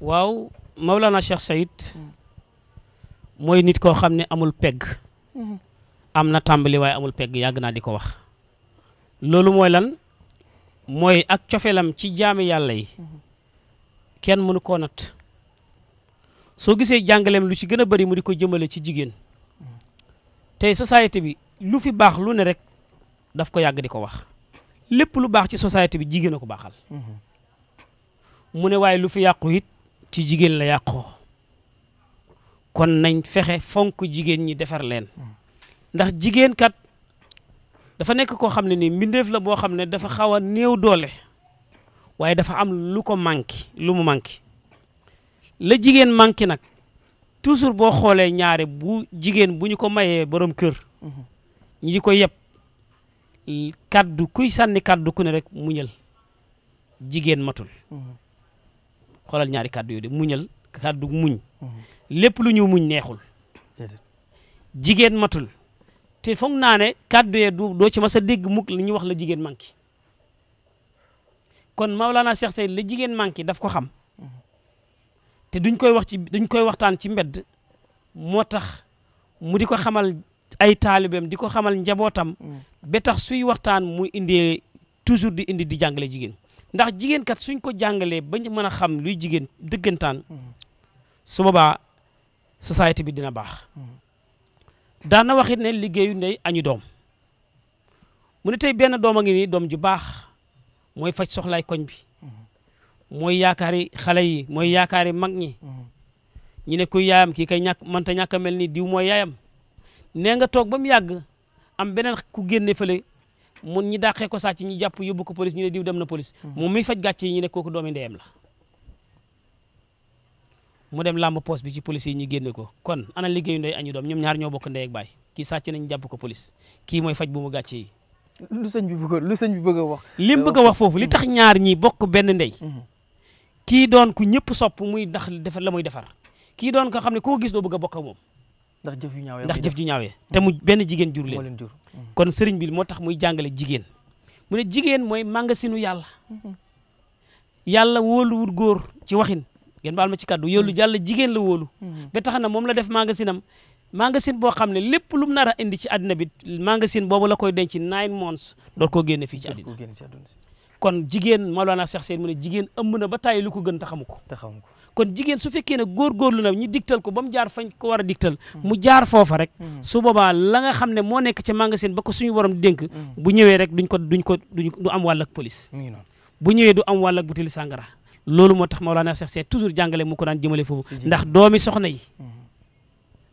waaw Maulana Cheikh Saïd mooy nit koo xam ne amul peg am na tàmbali waaye amul pegg yàgg naa di ko wax. loolu mooy lan mooy ak cofelam ci jaam yàlla yi kenn mënu koo nat soo gisee jàngaleem lu ci gën a bari mu di ko jëmale ci jigéen tey société bi lu fi baax lu ne rek daf ko yàgg di ko wax lépp lu baax ci société bi jigéen a ko baaxal. mu ne waaye lu fi yàqu it ci jigéen la yàqoo kon nañ fexe fonk jigéen ñi defar leen ndax jigéen kat dafa nekk koo xam ne nii mbindeef la boo xam ne dafa xaw a néew doole waaye dafa am lu ko manqué lu mu manqué la jigéen manqué nag toujours boo xoolee ñaare bu jigéen bu ñu ko mayee borom kër ñi di ko yeb kàddu kuy sànni kàddu ku ne rek muñal jigéen matul mm-hmm. xoolal ñaari kàddu yooyu de muñal kàddu muñ mhm. lépp lu ñu muñ neexul jigéen matul te foog naa ne kàddu doo ci mas dégg mukk li ñuy wax la jigéen manqué kon Maolana Cheikh Seyd la jigéen manqué daf ko xam mhm. te duñ koy wax ci duñ koy waxtaan ci mbedd moo tax mu di ko xamal ay taalibeem di ko xamal njabootam mhm. ba tax suy waxtaan mu indi toujours di indi di jàngale jigéen ndax jigéen kat suñ ko jàngalee ba ñu mën a xam luy jigéen dëggantaan su boobaa société bi dina baax daana waxit ne liggéeyu ndey añu doom mu ne tey benn doom a ngi nii doom ju baax mooy faj soxlaay koñ bi mooy yaakaari xale yi mooy yaakaari mag ñi ñu ne kuy yaayam kii kay ñàkk mënta ñàkk a mel ni diw mooy yaayam nee nga toog ba mu yàgg am beneen ku génne fële mun ñi dàqee ko sàcc ñi jàpp yóbbu ko police ñu ne diw dem na police. Hmm. moom miy faj gàcce yi ñu ne kooku doomi ndeyam la. mu dem làmb poste bi ci police yi ñu génne ko kon ana liggéeyu ndey añu doom ñom ñaar ñoo bokk ndey ak ki kii sàcc nañ jàpp ko police kii mooy faj bu mu gàcce yi.
sëñ bi bëgg sëñ bi bëgg a wax. li mu bëgg wax foofu li tax ñaar ñi
bokk benn ndey. Hmm. kii doon ku ñëpp sopp muy ndax defar la muy defar kii doon ko xam ne koo gis doo bëgg a bokk ak moom ndax jëf ju ñaawe ndax jëf ju ñaawee te benn jigéen jur leen mm-hmm. kon sëriñ bi moo tax muy jàngale jigéen mu ne jigéen mooy màngasinu yàlla mm-hmm. yàlla wut góor ci waxin ngeen baal ma ci kàddu yóolu mm-hmm. yàlla jigéen la woolu ba tax na moom la def mangasinam magasin boo xam ne lépp lum mu nar a indi ci àddina bi magasin boobu la koy denci nine months door koo génne fii ci àddina kon jigéen Mawlana Cheikh Seydi mu ne jigéen ëmb na ba tàyyi lu ko gën te xamu ko kon jigéen su fekkee ne góorgóorlu na ñu digtal ko ba mu jaar fañ ko war a digtal mu jaar foofa rek mm-hmm. su boobaa la nga xam ne moo nekk ca magasin ba ko suñu borom dénk mm-hmm. bu ñëwee rek duñ ko duñ ko duñ du am wàll ak police bu ñëwee du am wàll ak butéeli sàngara loolu moo tax Maolana Cheikh Seye toujours jàngale mu ko daan jëmale foofu ndax doomi soxna yi mm-hmm.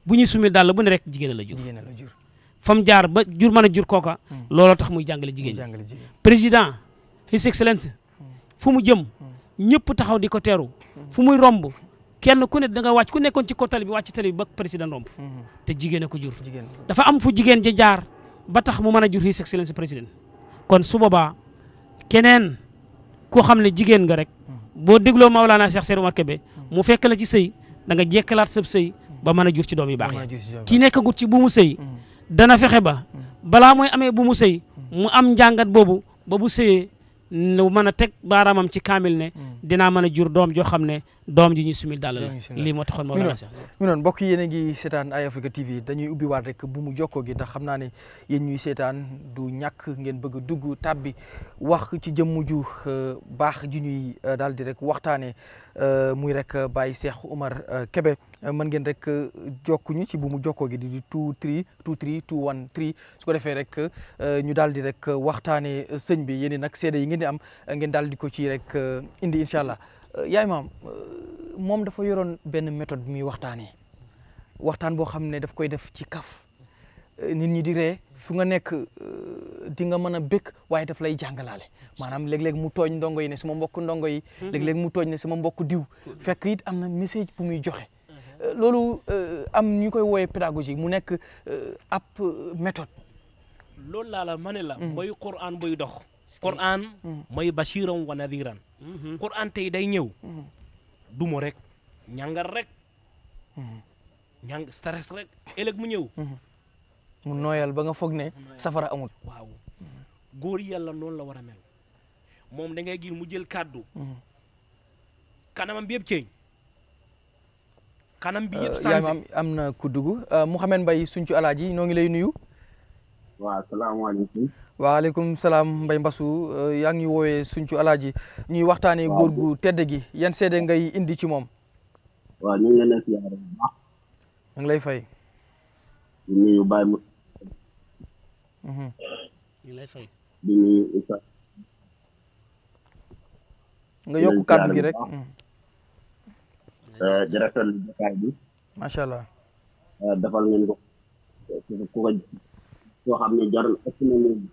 bu ñuy sumil daal bu ne rek jigéen la jur fa mu jaar ba jur mën a jur kooka looloo tax muy jàngale jigéen ñi président his excellence fu mu jëm ñëpp taxaw di ko teeru fu muy romb kenn ku ne da nga wacc ku nekkon ci kotal bi wacc tali ba president romb mhm. te jigen ko jur dafa am fu jigen ji jaar ba tax mu meuna jur his excellence president kon su kenen, kenen koo xamne jigen nga rek mhm. bo deglo Maolana Cheikh serou Omar mhm. mu fekk la ci sey da nga jekalat sab sey ba meuna jur ci dom yu bax ya. ki nekkagut ci bu mu sey dana fexe ba ame mooy bu mu sey mu am jangat bobu, ba bu nu mën a teg baaraamam ci kaamil ne hmm. dinaa mën a jur doom joo xam ne doom ji ñu sumil dàll la lii moo taxoon Mawlana Cheikh
mu noonu mbokk yéen a ngi seetaan Eye Africa TV dañuy ubbi waat rek bu mu jokkoo gi ndax xam naa ne yéen ñuy seetaan du ñàkk ngeen bëgg a dugg tàbbi wax ci jëmm ju euh, baax ji ñuy euh, daal di rek waxtaanee euh, muy rek Baye Cheikh Oumar Kébé Euh, mën ngeen rek euh, jokkuñu ci bu mu jokkoo gi di 23 23 213 su ko defee rek euh, ñu daal rek waxtaanee sëñ bi yéen nag seede yi ngeen di am ngeen daal di ko ci rek indi incha allah yaay maam moom dafa yoroon benn méthode muy waxtaanee waxtaan boo xam ne daf koy def ci kaf nit ñi di ree fu nga nekk di nga mën a békk waaye daf lay jàngalaale maanaam léeg-léeg mu tooñ ndongo yi ne sama mbokk ndongo yi mm-hmm. léeg-léeg mu tooñ ne sama mbokk diw fekk it am na message bu muy joxe loolu euh, am ñu koy wooyee pédagogie mu nekk euh, ab euh, metod
loolu laa la ma la. Mm. mooy Qur'an buy dox. Qur'an mm. mooy bashiran wa nadiran. Mm-hmm. Qur'an tey day ñëw. Mm. dumo rek ñàngal rek. ñàng stress rek ëllëg mu ñëw.
Mm-hmm. mu nooyal ba nga foog ne safara amul.
waaw góor yàlla noonu la war a mel moom da ngay mu jël kàddu. kanamam bi yëpp kanam bi
euh, yëpp changé am na ku dugg euh, mbay Mbaye Sinthiou Alaaji noo ngi lay nuyu.
waaw salaamaaleykum.
waaleykum salaam mbay mbasu euh, yaa ngi ñu woowee Sinthiou Alaaji ñuy waxtaanee góor gu tedd gi yan seede ngay indi ci moom. waaw ngi lay fay.
di mhm. nga yokk kàddu gi rek. Euh, di rafetlu jotaay bi. macha allah. Euh, defal ngeen ko ku ko xam ne jarul ëpp
na loolu.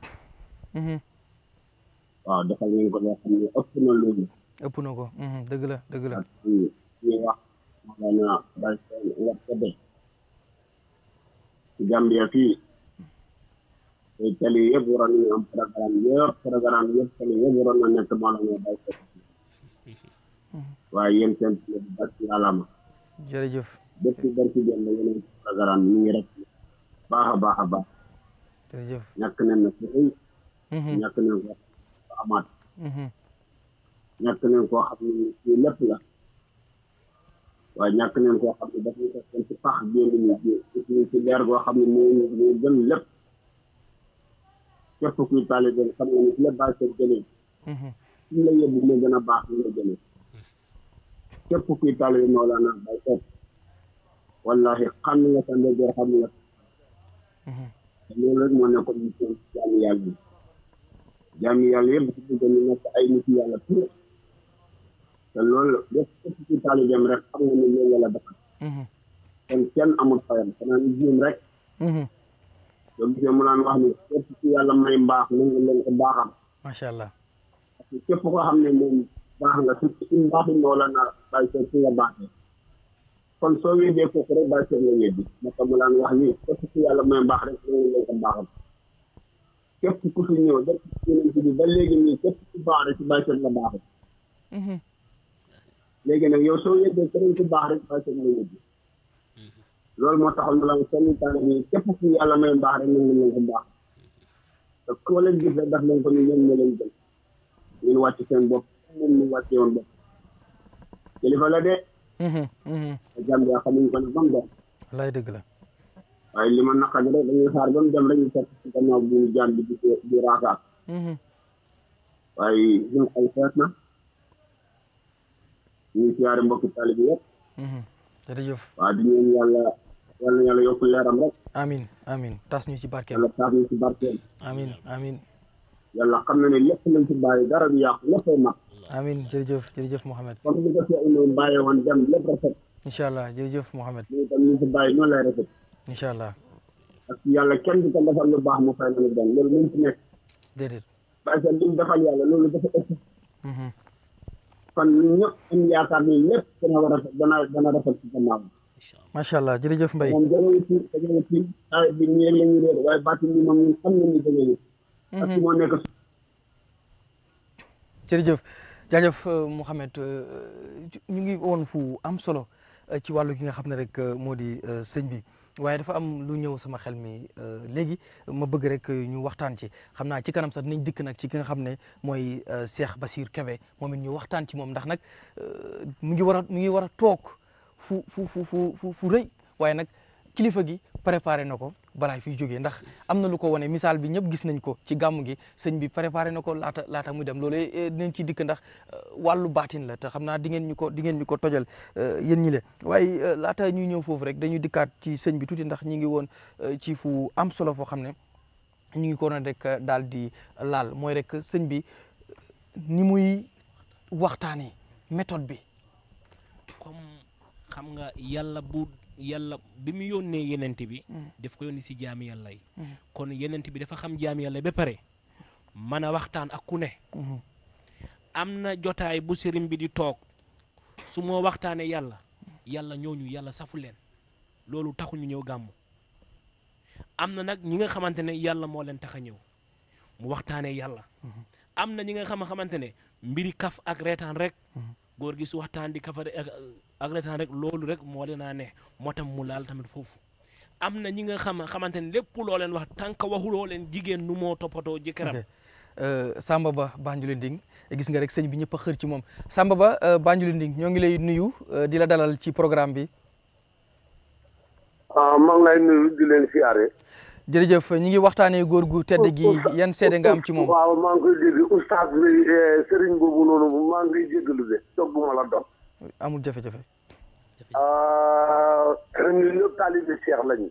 Mm-hmm.
waaw defal ngeen ko loo xam ne ëpp na
loolu. ëpp na ko mm-hmm. dëgg la dëgg la. ñuy wax maanaam bàyyi
wat tëdde ci Gambia fii tali yëpp waroon nañu am programme yëpp programme yëpp tali yëpp waaye yéen seen barki alama jërëjëf dëkk barki jënd yéen programme bi ñu ngi rek baax a baax a baax ñàkk nañ na ko rëy ñàkk nañ ko mhm. amaat mhm. ñàkk nañ koo xam ne ci lépp la waaye ñàkk nañ koo xam ne daf ñu ko seen ci pax génn ñu ci ci leer goo xam ne moo moo gën lépp képp kuy taalibe xam nga ne ci la baax sa jëlee ci la yóbbu moo gën a baax ñu la kepp kuy talu yi Maolana bay ëpp wallahi xam nga sa ndëgër xam nga loolu rek moo ñu mission jaamu yàlla bi jaamu yàlla yëpp ci bëgg ñu nekk ay nit yàlla pur te loolu def képp kuy talu dem rek xam nga ne loolu la dafa kon kenn amul fayam xanaa ñu jéem rek loolu gisee mu naan wax ni képp ku yàlla may mbaax nangu leen ko baaxam macha allah képp koo xam ne moom baax nga su si mbaaxu Mawlana Baye Seck si kon soo wéedee kooku rek Baye Seck la wéedi moo tax mu daan wax ni képp ku yàlla may ba léegi baax rek si la baaxee. léegi nag yow soo wéedee keneen ku baax rek Baye Seck la wéedi mhm. loolu mu daan seen taal bi képp ku yàlla may mbaax rek ñu ngi leen ko baax mhm. te koo leen gis rek daf leen ko ni ñoom ñoo leen jël wàcc seen bopp. moom mu wàcce woon bopp kilifa la de
a
Gambie a xamuñ ko ne ba mu dem wallaay dëgg la waaye li ma naqari rek dañuy xaar ba mu dem rek ñu fekk si gannaaw bu jaan bi di raataat mhm. waaye suñu xel fees mbokki taalibi yëpp
mhm. jërëjëf
waaw di ñaan yàlla yàlla yàlla yokk leeram rek
amin amin tas ñu ci barkeel yàlla tas
ñu ci barkeel amin amin yàlla xam na ne lépp lañ ci bàyyi dara du yàqu léppay mat
amiin jërëjëf jërëjëf Mouhamed. kon bu defee imam bàyyi woon dem lépp rafet. incha
allah jërëjëf Mouhamed. lii tam ñu si bàyyi noonu lay rafet. incha allah. parce que yàlla kenn du ko defal lu baax mu fay lu bon loolu lu mu ci nekk. déedéet. parce que li mu defal yàlla loolu dafa
ëpp.
kon ñun ñëpp am yaakaar ni lépp dana war a dana dana rafet ci gannaaw.
macha allah jërëjëf Mbaye. moom jërëjëf ci jërëjëf ci
nawet bi ñu yëg la ñu réer waaye bàtt ñi moom ñun xam nañu jërëjëf. parce que moo nekk.
jërëjëf. jaajëf euh, Mouhamed euh, ñu ngi won fu am solo euh, ci wàllu ki nga xam ne rek moo di sëñ bi waaye dafa am lu ñëw sama xel mi léegi ma bëgg rek ñu waxtaan ci xam naa ci kanam sax dinañ dikk nag ci ki nga xam ne mooy Cheikh Bassirou kebe moom it ñu waxtaan ci moom ndax nag mu ngi war a mu ngi war a toog fu fu fu fu rëy waaye nag kilifa gi préparé na ko. balaa fiy jógee ndax am na lu ko wane misaal bi ñëpp gis nañ ko ci gàmm gi sëñ bi préparé na ko laata laata muy dem loolu eh, dinañ ci dikk ndax eh, wàllu baatin la ta xam naa di ngeen ñu ko di ngeen ñu ko tojal eh, yéen ñi le waaye laata ñuy ñëw foofu rek dañuy dikkaat ci sëñ bi tuuti ndax ñi ngi woon ci fu am solo foo xam ne ñu ngi ko woon rek daal di laal mooy rek sëñ bi ni muy waxtaanee méthode bi comme xam nga yàlla bu
yàlla bi mu nee yenent bi mm. daf ko yónni si jaami yàlla yi mm. kon yenent bi dafa xam jaami yàlla ba pare man a waxtaan ak ku ne mm-hmm. am na jotaay bu sëriñ bi di toog su moo waxtaanee yàlla mm. yàlla ñooñu yàlla safu leen loolu taxuñu ñëw gàmmu am na nag ñi nga xamante ne yàlla moo leen tax a ñëw mu waxtaanee yàlla mm-hmm. am na ñi nga xam xamante mbiri kaf ak reetaan rek mm-hmm. ak rek loolu rek moo leen a ne moo
tam mu laal tamit foofu
am na ñi nga xam xamante ne lépp loo leen wax tant que waxuloo leen
jigéen nu moo toppatoo jëkkëram euh, Samba Ba Banjulu Nding gis nga rek sëñ bi ñëpp xër ci moom Samba Ba euh, Banjulu Nding ñoo ngi lay nuyu euh, di la dalal ci programme bi. waaw ah, maa ngi nuyu di leen siyaare. jërëjëf ñu ngi waxtaanee góor gu tedd gi yan seede nga am ci moom. waaw maa ngi koy dégg
oustaz eh, la doon. amul jafe-jafe. Euh, ñun ñëpp taalibe Cheikh lañu.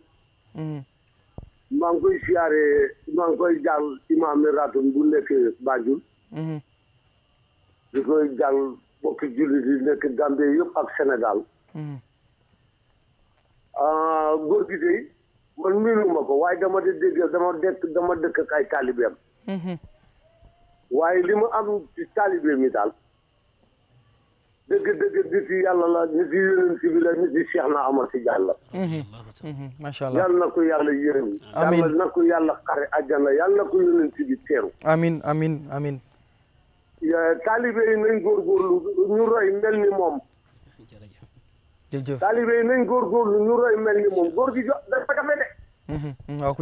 Hmm. maa ngi koy siyaare maa ngi koy jàll imaam Ratun bu nekk Banjul. Hmm. di koy jàll mbokki jullit yi nekk Gambie yëpp ak Sénégal. Hmm. Euh, góor gi de man miinuma ko waaye dama de dégg dama dëkk dama dëkk ak ay taalibeem. waaye li ma am taalibeem yi daal. dëgg dëgg nit yi yàlla la nit yi yonent bi la nit yi Cheikh na Amar si jàll.
Mhm. Mhm. macha allah
na ko yàlla yërëm. amiin na ko yàlla xare àjjana yàlla na ko yonent bi teeru.
amiin amiin amiin.
taalibe yi nañ góorgóorlu ñu roy mel roy mel ni moom góor gi jo dafa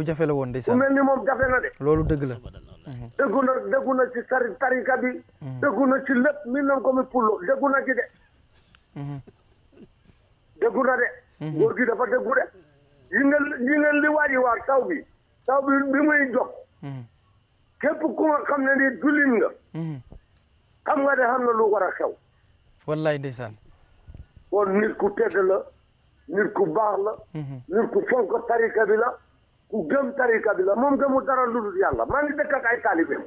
jafe mhm. la woon ndeysaan. ku mel
ni moom jafe na de. loolu dëgg la. Mm-hmm. dëggu na dëggu na ci tari tarika bi mm-hmm. dëggu na ci lépp mi nan ko mi pullo dëggu na ci de mm-hmm. dëggu na de góor gi dafa dëggu de yi ngeen yi ngeen li waar taw bi taw bi bi muy jox képp ku nga xam ne ni jullit nga xam nga de xam na lu war a xew
wallaay ndeysaan
kon nit ku tedd la nit ku baax la nit ku fonk tarika bi la ku gëm tarika bi la moom gëmu dara lu dul yàlla maa ngi dëkk ak ay taalibeem.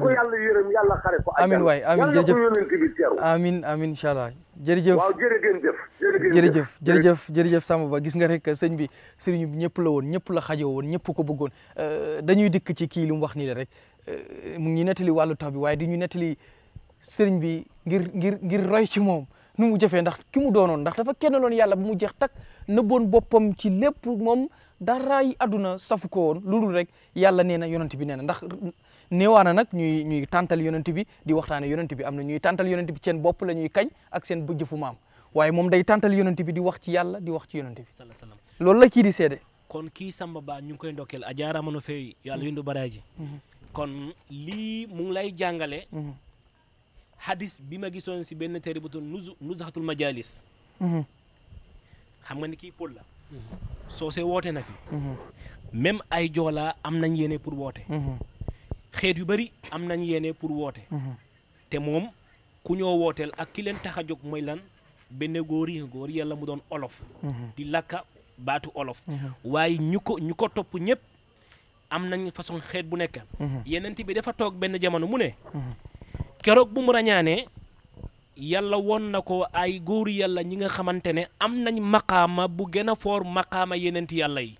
ko yàlla yërëm yàlla xare ko. amiin waay amiin jërëjëf
yàlla allah jërëjëf. waaw
jërëjëf jërëjëf jërëjëf
jërëjëf Ba gis nga rek sëñ bi sëriñ bi ñëpp la woon ñëpp la xajoo woon ñëpp ko bëggoon euh, dañuy dikk ci kii li mu wax nii la rek euh, mu ñu nettali wàllu taw bi waaye di ñu nettali sëriñ bi ngir ngir ngir roy ci moom nu mu jëfee ndax ki mu doonoon ndax dafa kenn loon yàlla bu mu jeex tak nëbboon boppam ci lépp moom dara yi àdduna safu ko woon lu dul rek yàlla nee na yonent bi nee na ndax néewaana nag ñuy ñuy tàntal yonent bi di waxtaane yonent bi am na ñuy tàntal yonent bi seen bopp la ñuy kañ ak seen jëfu maam waaye moom day tàntal yonent bi di wax ci yàlla di wax ci yonent bi loolu la kii di seede
kon kii Samba Ba ñu ngi koy ndokkeel a jaaraamano feewi yàlla yundu baraaji mm-hmm. kon lii mu ngi lay jàngale mm-hmm. hadis bi ma gisoon si benn téere bu tudd Nuzhatul Majalis mm-hmm. xam nga ni kii Pël la soose woote na fi. Mhm. même ay joola am nañ yéene pour woote. Mhm. xeet yu bari am nañ yéene pour woote. Mhm. te moom ku ñoo wooteel ak ki leen tax a jóg mooy lan benn góor yi góor yàlla mu doon olof. di lakka baatu olof. waaye ñu ko ñu ko topp ñëpp am nañ façon xeet bu nekk. yeneen bi dafa toog benn jamono mu ne. keroog bu mu ràññaanee yàlla woon na ko ay góoru yàlla ñi nga xamante ne am nañ maqaama bu gën a foor maqaama yeneenti yàlla yi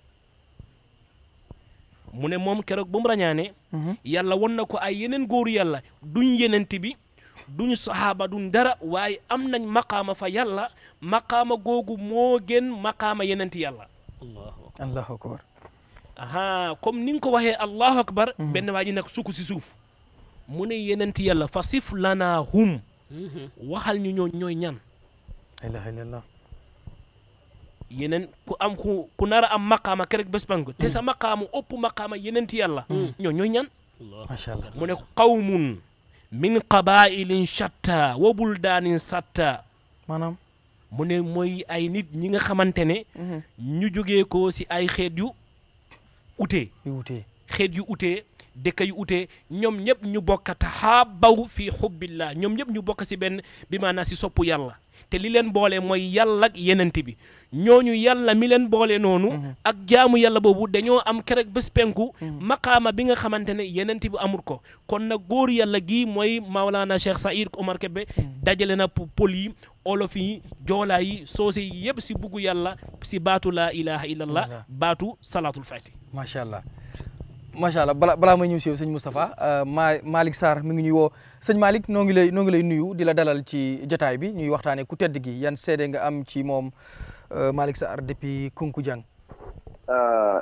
mu ne moom keroog bu mu rañaane mhm. yàlla woon na ko ay yeneen góoru yàlla duñ yeneenti bi duñ saxaaba duñ dara waaye am nañ maqaama fa yàlla maqaama googu moo gën maqaama yeneenti yàlla
allahu akbar
aha comme ni ko waxee allahu akbar mhm. benn waa ji nag si suuf mu ne yeneenti yàlla fa sif lanaa hum waxal ñu ñoo ñooy ñan ilaha illallah yeneen ku am ku ku nar am maqaama kerek bés bank te hmm. sa maqaamu yeneen ti yenenti yàlla hmm. ñoo ñooy ñan macha allah mu ne qawmun min qabailin shatta wa buldaanin satta maanaam mu ne mooy ay nit ñi nga xamante ne hmm. ñu jógee ko si ay xeet yu utee xeet yu utee dëkk yu utee ñoom ñëpp ñu bokk taxaabaw fii xubbillah ñoom ñëpp ñu bokk si benn bi maanaa si soppu yàlla te li leen boole mooy yàlla ak yenent bi ñooñu yàlla mi leen boole noonu. Mhm. ak jaamu yàlla boobu dañoo am kerek bés penku. Mhm. maqaama bi nga xamante ne yenent bi amul ko. kon nag góor yàlla gii mooy Maolana Cheikh Saïd Omar Kébé mhm. dajale na pël yi olof yi joolaa yi soose yi yëpp si bugg yàlla si baatu laa ilaha illallah baatu salaatul fati
macha allah. macha allah balaa balaa may ñëw si yow sëñ Moustapha euh, maa Malick Sarr mi ngi ñuy woo sëñ Malick noo ngi lay noo ngi lay nuyu di la dalal ci jataay bi ñuy waxtaanee ku tedd gi yan seede nga am ci moom euh, Malick Sarr depuis Kunkujang.
Euh,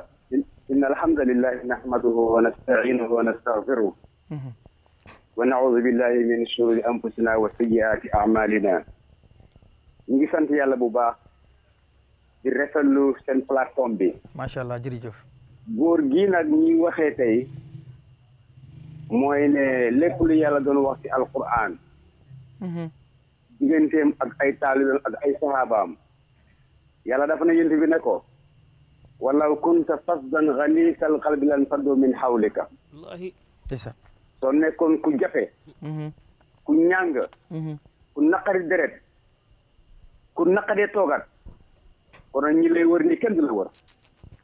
inna alhamdulilah nahmaduhu wa nasta'inuhu wa nastaghfiruh. Mhm. wa na'uudu billahi min shururi anfusina wa
sayyi'aati a'maalina.
ñu ngi sant yàlla bu baax. di rafetlu seen plateforme bi.
macha allah jërëjëf.
góor gi nag ñi waxee tey mooy ne lépp lu yàlla doon wax ci alquran digganteem ak ay taalibeem ak ay sahabaam yàlla dafa na yent bi ne ko walaw kunta fasdan xaliisa alqalbi lan faddu min xawlika soo nekkoon ku jafe ku ñàng ku naqari deret ku naqadee toogat kon ñi lay wër ni kenn du la wër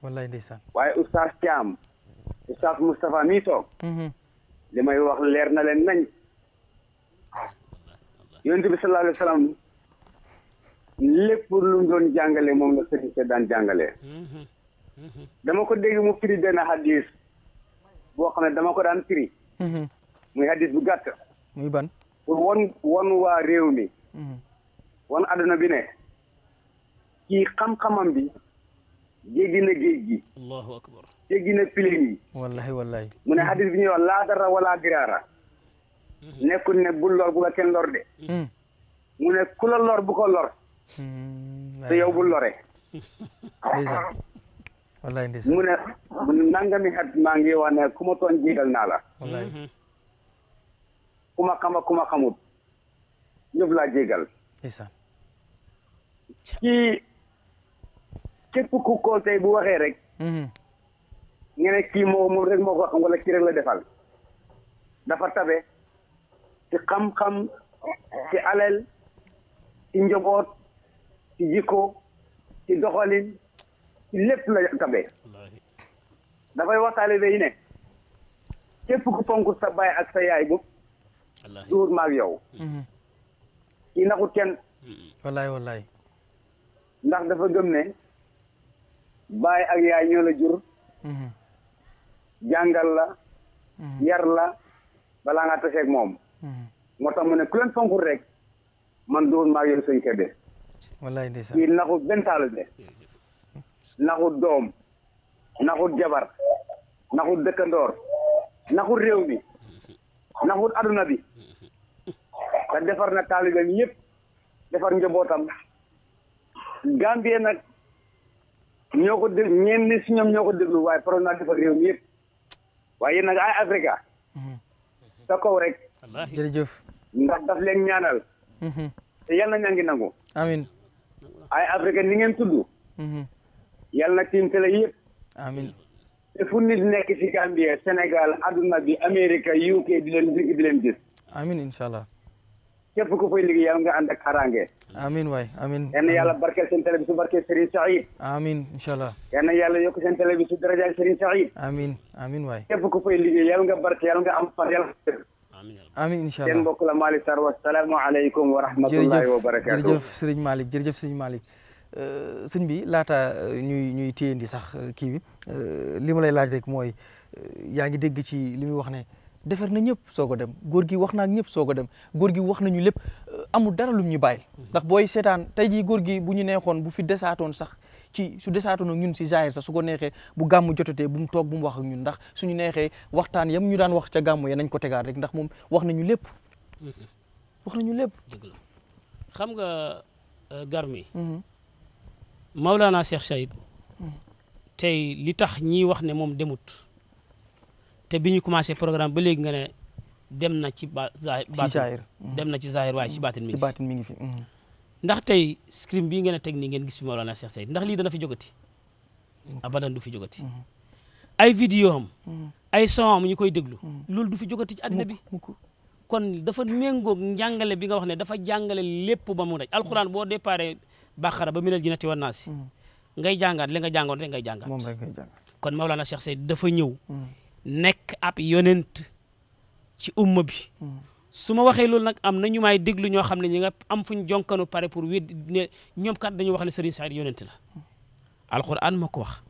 wallaay ndeysaan waaye oustaz Thiam oustaz Moustapha mii toog mhm. li may wax leer na leen nañ yonent bi sallallahu alayhi lépp lu mu doon jàngale moom la sëriñ se jàngale dama ko dégg mu firi benn hadis boo xam ne dama ko daan firi mhm. muy hadis bu gàtt muy ban pour won waa réew mi mhm. won adduna bi ne kii xam-xamam bi jéggi na géej gi.
allahu akbar jéggi wallahi wallahi
mu ne bi ñuy wax laa dara wala diraara. Mm-hmm. nekkul ne bul lor bu kenn lor de. Mm-hmm. mu ne lor bu lor.
Mm-hmm. te yow bul
lore. ndeysaan wallahi ndeysaan mu ne maa ngi wax ne ku ma tooñ naa la. wallahi ku ma xam ak ku ma xamut képp ku conseil bu waxee rek. Mhm. ñu ne kii moo moom rek moo ko xam wala kii rek la defal dafa tabe ci xam-xam ci alal ci njaboot ci jikko ci doxalin ci lépp la tabe dafay waxtaale ba yi ne képp ku fonk sa baay ak sa yaay bu duur maag yow mhm. kii naxut kenn wallaay wallaay ndax dafa gëm ne baay ak yaay ñoo la jur mhm. jàngal la mhm. yar la balaa nga taseeg moom mhm. moo tax mu ne ku leen fonkul rek man doon maa yow sëñ Kébé
wallaay kii
naxut benn taalibe naxut doom naxut jabar naxut dëkkandoor naxut réew mi naxut aduna bi te defar na taalibe bi yëpp defar njabootam Gambie nag ñoo ko déglu ñenn si ñoom ñoo ko déglu waaye paro naa defar réew mi yëpp waaye yéen
nag ay Africa. Mhm. sa kaw rek. jërëjëf.
ndax daf leen ñaanal. Mhm. te yal na ñaa ngi nangu. amiin. ay Africa
ni ngeen tudd. Mhm.
yal na tiim télé yëpp. amiin. te fu nit nekk si Gambie Sénégal adduna bi Amérique UK di leen dégg di leen gis. amiin képp ku fay liggéey yàlla nga ànd ak kaaraange.
amiin waay amiin. yal na yàlla
barkeel seen télé bi su barkeel Serigne Saïd.
amiin incha yàlla yokk seen télé bi su darajaay Serigne Saïd. amiin amiin waay. képp ku fay liggéey yàlla nga barkeel yàlla nga am fan yàlla. amiin incha allah seen mbokk la Malick Sarr wasalaamualeykum
wa rahmatullahi wa barakaatu. jërëjëf
Serigne Malick euh, bi laata euh, ñuy ñuy téyandi sax euh, kii bi li ma lay laaj rek mooy yaa ngi dégg ci li muy wax ne defar na ñëpp soog dem góor gi wax na ak ñëpp soog a dem góor gi wax nañu lépp euh, amul dara lum ñu bàyyil mm-hmm. ndax booy seetaan tey jii góor gi bu ñu neexoon bu fi desaatoon sax ci su desaatoon ak ñun si jaayir sax su ko neexee bu gàmm jotatee bu mu toog bu mu wax ak ñun ndax suñu neexee waxtaan yam ñu daan wax ca gàmm ya nañ ko tegaat rek ndax moom wax nañu lépp
mm-hmm.
nañu lépp
xam nga euh, garmi
mm-hmm. Maulana Cheikh
Saïd tey li tax ñiy wax ne moom demut te bi ñu commencé programme ba léegi nga ne dem na ci ba zahir dem na ci zahir waaye ci baatin mi ngi fi
mi ngi fi mhm.
ndax tey scrim bii ngeen a teg nii ngeen gis fi Mawlana Cheikh Saïd ndax lii dana fi jógati abadan du fi jógati mhm. ay vidéo am mhm. ay son am ñu koy déglu loolu du fi jógati ci àddina bi kon dafa méngoog njàngale bi nga wax ne dafa jàngale lépp ba mu daj alxuraan boo déparé bàqara ba minal jinnati wan naasi ngay jàngaat li nga jàngoon rek ngay jàngaat moom rek ngay jàngaat kon Mawlana Cheikh Saïd dafa ñëw nekk ab yonent ci umma bi hmm. su ma waxee loolu nag am na ñu may déglu ñoo xam ne ñi nga am fuñ jonkanu pare pour wéd ne ñoom dañuy wax ne Serigne Saïd yonent la alquran ma ko wax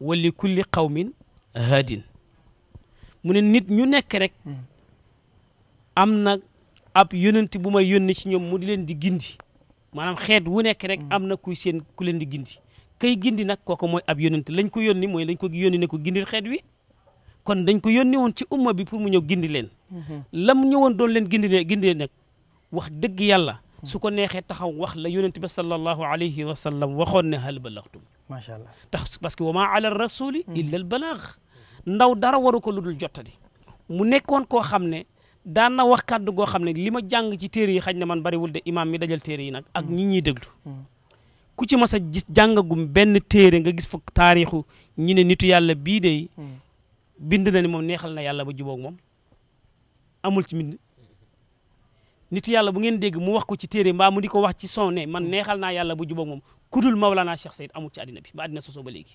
wali kulli qawmin haadin mu ne nit ñu nekk rek hmm. am na ab yonent bu ma yónni ci ñoom mu di leen di gindi maanaam xeet wu nekk rek hmm. am na kuy seen ku leen di gindi kay gindi nag kooku mooy ab yonent lañ ko yónni mooy lañ ko yónni ne ko gindil xeet wi kon dañ ko yónnee woon ci umma bi pour mu ñëw gindi leen. lam woon doon leen gindi gindi nag wax dëgg yàlla. su ko neexee taxaw wax la yonent bi sallallahu alayhi wa sallam waxoon ne hal balaxtum. macha allah tax parce que wa maa ala rasuli illa al balaax ndaw dara waru ko lu dul jottali mu nekkoon koo xam ne daan na wax kàddu goo xam ne li ma jàng ci téere yi xaj ne man bariwul de imaam mi dajal téere yi nag ak ñi ñuy déglu ku ci mas a gis jàngagum benn téere nga gis fa taarixu ñi ne nitu yàlla bii de bind na ni moom neexal na yàlla ba jubóog moom amul ci mbind nit yàlla bu ngeen dégg mu wax ko ci téere mbaa mu di wax ci son ne man neexal naa yàlla bu jubóog moom kudul Maulana Cheikh Seyd amul ci àddina bi ba àddina sosoo ba léegi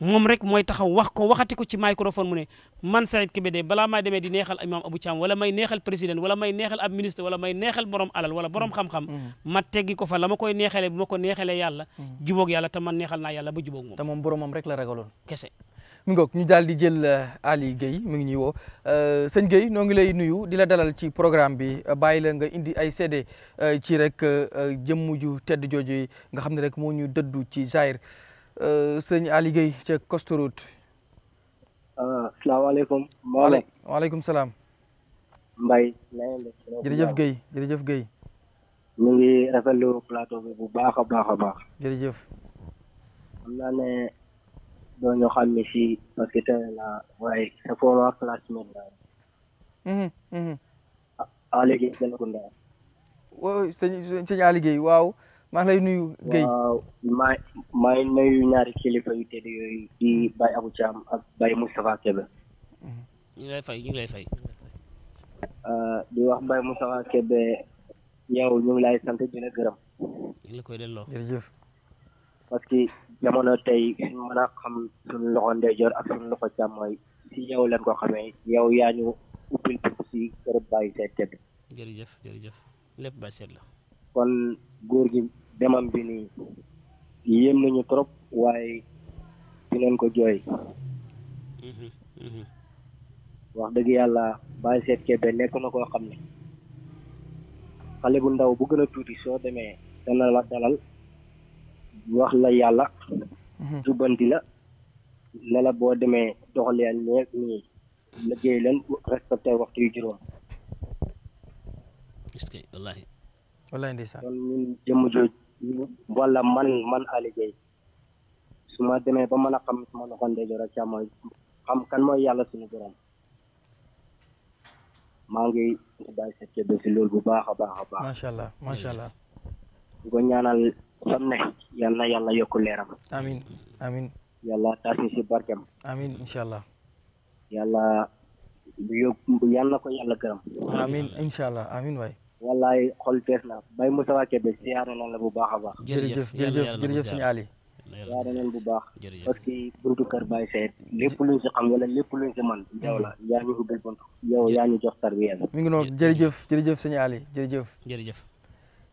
moom mooy taxaw wax ko waxati ko ci microphone mu ne man Saïd Kébé de balaa may demee di neexal imam Abou Thiam wala may neexal président wala may neexal ab ministre wala may neexal borom alal wala borom xam-xam mm-hmm. ma teggi ko fa la ma koy neexalee bu ma ko neexalee yàlla mm-hmm. jubóog yàlla te neexal
naa yàlla ba jubóog moom te moom boromam rek la ragaloon kese mi ngoog ñu daal di jël euh, Ali géey mu ngi ñuy woo euh, sëñ Guèye noo ngi lay nuyu di la dalal ci programme bi bàyyi la nga indi ay seede euh, ci rek jëmm ju tedd jooju nga xam ne rek moo ñu dëddu ci Zaïre sëñ Ali Guèye ca Coste Route. asalaamaaleykum. waaleykum salaam. Mbaye. jërëjëf Guèye jërëjëf Guèye.
ñu ngi rafetlu plateau bi bu baax a baax a baax. doo ñoo xam ne fii parce que tey la waaye sa former
classmate la
Aly Gueye Serekunda
sëñ sëñ Aly Gueye waaw maa ngi nuyu Gueye maa maa ngi
nuyu ñaari kilifa yu tedd yooyu di Baye Abou Thiam ak Baye Moustapha Kébé
ñu lay fay ñu lay fay
di wax Baye Moustapha Kébé yow ñu lay sant di gërëm ñu
la koy delloo jërëjëf
parce que jamono tey mën a xam suñu loxo ndeyjoor ak suñu loxo càmmooy si yow leen koo xamee yow yaa ñu ubbil pour si kër bàyyi seet tëdd. la. kon gi demam bi nii yéem nañu trop waaye dinañ ko jooy. Mhm, mhm. dëgg yàlla bàyyi seet kebe nekk na koo xam ne xale bu ndaw bu gën a tuuti soo demee dana la dalal. wax la yalla jubanti mhm. la la la bo demé dox leen ne ni liggéey leen respecté waxtu yu juróom iskay wallahi wallahi ndeysaan kon ñun jëm jooj wala man man ali gay suma demé ba mëna xam suma loxon loxo jor ak càmmooñ xam kan moy yalla suñu borom ma ngi bay sa ci si loolu bu baaxa baaxa baax ma
sha Allah ma sha allah
ko ñaanal fam ne yal na yàlla yokk leeram amin amin yàlla taas ñu si barkeem
amin incha allah
yàlla yóbbu na ko yàlla gërëm
amin incha amin waay wallaay xol
fees na Baye Moussa be siyaare nañ bu baax a baax
jërëjëf jërëjëf jërëjëf suñu Ali
siyaare nañ bu baax parce que buntu kër Baye Seydi lépp si xam wala lépp luñ si man yow la yaa ñu ubbil buntu yow yaa ñu jox tarbiya
mi ngi noonu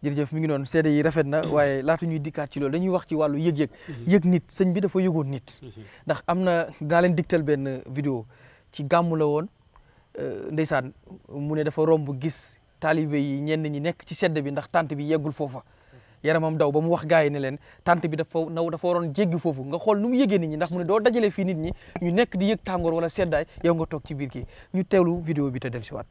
jërëjëf mi ngi noonu seede yi rafet na waaye laata ñuy dikkaat ci loolu dañuy wax ci wàllu yëg-yëg mm-hmm. yëg nit sëñ bi dafa yëgoon nit mm-hmm. ndax am na dinaa leen digtal benn vidéo ci gàmmu la woon euh, ndeysaan mu ne dafa romb gis taalibe yi ñenn ñi nekk ci sedd bi ndax tant bi yeggul foofa yaramam daw ba mu wax gars yi ne leen tant bi dafa naw dafa waroon jéggi foofu nga xool nu mu yëgee nit ñi ndax mu ne doo dajale fi nit ñi ñu nekk di yëg tàngoor wala seddaay yow nga toog ci biir kii ñu teelu vidéo bi te dellusiwaat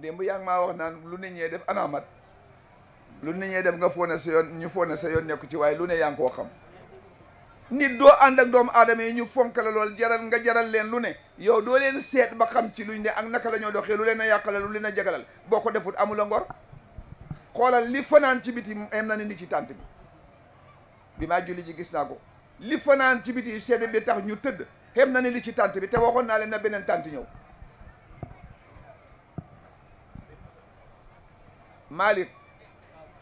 démb yaa ngi maa wax naan lu ne ñee def anaamat lu ne ñee def nga foone sa yoon ñu foone sa yoon nekku ci waaye lu ne yaa ngi xam nit doo ànd ak doomu aadama yi ñu fonk la lool jaral nga jaral leen lu ne yow doo leen seet ba xam ci luñ ne ak naka lañoo ñoo doxee lu leen a yàqalal lu leen a jagalal boo ko defut amula ngor xoolal li fanaan ci biti am na ni ci tànt bi bi maa julli ci gis naa ko li fanaan ci biti sedd bi tax ñu tëdd xem na ni li ci tànt bi te waxoon naa leen na beneen tànt ñëw Malick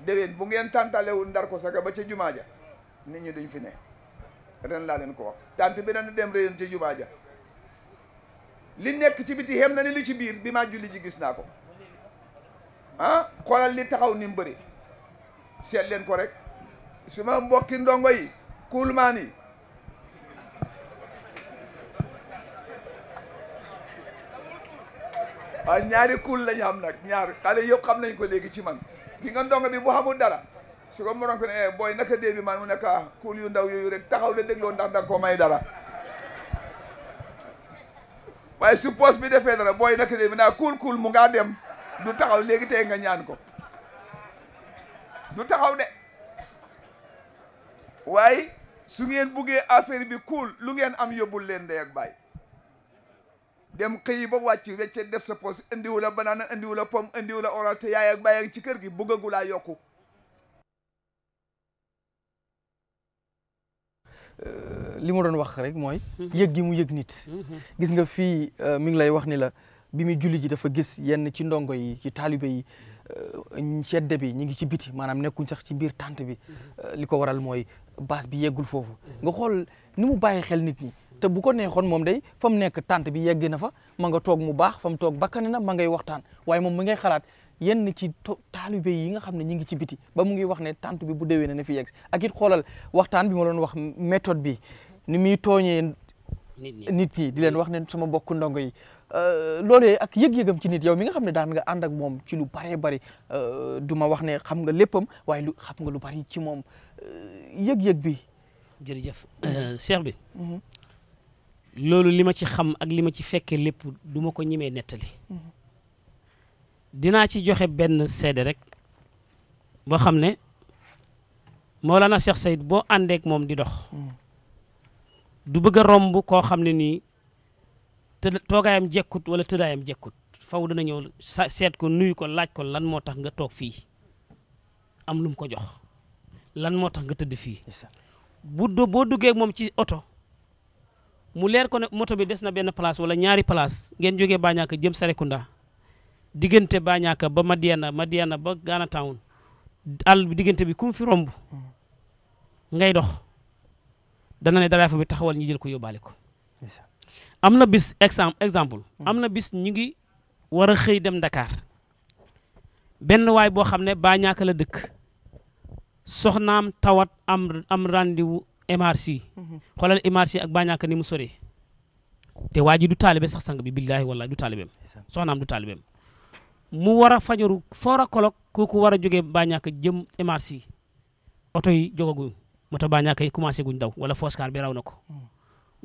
déwén bu ngeen tàntalewul ndar ko saga ba ca jumaa ja nit ñi duñ fi ne ren laa leen ko wax tant bi dana dem réen ci jumaa ja li nekk ci biti xem na ni li ci biir bi maa julli ji gis naa ko ah xoolal li taxaw ni mu bëri ko rek su ma mbokki ndongo yi kuulmaan yi waaw ñaari kuul lañu xam nag ñaar xale yëpp xam nañ ko léegi ci man di nga ndongo bi bu xamul dara su ko morom ko ne eh, booy naka dee bi man mu nekk ah, kuul yu ndaw yooyu rek taxaw la dégloo ndax danga ko may dara waaye su poos bi defee dara booy naka dee bi naa kuul kuul mu ngaa dem du taxaw léegi tey nga ñaan ko du taxaw de waaye su ngeen buggee affaire bi kuul lu ngeen am yóbbul leen ndey ak baay dem xëyi ba wàcc wecce def sa poos indiwu la banaana indiwu la pomme indiwu la orange te yaay ak baay ak gi bëggagu laa yokku
euh, li ma doon wax rek mooy hmm. yëg gi mu yëg nit hmm. gis nga fii euh, mi ngi lay wax ni la bi muy julli ji dafa gis yenn ci ndongo yi ci taalibe yi euh, cedde bi ñu ngi ci biti maanaam nekkuñ sax ci biir tànt bi hmm. li ko waral mooy baas bi yeggul foofu nga xool ni mu bàyyi xel nit ñi te bu ko neexoon moom day fa mu nekk tante bi yegg na fa ma nga toog mu baax fa mu toog bakkane na ma ngay waxtaan waaye moom mi ngay xalaat yenn ci taalibe yi nga xam ne ñi ngi ci biti ba mu ngi wax ne tante bi bu déwee na fi yegg ak it xoolal waxtaan bi ma doon wax méthode bi ni muy tooñee nit ñi di leen wax ne sama bokk ndongo yi euh, loolee ak yëg-yëgam ci nit yow mi nga xam ne daan nga ànd ak moom ci lu baree bari euh, du ma wax ne xam nga léppam waaye lu xam nga lu bari ci moom euh, yëg-yëg bi jërëjëf cheikh bi mhm.
loolu li ma ci xam ak li ma ci fekkee lépp duma ko ñimee nettali dinaa ci joxe benn seede rek boo xam ne moo Mawlana Cheikh Sayid boo àndeek moom di dox du bëgg a romb koo xam ne nii te toogaayam jekkut wala tëddaayam jekkut faw dana ñëw seet ko nuyu ko laaj ko lan moo tax nga toog fii am lu ko jox lan moo tax nga tëdd fii bu do moom ci oto mu leer ko ne moto bi des na benn place wala ñaari place ngeen jógee Bañaaka jëm Sarekunda diggante Bañaaka ba Madiana Madiana ba Ghana Town àll bi diggante bi kum fi romb ngay dox dana ne dara fa bi taxawal ñu jël ko yóbbaale ko. am na bis exemple exemple. Hmm. am na bis ñu ngi war a xëy dem Dakar benn waay boo xam ne Bañaaka la dëkk soxnaam tawat am am MRC mhm. xolal MRC ak Bañaaka ni mu sori te waji du talibé sax sang bi billahi wallahi du du talibé mu wara fajaru foor kolok kolog wara war a jógee Bañaaka jëm MRC auto yi jogaguñ moto Bañaaka yi commencé guñ daw wala foscar bi raw nako ko mhm.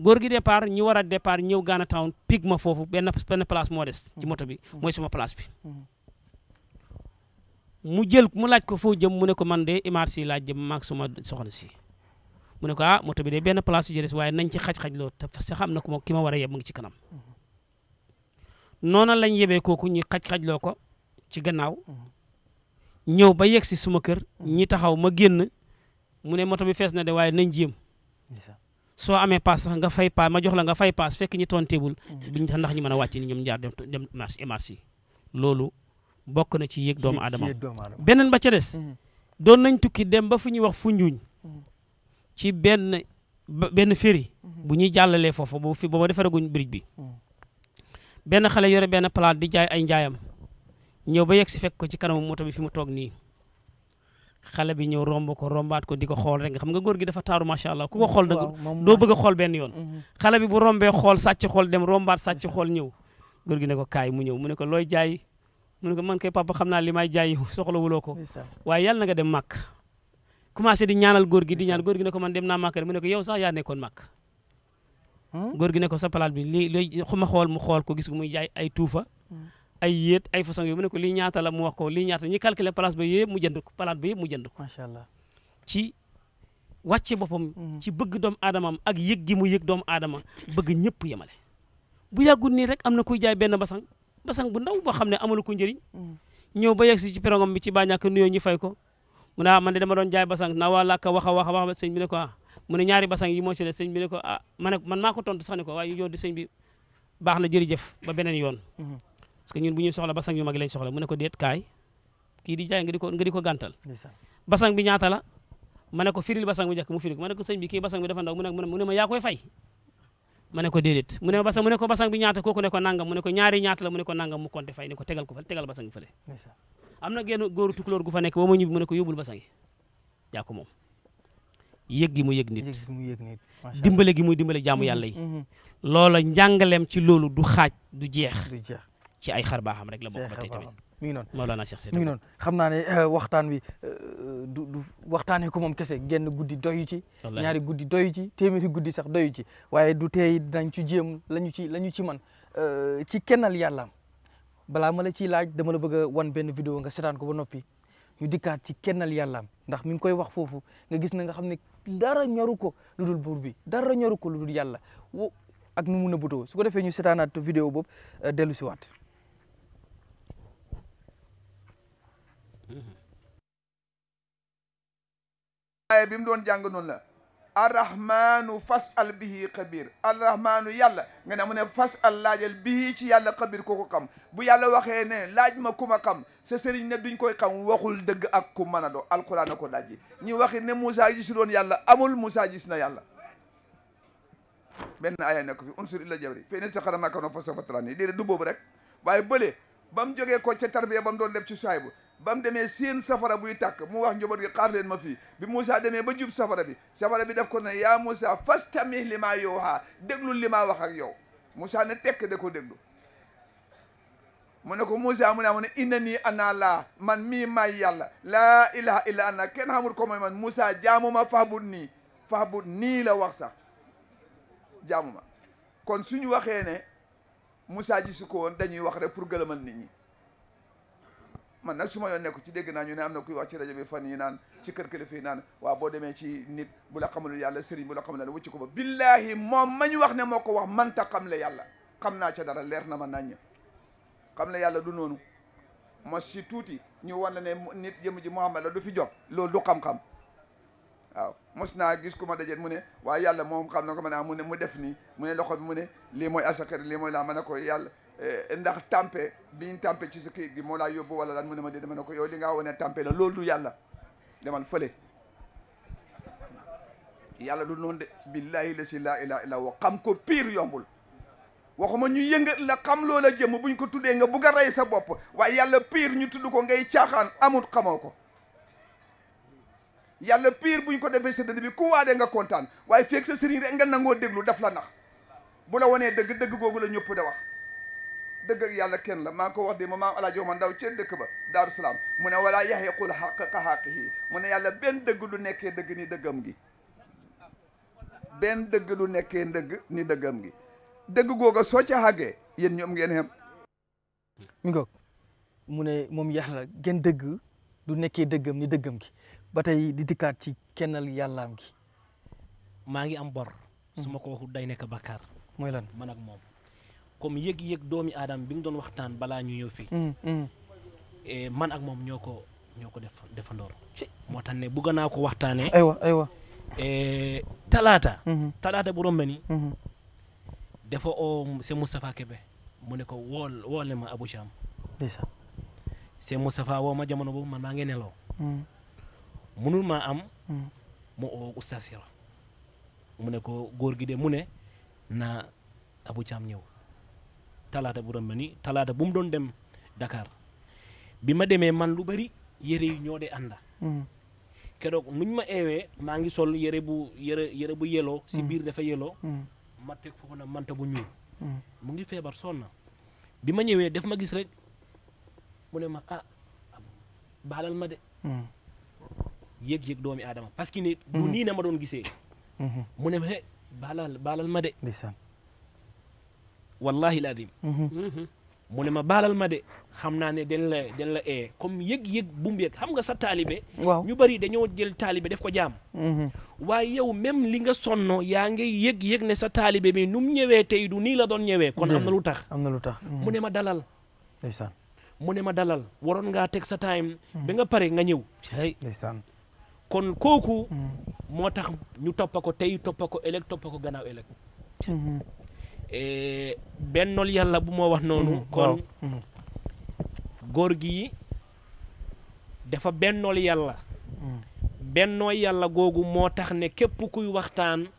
góor départ ñu wara départ ñew gana Town pigma fofu ben ben place moo ci mhm. moto bi moy suma place bi mu jël mu laaj ko fo jëm mu ne ko man dé MRC laa jëm maksuma suma ci mu ne ko ah moto bi de benn place yu jëlee waaye nañ ci xaj-xaj loo te xam na ko ki ma war a yeb mu ngi ci kanam noona lañ yebee kooku ñu xaj-xaj loo ko ci gannaaw ñëw ba yeg si suma kër ñi taxaw ma génn mu ne moto bi fees na de waaye nañ jéem soo amee paas sax nga fay paas ma jox la nga fay paas fekk ñi tontebul biñ tax ndax ñi man a wàcc ni ñoom jaar dem dem eh, marché loolu bokk na ci yéeg doomu aadama beneen ba ca doo mm-hmm. doon nañ tukki dem ba fu ñuy wax fu njuuñ mm-hmm. ci benn benn féri mhm. bu ñuy jàllalee foofu bu fi booba defaraguñ bridge bi mhm. benn xale yore benn palaat di jaay ay njaayam ñëw ba yegg si fekk ko ci kanamu moto bi fi mu toog nii xale bi ñëw romb ko rombaat ko di ko xool rek nga xam nga góor gi dafa taaru macha allah ku ko xool dëgg doo bëgg xool benn yoon mhm. xale bi bu rombee xool sàcc xool dem rombaat sàcc xool ñëw góor gi ne ko kaay mu ñëw mu ne ko looy jaay mu ne ko man kay papa xam naa li may jaay [laughs] soxla commencé di ñaanal góor gi di ñaan góor gi ne ko man dem na màkk mu ne ko yow sax yaa nekkoon mak hmm? góor gi ne ko sa palaat bi li xuma xol mu xol ko gis ko muy jaay ay tuufa hmm. ay yet ay façon yu mu ne ko li ñaata la mu wax ko li ñaata ñi calculer place ba yëpp mu jënd ko palaat bi mu jënd ko macha allah ci wàcce bopam hmm. ci bëgg doom adamam ak yegg gi mu yegg doom adama bëgg ñepp yemale bu yagul ni rek amna kuy jaay ben basang basang bu ndaw bo xam ne amul ko ñëri ñew ba yex ci perongam bi ci bañaka nuyo ñi fay ko mu ne man de dama doon jaay basang na waa làkk wax a wax a wax bi ne ko ah mu ne ñaari basang yi moo ci ne bi ne ko ah man man tontu sax ne ko waaye yoon di bi baax na jërëjëf ba beneen yoon parce que ñun bu ñuy soxla basang yu mag lañ soxla mu ne ko déet kaay kii di jaay nga di bi ñaata la ma ko firil basang bu njëkk mu firil ma ne ko ne ko déedéet mu ne ko ñaari ñaata la mu ne ko nangam mu compté fay ne ko tegal ko fa tegal basang bi fële am na genn góoru tukulóor gu fa nekk ba ma ñibbi mu ne ko yóbbul basangi yaa ko moom yëg gi mu yëg nit dimbale gi muy dimbale jaamu yàlla yi mm-hmm. loola njàngaleem ci loolu du xaaj du jeex ci ay xar baaxam rek la bokk ba tey tamit mi ngi noonu Mawlana Cheikh Seydi mi ngi noonu
xam naa ne euh, waxtaan wi euh, du du waxtaanee ko moom kese genn guddi doyu ci ñaari guddi doyu ci téeméeri guddi sax doyu ci waaye du tey dinañ ci jéem lañu ci la ñu ci man euh, ci kennal yàllaam balaa ma la ciy laaj dama la bëgg a wan benn vidéo nga setaan ko ba noppi ñu dikkaat ci kennal yàllaam ndax mi ngi koy wax foofu nga gis na nga xam ne dara ñoru ko lu dul buur bi dara ñoru ko lu dul yàlla wo ak nu mun a butoo su ko defee ñu seetaanaat vidéo boobu euh, dellu si waat
bi mu doon الرحمن فاسال به كبير الرحمن يلا غنا من فاسال لاجل به شي يلا كبير كوكو كام بو يلا وخي ني لاج ما كوما كام سي سيرين ني دون كوي كام واخول دغ اك كو مانا دو القران كو لاجي ني وخي ني موسى جيسلون يلا امول موسى جيسنا يلا بن ايا نكو في انصر الى جبري فين سخر ما كانوا فسفتراني دي دوبو رك واي بلي بام جوغي كو تي تربيه بام دون ديب سي صايبو ba mu demee seen safara buy tàkk mu wax njaboot gi xaar leen ma fi bi Moussa demee ba jub safara bi safara bi def ko ne yaa Moussa fastamih li maa yooxaa déglu li maa wax ak yow Moussa ne tekk da ko déglu mu ne ko Moussa mu ne amoon ne inna nii ana laa man mii may yàlla laa ilaha illa ana kenn xamul ko mooy man Moussa jaamuma fahbud nii fahbud nii la waxsa sax jaamuma kon suñu waxee ne Moussa jisu ko woon dañuy wax rek pour gëlëmal nit ñi man nag suma ma yoon nekku ci dégg naa ñu am na kuy wax ci rajo bi fan yi naan ci kër kilifa yi naan waa boo demee ci nit bu la xamalul yàlla sëriñ bu la xamalul yàlla wucc ko ba billahi moom ma ñu wax ne moo ko wax manta xam le yàlla xam naa ca dara leer na ma naññ xam le yàlla du noonu mos si tuuti ñu wan la ne nit jëm ji Muhammad la du fi jog loolu du xam-xam waaw mos naa gis ku ma dajeet mu ne waaye yàlla moom xam na ko ma ne ah mu ne mu def ni mu ne loxo mu ne lii mooy asakari lii mooy laa ma ne ko yàlla Eh, ndax tampe biñ tampe ci si gi moo laa yóbbu wala lan mu ne ma di dama ne ko yow li nga wone tampe la loolu du yàlla demal fële yàlla du noonu de billahi la si laa ilaa illa wa xam ko pire yombul ma ñu yëngat la xam loola jëm buñ ko tuddee nga bugg a rey sa bopp waaye yàlla piir ñu tudd ko ngay caaxaan amut xamoo ko yàlla bu buñ ko defee sa dënd bi ku waadee nga kontaan waaye feeg sa sëriñ rek nga nangoo déglu daf la nax bu la wonee dëgg dëgg la ñëpp da wax dëgg yàlla kenn la maa ngi ko wax de ma ma ndaw ceen dëkk ba daaru salaam mu ne walaa yaxiqul xaq ka xaqihi mu ne benn dëgg du nekkee dëgg ni dëggam gi benn dëgg du nekkee dëgg ni dëggam gi dëgg googa soo ca xàggee yéen ñoom ngeen xem
mu ne moom yàlla genn dëgg du nekkee dëggam ni dëggam gi ba tey di dikkaat ci kennal yàllaam gi maa ngi am bor su ma ko waxul day nekk bàkkaar
mooy lan man ak moom comme yëg-yëg doomi aadama bi nga doon waxtaan balaa ñu ñëw fii. Mm, mm. Eh, man ak moom ñoo ko ñoo ko def defandoor. moo tax ne bëgg naa ko
waxtaanee. aywa
aywa. Eh, talaata. Mm-hmm. talaata bu romb nii. Mm-hmm. dafa oo c'est Moustapha Kébé mu ne ko wool woole ma Abou Cham. ndeysaan. c'est woo ma jamono boobu man maa ngi nelaw. Mm. munul maa am. mu oo Oustaz Sira mu ne ko góor gi de mu ne naa Abou Cham ñëw. talaata bu doon ma ni talaata bu mu doon dem dakaar bi ma demee man lu bari yére yi ñoo de ànda hmm. keroog nuñ ma eewee maa ngi sol yére bu yére yére bu yeloo si hmm. biir dafa yeloo hmm. ma teg foofu na manta bu ngi feebar sonn na bi ma ñëwee def ma gis rek mu ne ma ah baalal ma de yëg-yëg doomi aadama parce que nit bu nii na ma doon gisee mu ne ma eh, baalal baalal ma de wallahi ladim mhm. mhm. mu ne ma baalal ma de xam naa ne den la den comme yëg-yëg bu yëg xam nga sa taalibe ñu bari dañoo jël taalibe def ko jaam mhm. waa yow même li nga sonno yaa ngi yëg-yëg ne sa taalibe bi nu mu ñëwee tey du nii la doon ñëwee kon am na lu tax
am na lu tax mu ne ma dalal ndeysaan
ne ma dalal waroon ngaa teg sa time ba nga pare nga ñëw ndeysaan kon kooku moo tax ñu toppa ko tey toppa ko ëllëg toppa ko gannaaw ëllëg Eh, bennol yàlla bu ma wax noonu mm-hmm. kon mm-hmm. góor gi dafa bennool yàlla
mm-hmm.
bennoo yàlla googu moo tax ne képp kuy waxtaan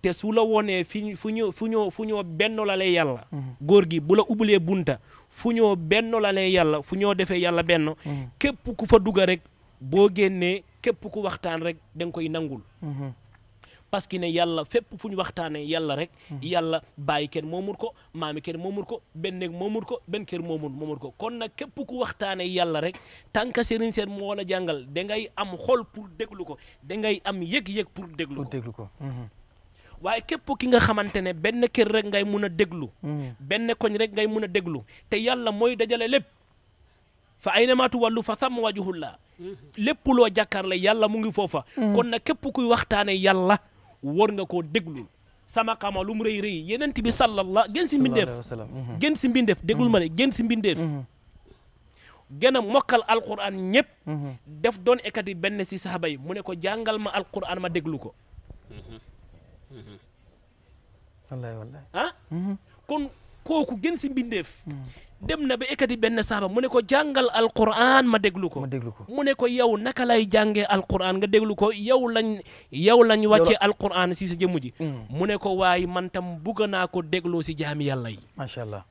te su la wonee fi fu ñu fu ñoo fu ñoo benno yàlla góor gi bu la ubulee bunta fu ñoo benno lalee yàlla fu ñoo defee yàlla benn képp ku fa dugga rekk boo génnee képp ku waxtaan rek dang koy nangul parce que ne yàlla fépp fu ñu waxtaanee yàlla rek hmm. yàlla bàyyi kenn moomul ko maami kenn moomul ko benn néeg moomul ko benn kër moomul ko kon na képp ku waxtaanee yàlla rek tànka sëriñ seen moo la jàngal da ngay am xol pour déglu ko da ngay am yëg-yëg pour déglu ko hmm. waaye képp ki nga xamante ne benn ker rek ngay mun a déglu hmm. benn koñ rek ngay mun a déglu te yàlla mooy dajale lépp fa aynama tuwallu fa samma wajhullaa lépp loo jàkkaarle yàlla mu ngi foofa kon nag képp kuy waxtaane yàlla war nga koo déglul sama xama lu mu rëy rëy yenent bi sallallahu gën si mbindeef
mhm. gën
si mbindeef déglul ma ne mhm. gën si mbindeef mhm. gën a mokkal alquran ñëpp def doon ekati benn si saxaba yi mu ne ko jàngal ma alquran ma déglu ko ah kon kooku gën si mbindeef dem na ba ekkati benn saaba mu ne ko jàngal alquran ma déglu ko. ma mu ne ko yow naka lay jàngee alquran nga déglu ko yow lañ. yow lañ wàccee alquran si sa ji. Mm. mu ne ko waaye man tam bugg naa ko dégloo si jaami yàlla macha allah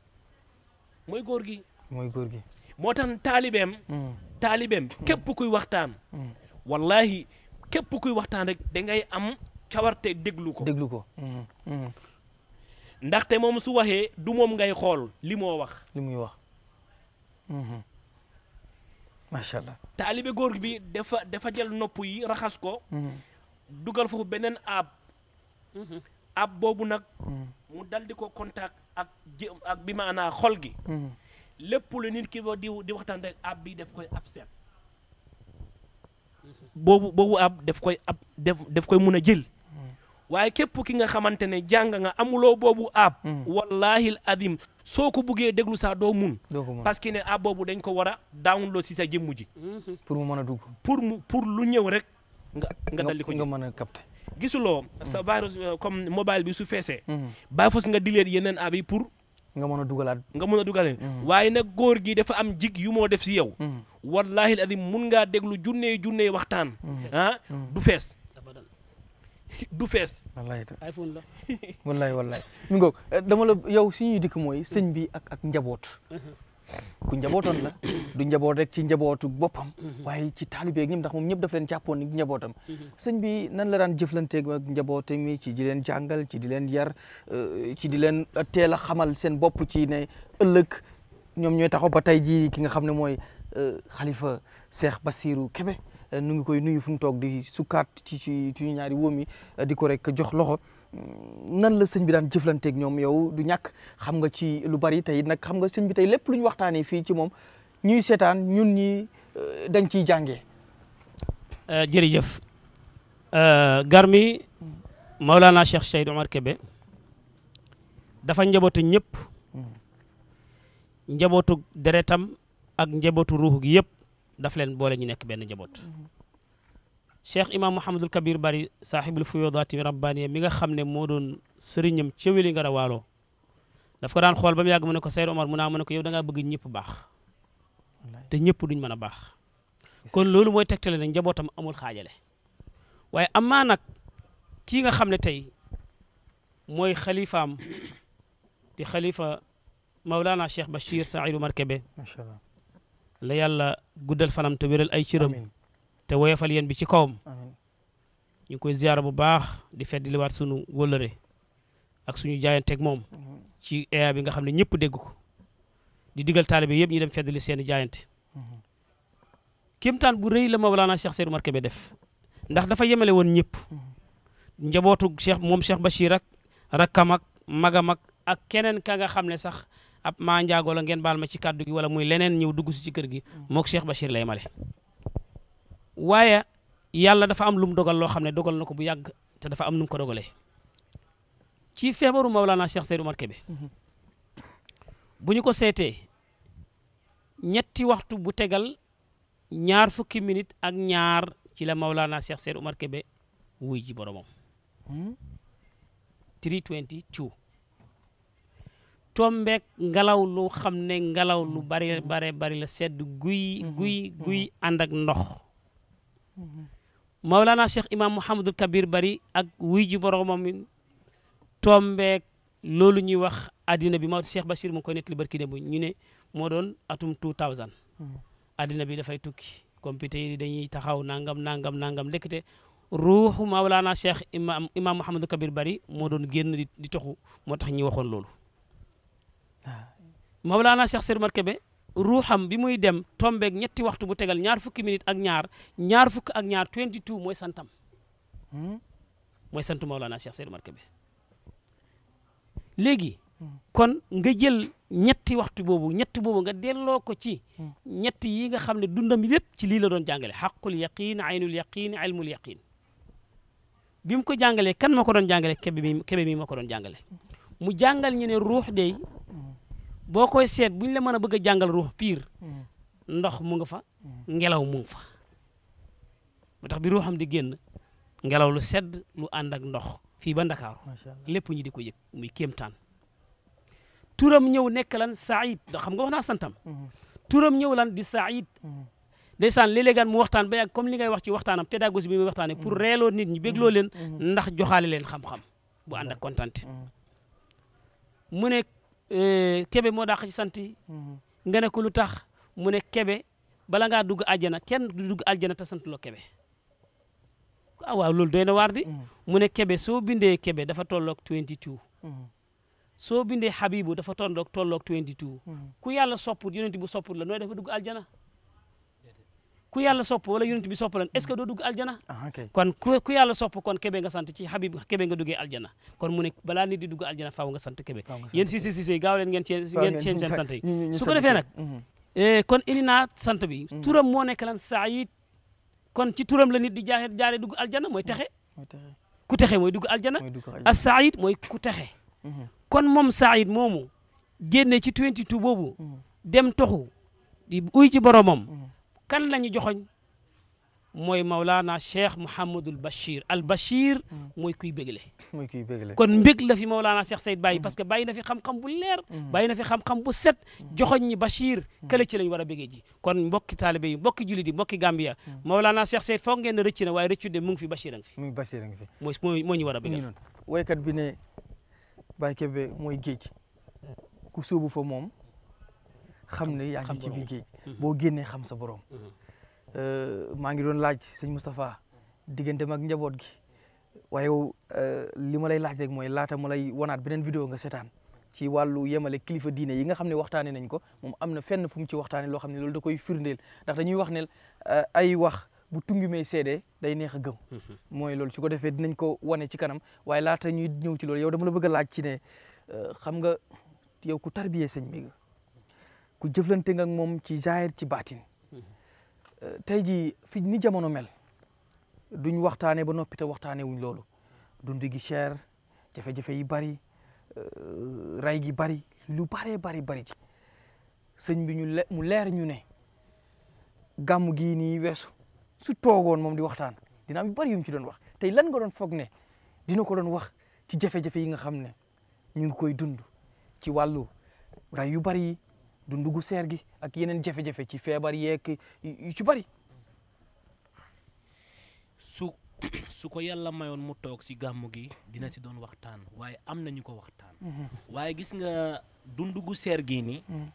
mooy góor gi. mooy góor gi moo tax taalibeem. Mm. taalibeem mm. képp kuy waxtaan. wallahi képp kuy waxtaan rek da ngay am cawarte déglu ko. déglu ko. ndaxte moom su waxee du moom ngay xool li moo wax.
li muy wax mhm. macha allah.
taalibe góor bi dafa dafa jël nopp yi raxas ko. Mhm. dugal foofu beneen aab. Mhm. ab boobu nag mu daldi ko contact ak ak bi maanaa xol gi lépp lu nit ki di di waxtaan rek ab bi daf koy ab set boobu boobu ab daf koy ab daf koy mun a jël waaye képp ki nga xamante ne jàng nga amuloo boobu aab hmm. wallahi adim soo ko buggee déglu saa doo mun parce ne aab boobu dañ ko war a download si sa jëmm ji
hmm. pour mu mën a dugg
pour mu pour lu ñëw rek nga nga dal di ko nga mën a capter gisuloo sa hmm. virus euh, comme mobile bi su feesee bàyyi fos nga dileet yeneen aab yi pour nga mën a dugalaat nga mën a dugalee waaye nag góor gi dafa am jig yu moo def si yow wallahi adim mun ngaa déglu junnee junnee waxtaan ah du fees du fees. wallaay iPhone la. [laughs] wallaay wallaay
mi ngoog eh, dama la yow suñuy dikk mooy sëñ bi ak ak njaboot. ku njabootoon la du njaboot rek ci njabootu boppam. waaye ci taalibe ak ñoom ndax moom ñëpp daf leen jàppoon ni njabootam. sëñ bi nan la daan jëflanteeg ak njabootam yi ci di leen jàngal ci di leen yar eh, ci di leen teel a xamal seen bopp ci ne ëllëg ñoom ñooy taxaw ba tey jii ki nga xam ne mooy xalifa eh, Cheikh Bassirou Kébé. Euh, nu ngi koy nuyu fu mu toog di sukkaat ci ci ñaari wóom yi euh, di ko rek jox loxo mm, nan la sëñ bi daan jëflanteeg ñoom yow du ñàkk xam nga ci lu bari tey nag xam nga sëñ bi tey lépp lu ñu waxtaanee fii ci moom ñuy seetaan ñun ñi euh, dañ ciy jàngee.
jërëjëf Garmi Maulana Cheikh Seydou Omar kebe dafa njabootu ñëpp mm. njabootu deretam ak njabootu ruux gi yëpp. daf leen boole ñu nekk benn njaboot. cheikh imam Mouhamadul Kabir Bari saaxibul fuyoodaati rabbaaniya mi nga xam ne moo doon sëriñam ca wéli nga rawaaloo daf ko daan xool ba mu yàgg mu ko Seydou Omar mu naa ko yow da ngaa bëgg ñëpp baax te ñëpp duñ mën a kon loolu mooy tegtale ne njabootam amul xaajale waaye amaa nag kii nga xam ne tey mooy di xalifa Maulana Cheikh Bachir Saïd Omar Kébé. macha allah la yàlla guddal fanam te wéral ay cëram te woyofal yéen bi ci kawam ñu koy ziyaara bu baax di feddi liwaat sunu wëllëre ak suñu jaayanteeg moom ci ea bi nga xam ne ñëpp dégg ko di digal taalibe yëpp ñu dem feddali seeni jaayante kéemtaan bu rëy la Mawlaana Cheikh Seydou Mar Kébé def ndax dafa yemale woon ñëpp njabootu Cheikh moom Cheikh Bachir ak rakkam ak magam ak keneen ka nga xam ne sax ab maa njaago la ngeen baal ma ci kàddu gi wala muy leneen ñëw dugg si ci kër gi mook Cheikh Bachir lay male waaye yàlla dafa am lu dogal loo xam ne dogal na ko bu yàgg te dafa am nu ko dogalee ci feebaru Mawlana Cheikh Seydou Omar Kébé mhm. bu ñu ko seetee ñetti waxtu bu tegal ñaar fukki minute ak ñaar ci la Mawlana Cheikh Seydou Omar Kébé wuy ji boromam hmm? tombeek ngelaw lu xam ne ngelaw lu bari mm-hmm. bare bari la sedd guy mm-hmm. guy mm-hmm. guy ànd ak ndox Mawlana Cheikh Imam Mouhamadul Kabir bari ak wuy ji boromam tombeek loolu ñuy wax addina bi Maodo Cheikh Bachir mu ngi koy nettali barki de bu ñu ne moo doon atum 2000 addina bi dafay tukki compité yi dañuy taxaw nangam nangam nangam ndekete ruuxu Mawlana Cheikh Imam Imam Mouhamadul Kabir bari moo doon génn di di toxu moo tax ñu waxoon loolu Mawlana Cheikh Sir Mar Kebe ruuxam bi muy dem tombeeg ñetti waxtu bu tegal ñaar fukki minute ak ñaar ñaar fukki ak ñaar 22 mooy santam hmm? mooy sant Mawlana Cheikh Sir Mar Kebe léegi kon nga jël ñetti waxtu boobu ñetti boobu nga delloo ko ci ñetti yi nga xam ne dundam bi lépp ci lii la doon jàngale xaqul yaqin aynul yaqin ilmul yaqin bi mu ko jàngalee kan ma ko doon jàngale kebe mi kebe ko doon jàngale mu jàngal ñu ruux dey boo koy seet bu ñu la mën a bëgg a jàngal ruux pire hmm. ndox mu nga fa hmm. ngelaw mu nga fa ba tax bi ruuxam di génn ngelaw lu sedd lu ànd ak ndox fii ba Ndakaaru lépp ñi di ko yëg muy kéemtaan turam ñëw nekk lan Saïd da xam nga wax naa santam hmm. turam ñëw lan di Saïd ndeysaan léeg-léegaan mu waxtaan ba yàgg comme li ngay wax ci waxtaanam pédagogie bi muy waxtaane pour reeloo nit ñu bégloo leen ndax joxaale leen xam-xam bu ànd ak kontaan Euh, kebe moo dàq ci sant yi mhm. nga ne ko lu tax mu ne kebe bala ngaa dugg àjjana kenn du dugg àjjana te sant loo kebe ah waaw loolu doy na waar di mhm. mu ne kebe soo bindee kebe dafa tolloog 22 mhm. soo bindee xabibu dafa tolloog tolloog 22 ku yàlla sopput yonent bu sopput la nooy dafa dugg àjjana ku yàlla sopp wala yonent bi sopp leen est ce que doo dugg aljana ah, kon ku yàlla sopp kon kebe nga sant ci Habib kebe nga duggee aljana kon mu ne nit di dugg aljana faaw nga sant kebe yéen si si si si gaaw leen ngeen cee ngeen ceen seen sant yi su ko defee nag eh, kon indi mm-hmm. moo nekk lan kon ci turam la nit di jaare jaare dugg aljana mm-hmm. mooy texe ku texe mooy dugg aljana a Saïd mooy ku texe mm-hmm. kon moom Saïd moomu génne ci 22 boobu dem toxu di uy ci boromam kan la ñu joxoñ mooy Maulana Cheikh Mouhamadul Bachir al Bachir. Mm. mooy kuy bégle.
mooy kuy bégle kon
mbég la fi Maulana Cheikh Seyd bàyyi mm. parce que bàyyi na fi xam-xam bu leer. Mm. bàyyi na fi xam-xam bu set. joxoñ ñi Bachir. kële ci lañ war a bégee ji kon mbokki taalibe yi mbokki julit yi mbokki Gambia. Maulana Cheikh Seyd foog ngeen ne rëcc na waaye rëccu de fi Bachir a ngi fi.
mu ngi Bachir a ngi fi. mooy moo ñu a bégal. bi ne mooy géej ku sóobu fa moom. xam ne yaa ngi ci biir géej mhm. boo génnee xam sa borom mhm. euh, maa ngi doon laaj sëñ Moustapha diggante mag njaboot gi waaye euh, li ma lay laaj rek mooy laata ma lay wanaat beneen video nga seetaan ci wàllu yemale kilifa diine yi nga xam ne waxtaanee nañ ko moom am na fenn fu mu ci waxtaanee loo xam ne loolu da koy firndeel ndax dañuy wax ne euh, ay wax bu tungi may seedee day neex a gëm. Mhm. mooy loolu su ko defee dinañ ko wane ci kanam waaye laata ñuy ñëw ci loolu yow dama la bëgg laaj ci ne xam nga yow ku sëñ bi ku jëflante nga moom ci jaahir ci baatin euh, tey jii fi ni jamono mel duñ waxtaanee ba noppi te waxtaanee wuñ loolu dund gi cher jafe-jafe yi bari euh, ray gi bari lu baree bari bari ci sëñ bi ñu mu leer ñu ne gàmm gii nii weesu su toogoon moom di waxtaan dina am bari yu mu ci doon wax tey lan nga doon foog ne dina ko doon wax ci jafe-jafe yi nga xam ne ñu ngi koy dund ci wàllu ray bari dundugu sergi, gi ak yenen jefe jefe ci feebar yek yu ci bari su
[coughs] su ko yalla mayon mu tok si gamu gi dina ci don waxtaan waaye amna ñuko ñu ko waxtaan mm-hmm. waaye gis nga dundugu ser gi ni mm-hmm.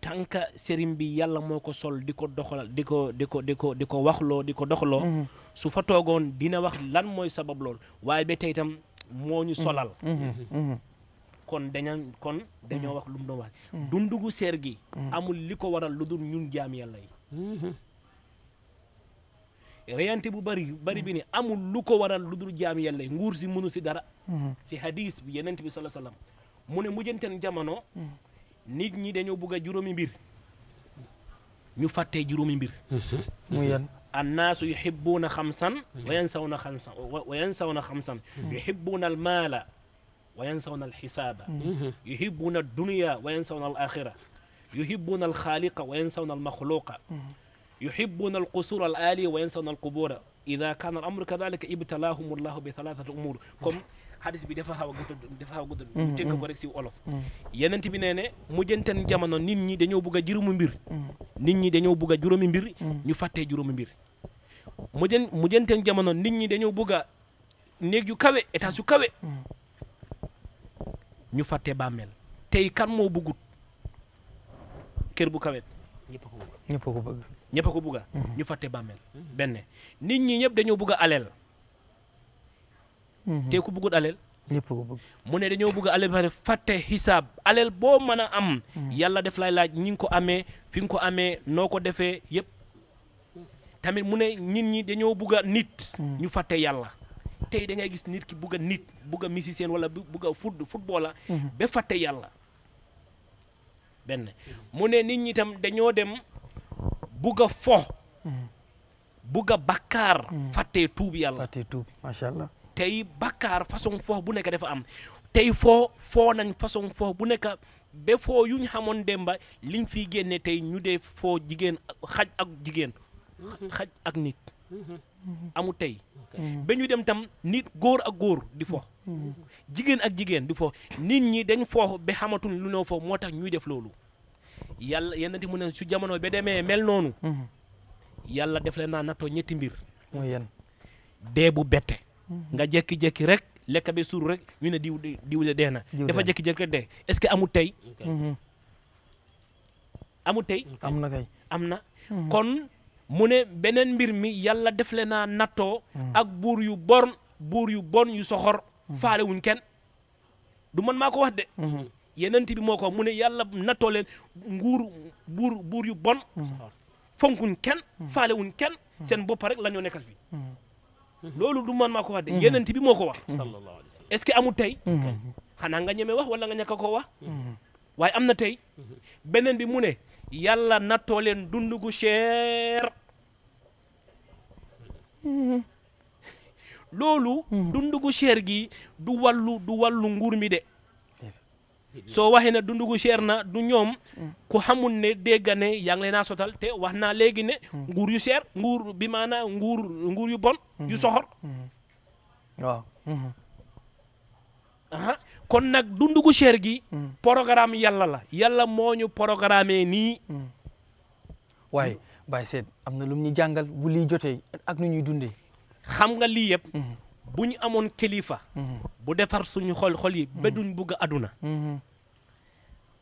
tanka serim bi yalla moko sol diko doxal diko diko diko diko di diko doxlo mm-hmm. su fa togon dina wax lan moy sabab lol waye be tay tam moñu solal kon dañu kon dañoo mm. wax lu mu doon wax mm. dundugu seer gi mm. amul li ko waral lu dul ñun jaam yàlla yi mm-hmm. bu bari bari bi ni amul lu ko waral lu dul jaam yàlla nguur si mënu si dara mm-hmm. si hadis bi yenent bi sala sallam mu ne mujjanteen jamono nit ñi dañoo bugg a mbir ñu fàttee juróomi mbir
mm-hmm. mu yan
annaasu yuhibbuuna xamsan wa yansawna xamsan wa yansawna xamsan yuhibbuuna almaala wa yansawna alxisaaba yuhibuuna aldunya wa yansawna alaxira yuhibuuna alxaaliqa wa yansawna almaxluqa yuhibuuna alqusura al aaliya wa yansawna alqubura ida kaana al amru kadalika ibtalaahum allahu bi thalathati umuur comme xadis bi dafa xaw a gudd dafa a gudd ñu tënk ko rek si olof yenent bi nee ne mujjanteen jamono nit ñi dañoo bugg a juróomi mbir nit ñi dañoo bugg a juróomi mbir ñu fàttee juróomi mbir mujjan mujjanteen jamono nit ñi dañoo bugg a yu kawe étage kawe ñu fàtte bàmmeel tey kan moo bëggut kër bu kawet ñëpp ko bëgg ñëpp ko bëgg ñëpp ko bëgg mm-hmm. ñu fàtte bammeel mm-hmm. benn nit ñi ñëpp dañoo bëgg aleel mm-hmm. tey ko bëggut aleel ñëpp mu ne dañoo bëgg aleel ba fàtte xisaab aleel boo mën a am yàlla def lay laaj ñi ko amee fi nga ko amee noo ko defee yëpp tamit mu ne nit ñi dañoo bëgg nit ñu fàtte yàlla tey da gis nit ki bugg nit bugg a musicien wala bugg a foot footballer mhm. ba benn mu ne nit ñi itam dañoo dem bugg a fo mhm. bugg a bakkaar mhm. tuub yàlla
fàttee macha allah
tey bakkaar façon foo bu nekk dafa am tey foo foo nañ façon foo bu nekk ba foo yuñ xamoon demba liñ fiy génne tey ñu dee foo jigéen xaj ak jigéen xaj ak nit amu tey mm. ba ñu dem tam nit góor ak góor di fo mm. Mm. jigéen ak jigéen di fo nit ñi dañ fo ba xamatul lu noo fo moo tax ñuy def loolu yàlla yenn ti mu ne su jamono be demee mel noonu yàlla def leen naa nattoo ñetti mbir
mooy yan dee
bu bette nga jekki-jekki rek lekk ba suur rek ñu ne diw diw de dee na dafa jekki-jekki rek dee est-ce amul tey mm-hmm. amul tey am na am na mm-hmm. kon mu ne beneen mbir mi yàlla def le naa nattoo hmm. ak buur yu born buur yu bon yu soxor hmm. faale wuñ kenn du man maa ko wax de hmm. yeneen bi moo ko mu ne yàlla nattoo leen nguur buur buur yu bon fonkun kenn faale wuñ kenn seen bopp rek la ñoo nekkal
fii
loolu du man maa ko wax de yeneen bi moo ko wax
sallallahu alayhi
ce que amul tey xanaa nga ñeme wax wala nga ñàkk a koo wax waaye am na tey beneen bi mu ne yàlla nattoo leen dund gu cher loolu hmm. dund gu gi du wàllu du wàllu nguur mi de hmm. soo waxee ne dund gu cher na du ñoom hmm. ku xamul ne dégg ne yaa ngi sotal te wax naa léegi ne nguur yu cher nguur bi maanaam nguur nguur yu bon yu soxor waaw kon nag dundu gu cher gi. Hmm. programme yàlla la yàlla moo ñu programmé nii. Hmm.
waaye hmm. Baye Seyd am na lu ñu jàngal bu lii jotee ak nu ñuy dundee.
xam nga lii yëpp. bu ñu amoon kilifa. bu defar suñ xol xol yi ba duñ bugg a aduna.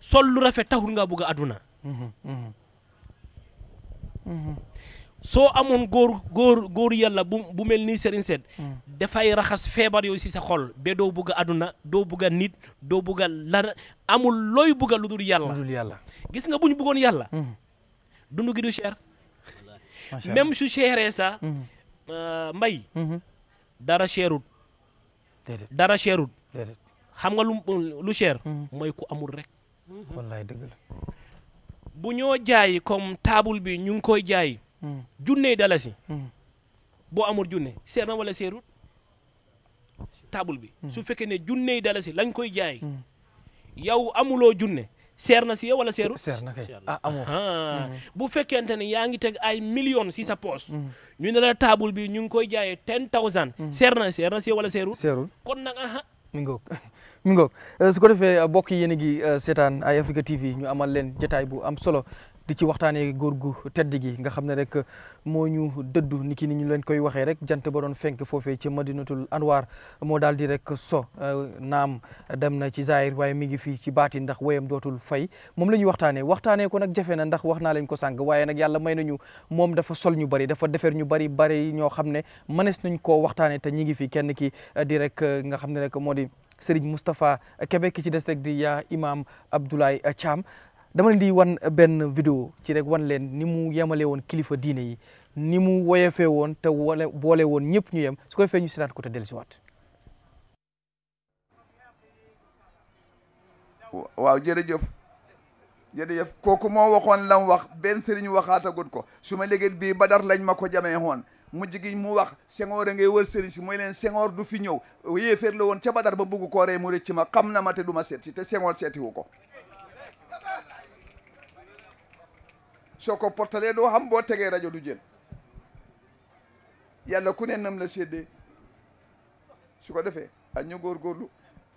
sol lu rafet taxul nga bugg a aduna. soo amoon góor góor góor bu bu mel nii Serigne Sène hmm. dafay raxas feebar yooyu si sa xol ba doo bugg a àdduna doo bugga a nit doo bugg a amul looy bugg lu dul yàlla gis nga bu ñu buggoon yàlla hmm. dund gi du cher même su chéré sa hmm. euh, mbay dara cherut dara cherut xam nga lu lu cher mooy ku amul rek wallaay dëgg la bu ñoo jaay comme table bi ñu ngi koy jaay Mm. junney dalasi mm. boo amul junne seer na wala seerut taabul bi mm. su fekkee ne junney dalasi lañ koy jaay yow amuloo junne seer na si yow wala seerut seer na kay ah, ah. bu fekkente ne yaa ngi teg ay million si sa poos ñu ne la table bi ñu ngi koy jaayee ten thousand
seer na seer na si yow wala seerut seerut kon nag aha mi ngoog mi su ko defee bokk yéen a ngi eh, seetaan ay Africa TV ñu amal leen jetaay bu am solo di ci waxtaanee góor gu tedd gi nga xam ne rek moo ñu dëddu ni ki ni ñu leen koy waxee rek jant ba doon fenk foofee ci madinatul anwar moo daal di rek so euh, naam dem na ci zahir waaye mi ngi fii ci baati ndax woyam dootul fay moom la ñuy waxtaanee waxtaanee ko nag jafe na ndax wax naa leen ko sànq waaye nag yàlla may nañu moom dafa sol ñu bari dafa defer ñu bari bari ñoo xam ne mënees nañ koo waxtaanee te ñi ngi fi kenn ki di rek euh, nga xam ne rek moo di Serigne Moustapha Kébé ki ci des rek di yaa Imam Abdoulaye Thiam dama leen di wan benn vidéo ci rek wan leen ni mu yemale woon kilifa diine yi ni mu woyefee woon te wala boole woon ñëpp ñu yem su ko defee ñu seetaan ko te dellusiwaat.
waaw jërëjëf jërëjëf kooku moo waxoon lam wax benn sëriñ waxaatagut ko su ma léegi bii badar lañ ma ko jamee xoon mu jigi mu wax Senghor a ngay wër sëriñ si mooy leen Senghor du fi ñëw yéeféer la woon ca badar ba bugg koo rey mu rëcc ma kam na ma te du ma seet si te Senghor seetiwu ko ko portale ɗo han bo tege radio ɗujel yalla kunen namla sedde suko ɗefe anño gorgorlu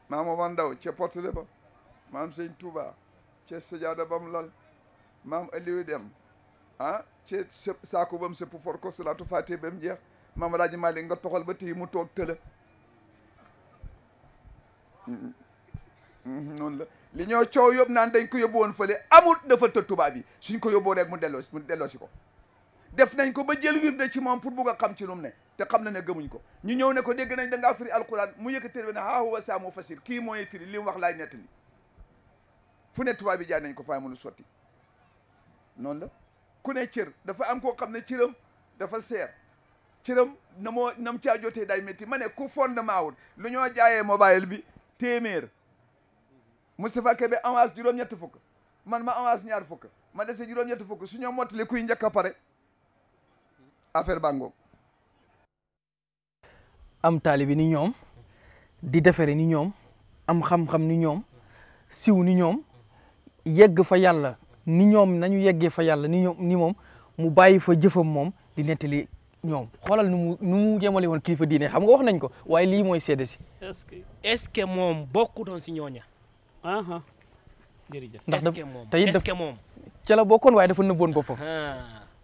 mamo wandaw ce portale ba mam seigne touba ce sadiada bam lal mam aliou dem ah, a ce sako bam seppu forko salatu fati bam jeex mamadaji mali nga toxal ba teyi mu toog tëla mm-hmm. mm-hmm. noonu la li ñoo coow yóbbu naan dañ ko yóbbu woon amu amul dafa tëdd tubaab yi suñ ko yóbboo rek mu delloosi mu delloosi ko def nañ ko ba jël wirde ci moom pour bugg a xam ci lu ne te xam na ne gëmuñ ko ñu ñëw ne ko dégg nañ da ngaa firi alquran mu yëkkati ne ah wa saa moo fasir kii mooy firi li mu wax laay nettali fu ne tubaab yi jaay nañ ko faa mënu sotti noonu la ku ne cir dafa am koo xam ne cëram dafa seer cëram na moo nam caa jotee day métti ma ne ku fondement wul lu ñoo jaayee mobile bi téeméer Moustapha Kébé avance juróom-ñetti fukk man ma avance ñaar fukk ma dese juróom-ñetti fukk su ñoo mottali kuy njëkk a pare affaire bàngoog
am taalibi ni ñoom di defere ni ñoom am xam-xam ni ñoom siw ni ñoom yegg fa yàlla ni ñoom nañu yeggee fa yàlla ni ñoom ni moom mu bàyyi fa jëfam moom di nettali ñoom xoolal nu mu nu mu jëmale woon kilifa diine xam nga wax nañ ko waaye lii mooy seede si.
est que est-ce que moom bokkutoon si ñooña jërëjëf ndax da te it est-ce que moom
ca la bokkoon waaye dafa nëbboon boppam.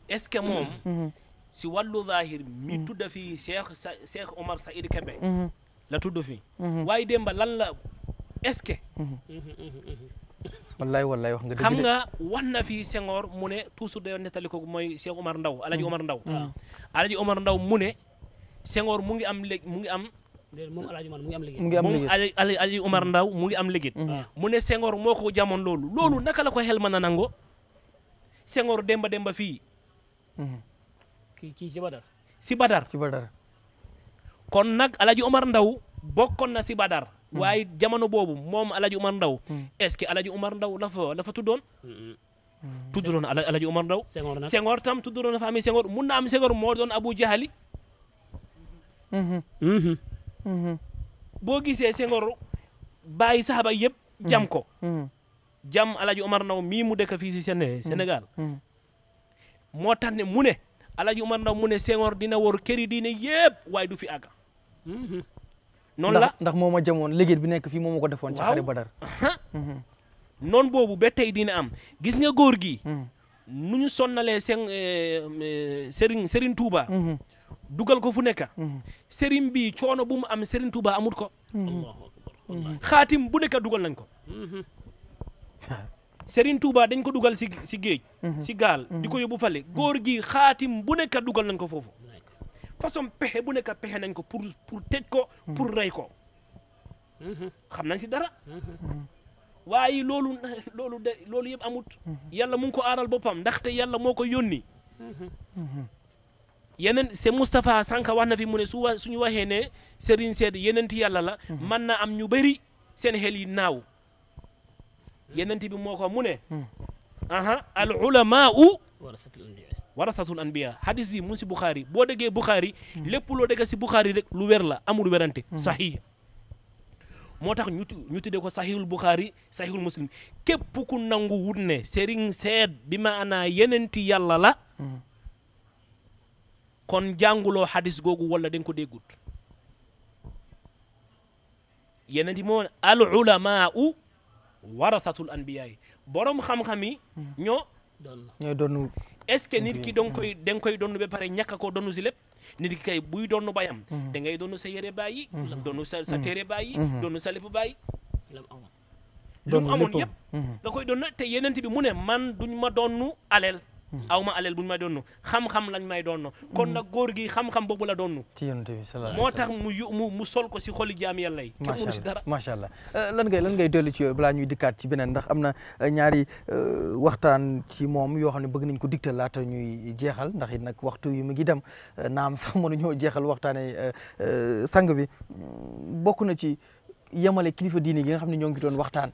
est-ce que moom. Mm-hmm.
si wallu zahir mi mm-hmm. tudd fi Cheikh sa Cheikh Omar Saïd Kébé. Mm-hmm. la tudd fi. waaye Demba lan la est-ce que.
wallaay wallaay wax nga dëgg
xam na fi Senghor mu ne toujours day nettali ko mooy Cheikh Omar Ndaw Alaji Omar Ndaw. mu ne Senghor mu ngi am léegi mu ngi am. moom Alaaji Umar mu ngi am mu Umar Ndaw mu ngi am liggéey mm-hmm. ah. mu ne Senghor moo ko jamoon loolu mm-hmm. loolu naka la ko xel mën nango Senghor demba demba fii
mm-hmm.
ci Badar si Badar si Badar kon nag Alaaji Umar Ndaw bokkoon na si Badar waaye jamono mom ala Alaaji Umar Ndaw est-ce que Umar Ndaw la fa la fa tuddoon tuddoon Alaaji Umar Ndaw Senghor tam tuddoon na fa amee Senghor mun na am Senghor moo Abu Jahali Mm-hmm. boo gisee Senghor bàyyi saxaaba yëpp mm-hmm. jam ko mm-hmm. jam Alaaji na Ndaw mii mu dëkk fii si Sénégal moo tax ne mu ne Alaaji Omar Ndaw mu ne Senghor dina wor këri diine yëpp waaye du fi àgg
noonu la ndax moo ma jamoon liggéey bi nekk fii moo ma ko defoon ci xare Badar
noonu boobu ba tey dina am gis nga góor gi nu ñu sonnalee seen eh, eh, Serigne Serigne Touba dugal ko fu nekk. Mm-hmm. sëriñ bi coono bu mu am sëriñ Tuuba amut ko. Mm-hmm. Mm-hmm. xaatim bu nekk dugal nañ ko. [laughs] Serigne Touba dañ ko dugal si si géej. si gaal di ko yóbbu fale góor gi xaatim bu nekka dugal nañ ko foofu façon pexe bu nekk pexe nañ ko pour pour tëj ko pour rey ko xam nañ si dara. waaye loolu [laughs] loolu loolu yëpp amut. yàlla mun ko aaral boppam ndaxte yàlla moo ko yónni. yeneen c'est Moustapha sànq wax na fi mu ne su wa suñu waxee ne Serigne Sène yenent yàlla la man mhm. na am ñu bëri seen xel yi naaw yenent bi moo ko mu ne mhm. aha al ulamaau warasatul anbiya hadis bi mu si Bukhari boo déggee Bukhari mhm. lépp loo dégg si Bukhari rek lu wér la amul werante sahih moo tax ñu ñu tuddee ko sahihul Bukhari sahihul muslim képp ku nangu wut ne Serigne seed bi ma anaa yenenti yàlla la kon jànguloo xadis googu wala da nga ko déggut yeneen ti moo al ulamaau warasatul anbiyaay borom xam-xam yi hmm. ñoo
ñooy donnu est ki danga koy
da koy donnu ba pare ñàkk koo donnu si lépp nit ki kay buy donnu bayam hmm. da ngay donnu sa yére bàyyi hmm. donnu sa sa téere bàyyi donnu sa lépp bàyyi mu amoon yëpp nga koy donn te yeneen bi mu man duñ ma donnu aleel Hmm. aw ma alal bu ñu may doon xam-xam lañ may doon kon hmm. nag góor gi xam boobu la doon.
ci yonent bi moo tax
mu mu mu sol ko si xoli jaam yàlla yi. dara
macha allah eh, lan ngay lan gay dellu ci yooyu balaa ñuy dikkaat ci beneen ndax am na eh, ñaari eh, waxtaan ci moom yoo xam ne bëgg nañ ko digtal laata ñuy jeexal ndax it nag waxtu yi mu ngi dem naam sax [laughs] mënuñoo jeexal waxtaanee sang bi mm, bokk na ci. yemale kilifa diine gi nga xam ne ñoo ngi doon waxtaan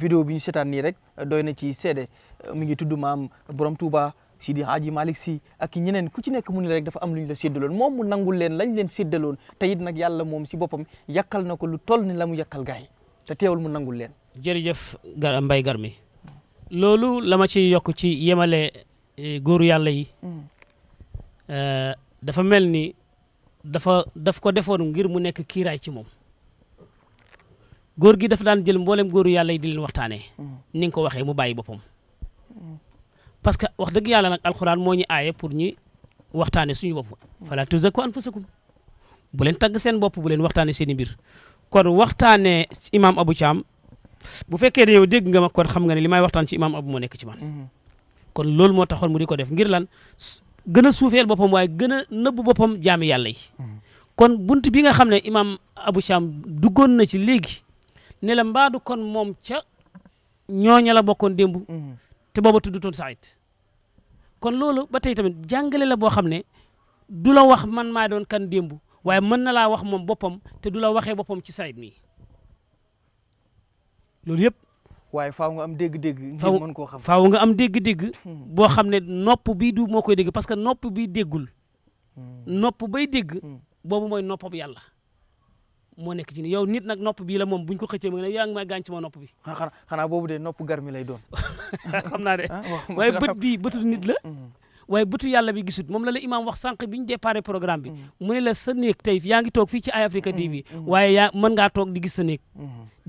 vidéo bi ñu seetaan nii rek doy na ci seede mi ngi tudd maam borom Touba Sidi Hadji Malick si ak ñeneen ku ci nekk mu ne rek dafa am lu ñu la séddaloon moom mu nangul leen lañ leen séddaloon te it nag yàlla moom si boppam yàkkal na ko lu toll ni la mu yàkkal gars yi te teewul mu nangul leen.
jërëjëf gar Mbaye Garmi loolu la ma ci yokk ci yemale e, góoru yàlla yi. Mm. E, dafa mel ni dafa daf ko defoon ngir mu nekk kiiraay ci moom góor gi dafa daan jël mboolem góoru yàlla yi di leen waxtaanee. Mm. ni ko waxee mu bàyyi boppam. parce que wax dëgg yàlla nag alxuraan moo ñu aaye pour ñu waxtaane suñu bopp fala tuzakku anfusakum bu leen tagg seen bopp bu leen waxtaane seen i mbir kon waxtaane imaam Abu Caam bu fekkee ne yow dégg nga ma kon xam nga ne li may waxtaan ci imaam Abu moo nekk ci man mhm. kon loolu moo taxoon mu di ko def ngir lan gën a suufeel boppam waay gën a nëbb boppam jaami yàlla yi mhm. kon bunt bi nga xam ne imaam Abu Caam duggoon na ci léegi ne la mbaadu kon moom ca ñooña la bokkoon démb mhm. te booba tuddutoon Saïd kon loolu ba tey tamit jàngale la boo xam ne du la wax man maa doon kan démb waaye mën na laa wax moom boppam te du la waxee boppam ci Saïd mii loolu yëpp.
waaye faaw nga am dégg-dégg. ngir mën koo xam faaw nga am
dégg-dégg. Hmm. boo xam ne nopp bii du moo koy dégg parce que nopp bii déggul. Hmm. nopp bay dégg. Hmm. boobu mooy noppam yàlla. moo nekk ci yow nit nag nopp bii la moom buñ ko xëccee mu ne yaa ngi may gaañ ci ma nopp bi xanaa boobu de
nopp gar mi lay doon
[laughs] xam na de ah, waaye bët bi bëtu nit la mm-hmm. waaye bëtu yàlla bi gisut moom la la imaam wax sànq bi ñu déparé programme bi mm-hmm. mu ne la sa néeg tey yaa ngi toog fii ci Eye Africa mm-hmm. TV waaye yaa mën ngaa toog di gis sa néeg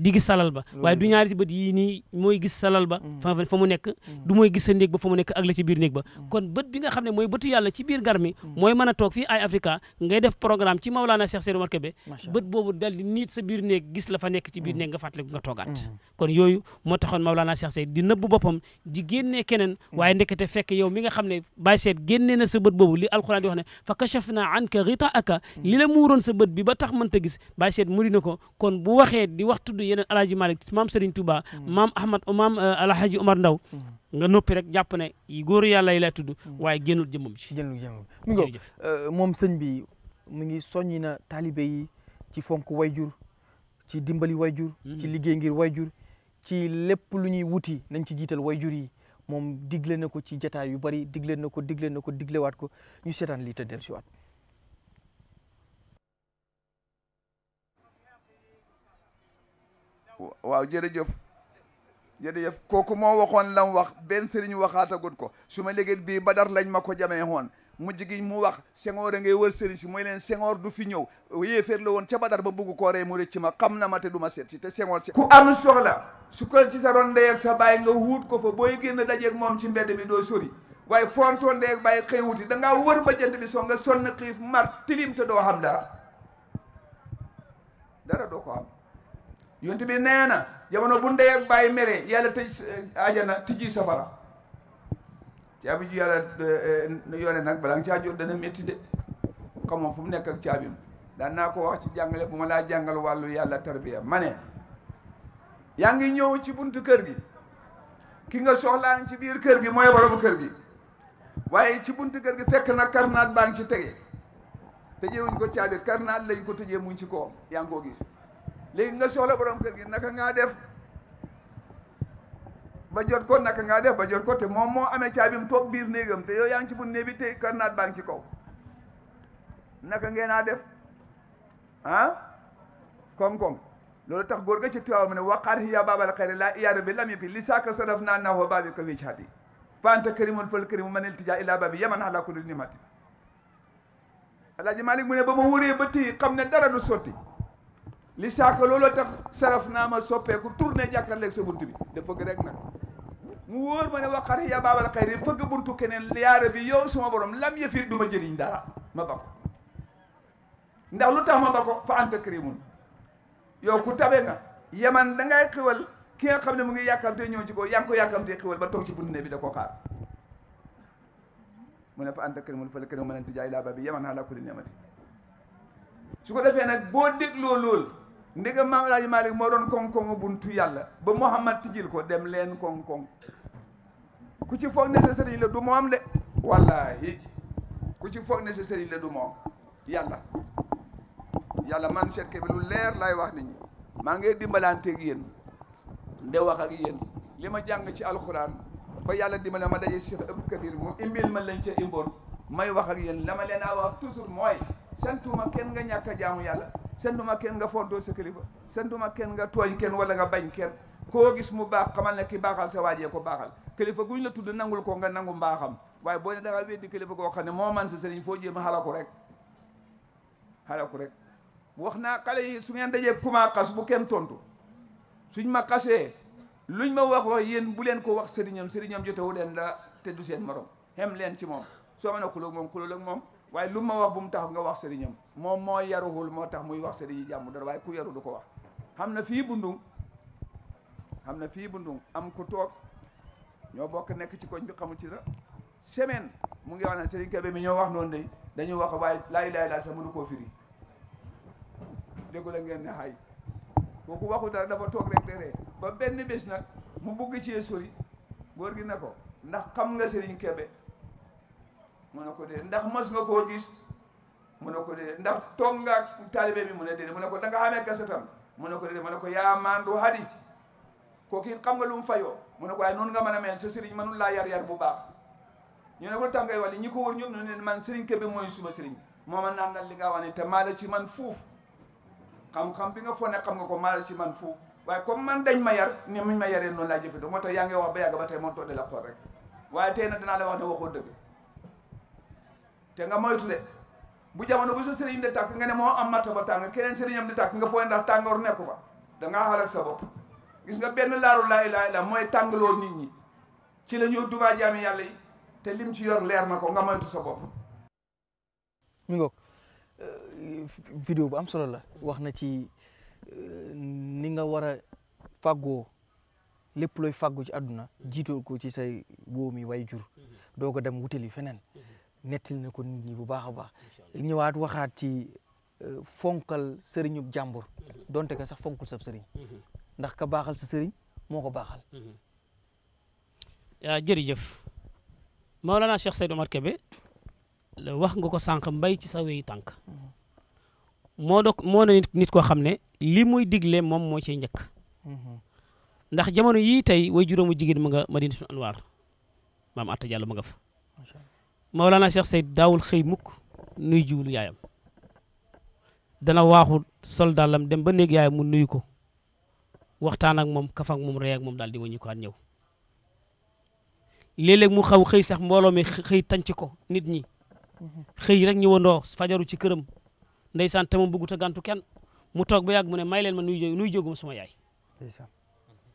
di gis salal ba waaye du ñaari ci beut yi ni moy gis salal ba mm. fa mu nek mm. du moy gis sa neeg ba fa mu nek ak la ci biir neeg ba mm. kon beut bi nga xamne moy beutu yalla ci biir garmi moy meuna tok fi ay africa ngay def programme ci Maulana Cheikh Seydou Omar Kébé beut bobu dal di nit sa biir neeg gis la fa nek ci biir neeg nga fatale nga togat kon yoyu mo taxone Maulana Cheikh Seydou di neub bopam di genné kenen waye ndekete fekk yow mi nga xamne bay set genné na sa beut bobu li alcorane di wax ne fa kashafna anka rita aka li la sa beut bi ba tax ta gis bay set murinako kon bu waxe di waxtu yeneen alaaji Malick maam Serigne Touba mm. maam Ahmad maam euh, alaaji Omar Ndaw mm. nga noppi rek jàpp ne góor yàlla yi lay tudd mm.
waaye génnul jëmmam si génnul jëmmam mi ngi euh, moom sëñ bi mu ngi soññi na taalibe ci fonk wayjur ci dimbali wayjur mm-hmm. ci liggéey ngir wayjur ci lépp lu ñuy wuti nañ ci jiital wayjur yi moom digle na ko ci jataay yu bari digle na ko digle na ko diglewaat ko ñu seetaan lii te dellusiwaat
waaw jërëjëf jërëjëf kooku moo waxoon lam wax benn sëriñ waxaatagut ko su ma léegi bii dar lañ ma ko jamee xoon mu gi mu wax Senghor a ngay wër sëriñ si mooy leen Senghor du fi ñëw yéeféer la woon ca dar ba bugg koo ree mu rëcc ma xam na ma te du ma seet si te Senghor si ku am soxla su ko ci sa ron ndey ak sa bàyyi nga wuut ko fa booy génn dajeeg moom ci mbedd mi doo sori waaye fontoon ndey ak bàyyi xëy wuti da ngaa wër ba jant bi soo nga sonn xiif mar tilim te doo xam dara dara doo yonent bi nee na jamono bu ndey ak bàyyi mere yàlla tëj ajana eh, tijji safara caabi ju yàlla eh, eh, yore nag balaa nga caa jot dana métti de xamoon fu mu nekk ak caabim daan naa ko wax ci bu ma laa jàngal wàllu yàlla tarbiya ma ne yaa ngi ñëw ci buntu kër gi ki nga soxlaan ci biir kër gi mooy borom kër gi waaye ci buntu kër gi fekk na karnaat baa ngi ci tege tëjee wuñ ko caabi karnaat lañ ko tëjee muñ ci kawam yaa ngi koo gis léegi nga soxla borom kër gi naka ngaa def ba jot ko naka ngaa def ba jot ko te moom moo amee caabim toog biir néegam te yow yaa ngi ci bu néeg bi te karnaat baa ngi ci kaw naka ngeen naa def ah koom kom loolu tax góor ga ci tuwaaw mu ne yi hiya baabal xayri la iyaada bi lam yi fi li saaka sadaf naa naa baabi ko wécc hati fanta kërimul fël kërimu manil tijaa illaa bi yaman halaa kulli nimati alaaji Malik mu ne ba ma wuree ba téye xam ne dara du sotti li saako looloo tax saraf naa ma soppeeku tourné jàkkaarleeg sa bunt bi da fëgg rek nag mu wóor ma ne waqar ya baabal xayri fëgg buntu keneen yaara bi yow suma borom lam yëfit du ma jëriñ dara ma ba ko ndax lu tax ma ba ko fa anta karimun yow ku tabe nga yaman da ngay xiwal ki nga xam ne mu ngi yàkkamtee ñëw ci ko yaa ngi ko yàkkamtee xiwal ba toog ci bunt ne bi da koo xaar mu ne fa anta karimun fa la karimun ma leen tijaay laa ba bi yaman ala kulli ni'mati su ko defee nag boo dégloo lool ndegam maam Alaaji Maalik moo doon koŋ-koŋu buntu yàlla ba Muhammad tijjil ko dem leen koŋ ku ci foog ne sa sëriñ la du moom de wallahi ku ci foog ne sa la du moom yàlla yàlla man Cheikh Kébé lu leer laay wax nit ñi maa ngi teg yéen de waxak ak yéen li ma jàng ci alxuraan ba yàlla dimbale ma daje Cheikh Abdou Kabir mu imbil ma lañ ca imboon may wax ak yéen la ma leen a wax toujours mooy santuma kenn nga ñàkk a jaamu yàlla santuma kenn nga fontoo sa kilifa santuma kenn nga tooñ kenn wala nga bañ kenn koo gis mu baax xamal ne ki baaxal sa waajee ko baaxal kilifa guñ la tudd nangul ko nga nangu mbaaxam waaye boo ne da ngaa weddi koo goo xam ne moo man sa sëriñ foo jéem a xalaku rek xalaku rek wax naa xale yi su ngeen dajee ku xas bu kenn tontu suñ ma xasee luñ ma wax wax yéen bu leen ko wax sëriñam sëriñam jotewu leen la te du seen morom leen ci moom soo mën a xulóog moom moom waaye lu ma wax bu mu tax nga wax sëriñam moom moo yaruwul moo tax muy wax sëriñ yi jàmm dara waaye ku yaru du ko wax xam na fii bundung xam na fii bundung am ku toog ñoo bokk nekk ci koñ bi xamul ci la semaine mu ngi wax ne sëriñ Kébé mi ñoo wax noonu de dañu wax waaye laay laay laay sax mënu koo firi déggu la ngeen ne xay kooku waxu dara dafa toog rek deree ba benn bés nag mu bugg ci sori góor gi ne ko ndax xam nga sëriñ Kébé mu ne ko dee ndax mas nga koo gis mu ne ko dee ndax toog nga taalibe bi mu ne dee mu ne ko da nga xamee kasetam mu ne ko dee mu ne ko yaa maandu hadi kooku it xam nga lu mu fayoo mu ne ko waaye noonu nga mën a mel sa sëriñ mënul bu baax ñu ne ko tax ngay wàlli ñi ko wër ñoom ne man sëriñ Kébé mooy suma sëriñ moo ma naan li nga wax ne te maa la ci man fuuf xam-xam bi nga foo ne xam nga ko maa la ci man fuuf waaye comme man dañ ma yar ni muñ ma yaree noonu laa jëfandikoo moo tax yaa ngi wax ba yàgg ba tey moom too la xool rek waaye tey nag danaa la wax ne waxoo dëgg te nga moytu de bu jamono bu sa sëriñ de tàkk nga ne moo am matta ba tàng keneen sëriñam di tàkk nga fooy ndax tàngoor nekku fa da ngaa xalak sa bopp gis nga benn laaru laa ilaaha illa mooy tàngaloo nit ñi ci la ñu dubaa jaami yàlla te lim ci yor leer ma ko nga moytu sa bopp
mi ngoog euh, vidéo bu am solo la wax na ci euh, ni nga war a fàggoo lépp looy fàggu ci àdduna jiitoo ko ci say wóomi way jur mm-hmm. doo ko dem wutali feneen mm-hmm. nettali na ko nit ñi bu baax a baax ñëwaat waxaat ci euh, fonkal sëriñu jàmbur mm-hmm. donte ka sax fonkul sab sëriñ mm-hmm. ndax ka baaxal sa sëriñ moo ko baaxal waaw la Maolana Cheikh Seydou Omar
Kébé wax nga ko sànq mbay ci sa weyu tànk mm-hmm. moo do moo na nit koo xam ne lii muy digle moom moo ciy njëkk ndax jamono yii tey way juróomu jigéen ma nga Madinatul Anwar maam Atta Diallo ma nga fa Maolana Cheikh Seyd daawul xëy mukk nuy jiwlu yaayam dana waaxu sol dem ba néeg yaayam mu nuyu ko waxtaan ak moom kaf ak moom ree ak moom daal di wëññi ko at ñëw léeg mu xaw xëy sax mbooloo mi xëy tànc ko nit ñi xëy rek ñëwandoo fajaru ci këram ndeysaan te moom bëggut a gàntu kenn mu toog ba yàgg mu ne may leen ma nuy nuy jóguma suma yaay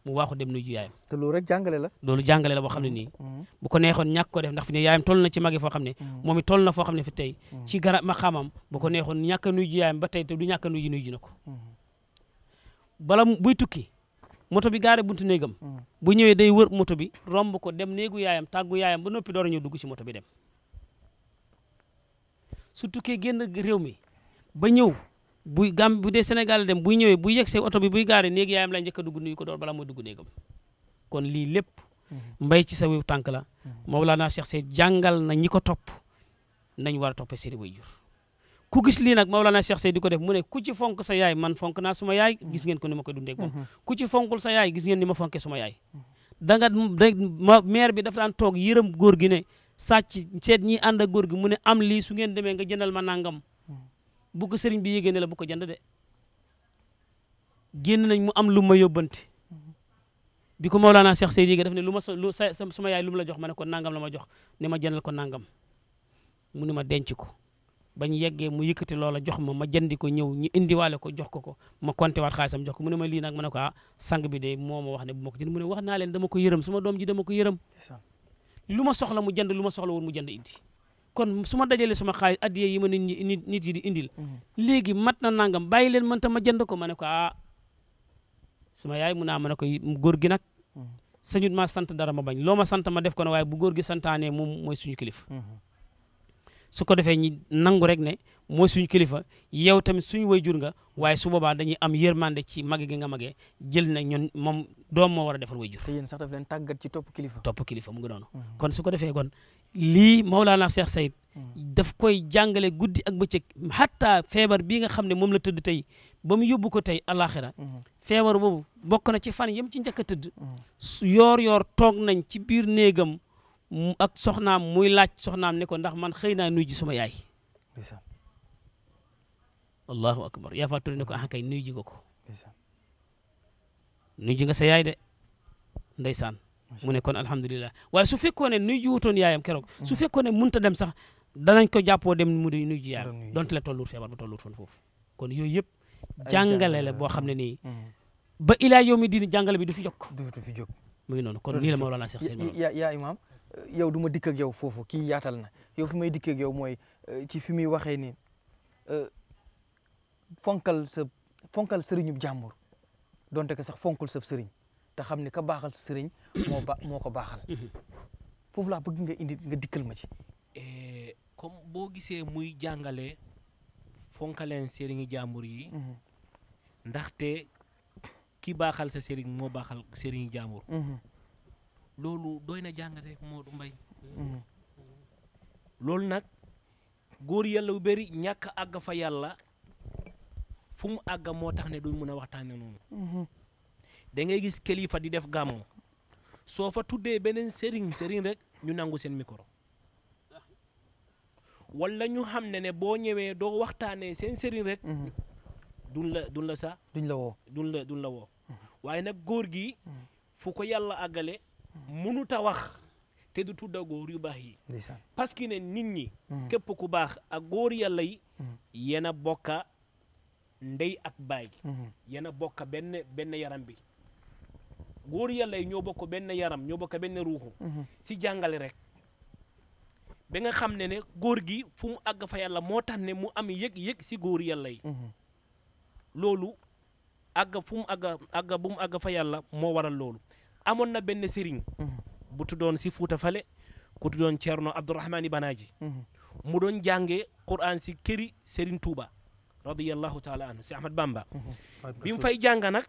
mu waaxu dem nuyu yaayam. te
loolu rek jàngale la.
loolu jàngale boo xam ne nii. Mm-hmm. bu ko neexoon ñàkk ko def ndax fi ne yaayam toll na ci magi foo xam ne. Mm-hmm. moom it toll na foo xam ne fi tey. Mm-hmm. ci garab ma xamam bu ko neexoon ñàkk a ji yaayam ba tey te du ñàkk a nuyu ji nuyu na ko. bala buy tukki moto bi gaare buntu néegam. bu ñëwee day wër moto bi romb ko dem néegu yaayam tàggu yaayam ba noppi door a ñëw dugg ci moto bi dem. su tukkee génn réew mi ba ñëw buy gam bu dee senegal dem buy ñëwee buy yegg see oto bi buy gaare néegi yaayam lay njëkk a dugg nuyu ko door balaa mooy dugg néegam kon lii lépp mhm. mbay ci sa wiw tànk la mhm. Mawlana Cheikh Seye jàngal na ñi ko topp nañ war a toppee seeni waajur ku gis lii nag Mawlana Cheikh Seye di ko def mu ne ku ci fonk sa yaay man fonk naa suma yaay gis ngeen ko ni ma koy dundee moom mhm. ku ci fonkul sa yaay gis ngeen ni ma fonkee suma yaay da nga maire bi dafa daan toog yërëm góor gi ne sàcc seet ñi ànd ak góor gi mu ne am lii su ngeen demee nga jëndal ma nangam bu ko sëriñ bi yégée ne la bu ko jënd de génn nañ mu am lu ma yóbbanti bi ko Mawlaana Cheikh Seydi yégée daf ne lu ma lu sa suma yaay lu mu la jox ma ne ko nangam la ma jox ne ma jëndal ko nangam mu ne ma denc ko bañ yeggee mu yëkkati loola jox ma ma jëndi ñëw ñu indiwaale ko jox ko ko ma konté waat xaalisam jox ko mu lii nag ma ne ko ah bi moo ma wax ne bu ma ko jënd mu ne wax naa leen dama ko yërëm suma doom ji dama ko yërëm lu ma soxla mu jënd lu ma soxla woon mu jënd indi kon su ma dajalee suma xaalis addiye yi ma nit ñi nit nit yi di indil. Mm-hmm. léegi mat na nangam bàyyi leen man tam ma jënd ko ma ne ko ah suma yaay mu naa ah, ma ne ko góor gi nag. Mm-hmm. sañut maa sant dara ma bañ loo ma sant ma def ko ne waaye bu góor gi santaanee moom mooy suñu kilifa. Mm-hmm. su ko defee ñi nangu rek ne mooy suñu kilifa yow tamit woy jur nga waaye su boobaa dañuy am yërmande ci mage gi nga magee jël na ñun moom doom moo war a defal wayjur. te yéen sax daf leen tàggat ci topp kilifa. topp kilifa mu ngi noonu. kon su defee kon lii Maulana Cheikh Saïd hmm. daf koy jàngale guddi ak bëccëg xatta feebar bii nga xam ne moom la tëdd tey ba mu yóbbu ko tey alaxira hmm. feebar boobu bokk na ci fan yam ci njëkk a tëdd hmm. yoor yoor toog nañ ci biir néegam ak soxnaam muy laaj soxnaam ne ko ndax man xëy naa nuy ji suma yaay allahu akbar yaa fa ture ne ko ah kay nuy ji nga ko nuy ji nga sa yaay de ndeysaan mu ne kon alhamdulilah waaye su fekkoon ne nu ji yaayam keroog su fekkoon ne mënut a dem sax danañ ko jàppoo dem mu di nuy ji yaayam donte la tolluut feebar ba tolluut fan foofu kon yooyu yëpp jàngale la boo xam ne nii mm-hmm. ba ilaa yow mi diin jàngale bi du fi jokk du fi jóg mu ngi noonu kon nii la Mawlana Cheikh Seydi
yaa imaam yow du ma dikk ak yow foofu kii yaatal na yow fi may dikk ak yow mooy euh, ci fi muy waxee ni euh, fonkal sa fonkal sëriñub jàmbur donte sax fonkul sa sëriñ te xam ni ka baaxal sa sëriñ [coughs] moo ba moo ko baaxal [coughs] mhm. foofu laa bëgg nga indi nga dikkal ma ci
eh, comme boo gisee muy jàngale fonkaleen sëriñu jàmbur yi mhm. ndaxte ki baaxal sa sëriñ moo baaxal sëriñu jàmbur mhm. loolu doy na jàngale moo du mbay loolu nag góor yàlla bu bëri ñàkk àgg fa yàlla fu mu àgg moo tax ne duñ mën a waxtaane noonu da ngay gis kilifa di def gàmmu soo fa tuddee beneen sëriñ sëriñ rek ñu nangu seen micro wala ñu xam ne ne boo ñëwee doo waxtaanee seen sëriñ rek. Mhm. duñ la duñ la sa
duñ
la woo mhm. waaye nag góor gi mhm. fu ko yàlla àggale mënuta wax te du tudda góor yu baax yi. parce que ne nit ñi. képp ku baax ak góor yàlla yi. yéen a bokk ndey ak baay. yéen a bokk benn yaram bi. góor yàlla yi ñoo bokk benn yaram ñoo bokk benn ruuxu mhm. si jàngale rek ba nga xam ne ne góor gi fu mu àgg fa yàlla moo tax ne mu am yëg-yëg si góor yàlla yi mhm. loolu àgg fu mu àgg àgg bu àgg fa moo waral loolu amoon na benn sëriñ mhm. bu tuddoon si Fuuta Fale ku tuddoon Ceerno Abdourahmani Banaaji mu doon jàngee Qur'an si këri Serigne Touba radiyallahu taala anhu si Ahmad Bamba bi fay jàng nag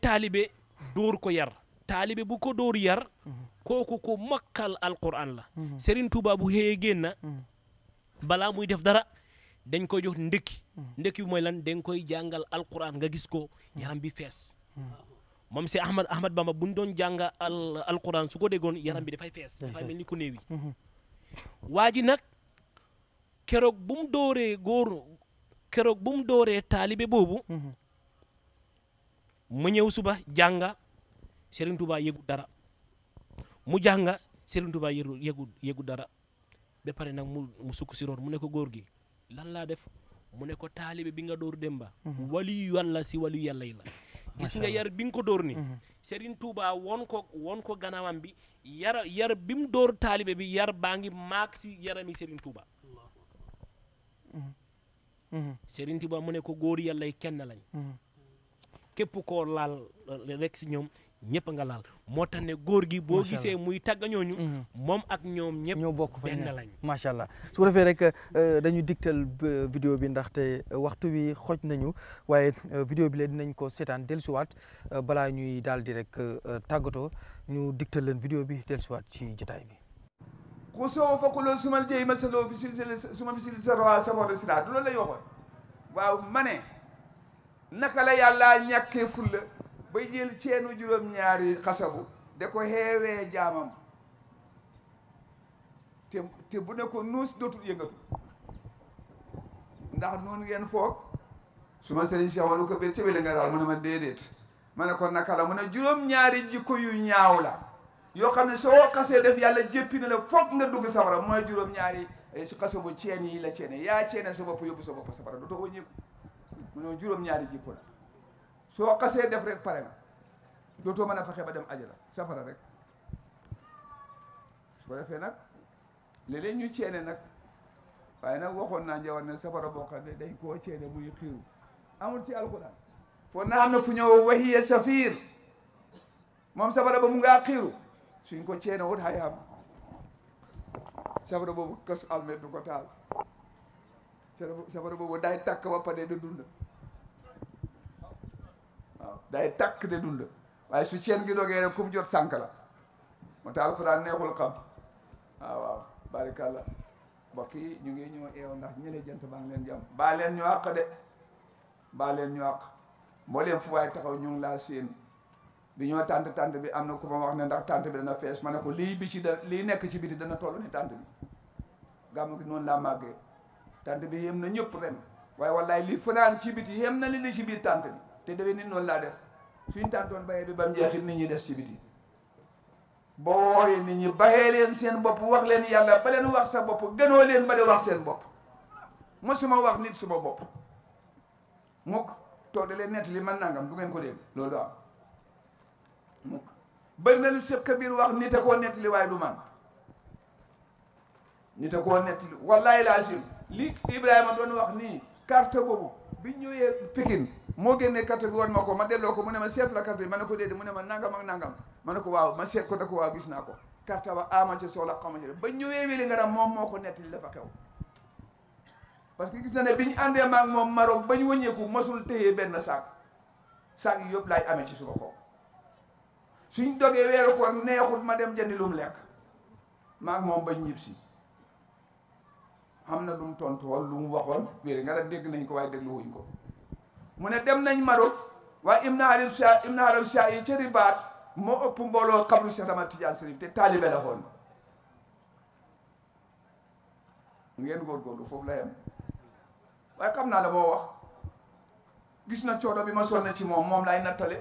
taalibe dóor ko yar taalibe bu ko dóor yar kooku ko makkal alquran la mhm. Serigne Touba bu xëyee génna mhm. balaa muy def dara dañ koy jox ndëkki mhm. ndëkki bi mooy lan dañ koy jàngal alquran nga gis ko yaram bi fees moom se Ahmad Ahmad Bamba bu ñu doon jànga al alquran su ko déggoon yaram bi dafay fees dafay mel ni ku néewi waa ji nag keroog bu mu dooree keroog bu mu dooree taalibe boobu mu ñëw suba jànga Serigne Touba yëgu dara mu jànga Serigne Touba yëgu yëgu dara ba nag mu mu sukk si roon mu ne ko góor gi lan laa def mu ne ko taalibe bi nga dóor Demba. Mhm. waliyu yàlla si waliyu yàlla yi la. gis nga yar bi nga ko dóor ni mhm. Serigne Touba woon ko woon gannaawam bi yar yar bi mu dóor taalibe bi yar baa ngi maak si yarami Serigne Touba. Mhm. Serigne Touba mu ne ko góor yàlla yi kenn lañ. képp koo laal rek si ñoom ñëpp nga laal moo tax ne góor gi boo gisee muy tàgga ñooñu moom ak ñoom ñëpp ñoo bokk benn
lañ macha allah su ko defee rek dañu digtal vidéo bi ndaxte waxtu wi xoj nañu waaye vidéo bi la dinañ ko seetaan dellusiwaat bala ñuy daal di rek tàggatoo ñu digtal leen vidéo bi dellusiwaat ci jotaay bi
xusoo fa kuloo sumal jëy ma saloo fi silsila suma bi silsila sarwa safoore sila du loolu lay waxoon waaw ma naka la yàllaa ñàkkee fulla bay jël ceenu juróom-ñaari xasabu da ko xeewee jaamam te te bu ne ko nuus dootul yëngatu ndax noonu ngeen foog su ma sëriñ Cheikh Walu ko biir tëbale nga daal mu ne ma déedéet ma ne ko naka la mu ne juróom-ñaari jikko yu ñaaw la yoo xam ne soo xasee def yàlla jéppi na la foog nga dugg safara mooy juróom-ñaari su xasa bu ceen yi la ceene yaa ceene sa bopp yóbbu sa bopp safara dootoo wëññeeku mu ne juróom-ñaari jikko la soo xasee def rek pare nga dootoo mën a fexe ba dem ajala safara rek su ko defee nag léeg ñu ceene nag waaye nag waxoon naa njawar ne safara boo xam dañ koo ceene muy xiiru amul ci alquran foo na am na fu ñëw wahiya safir moom safara ba mu ngaa xiiru suñ ko ceene wut hay am safara boobu kas almet du ko taal safara boobu day tàkk ba pare du dund waaw day takk de dund waaye su ceen gi dogee rek ku jot sànk la moo tax alxuraan neexul xam waaw waaw barikàlla mbokk yi ñu ngi ñëw eew ndax ñële jant baa ngi leen jam baleen ñu àq de baa leen ñu àq mbooleem fu waay ñu ngi laa séen bi ñoo tànt tànt bi am na ku ma wax ne ndax tànt bi dana fees ma ne ko lii bi ci da lii nekk ci biti dana toll ni tànt bi gàmmu gi noonu laa màggee tànt bi yem na ñëpp ren waaye wallaay li fanaan ci biti yem na li li ci biir tànt bi te déwén nit noonu laa def suñ tàntoon bayee bi ba mu jeexit nit ñi des ci biti boo woowee nit ñi bayee leen seen bopp wax leen yàlla ba leen wax sa bopp gënoo leen ba di wax seen bopp mosuma wax nit suma bopp mukk toog da leen nett li man nangam du ngeen ko dégg loolu am mukk bëri na lu Cheikh Kabir wax nit a koo nett li waaye du man nit a koo nett li wallahi laa sim li Ibrahima doon wax nii carte boobu bi ñëwee Pikine moo génne carte bi woon ma ko ma delloo ko mu ne ma seet la carte bi ma ne ko déedéet mu ne ma nangam ak nangam ma ne ko waaw ma seet ko ne ko waaw gis naa ko carte ba ama ah, ci soxla xama ci ba ñëwee wéli ngaram moom moo ko nettali dafa xew que gis na ne bi ñu àndee maag moom Maroc ba ñu wëññeeku masul téye benn saak saak yi yëpp laay amee ci suba ko suñ dogee weeru ko neexul ma dem jëndi lu mu lekk maa moom bañ ñib si xam na lu mu tontu woon lu mu waxoon wéri ngaram dégg nañ ko waaye déglu ko mu ne dem nañ Maroc waaye Ibn Arabi Shah Ibn Arabi Shah moo ëpp mbooloo xabru Cheikh Ahmad Tidiane Chérif te taalibe la xoon ngeen góorgóorlu foofu la yem waaye xam naa la moo wax gis na coono bi ma na ci moom moom laay nattale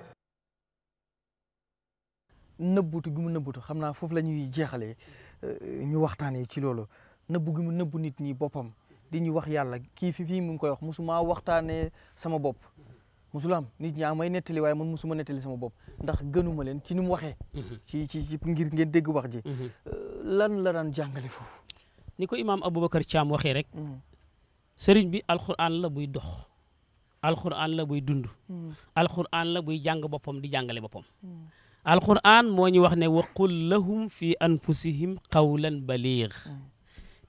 nëbbutu gi mu nëbbutu xam naa foofu la ñuy jeexalee euh, ñu waxtaanee ci loolo nëbbu gi mu nit ñi boppam di ñu wax yàlla kii fi fii mu ngi koy wax musuma waxtaanee sama bopp musula am nit ñaa may nettali waaye man musuma nettali sama bopp ndax gënuma leen ci ni mu waxee mhm. ci ci ngir ngeen dégg wax ji mhm. euh, lan la daan jàngale foofu
ni ko imaam Aboubacar Thiam waxee rek mhm. sëriñ bi alxuraan la buy dox alxuraan la buy dund alxuraan la buy jàng boppam di jàngale boppam alxuraan moo ñu wax ne waqul lahum fi anfusihim qawlan baliig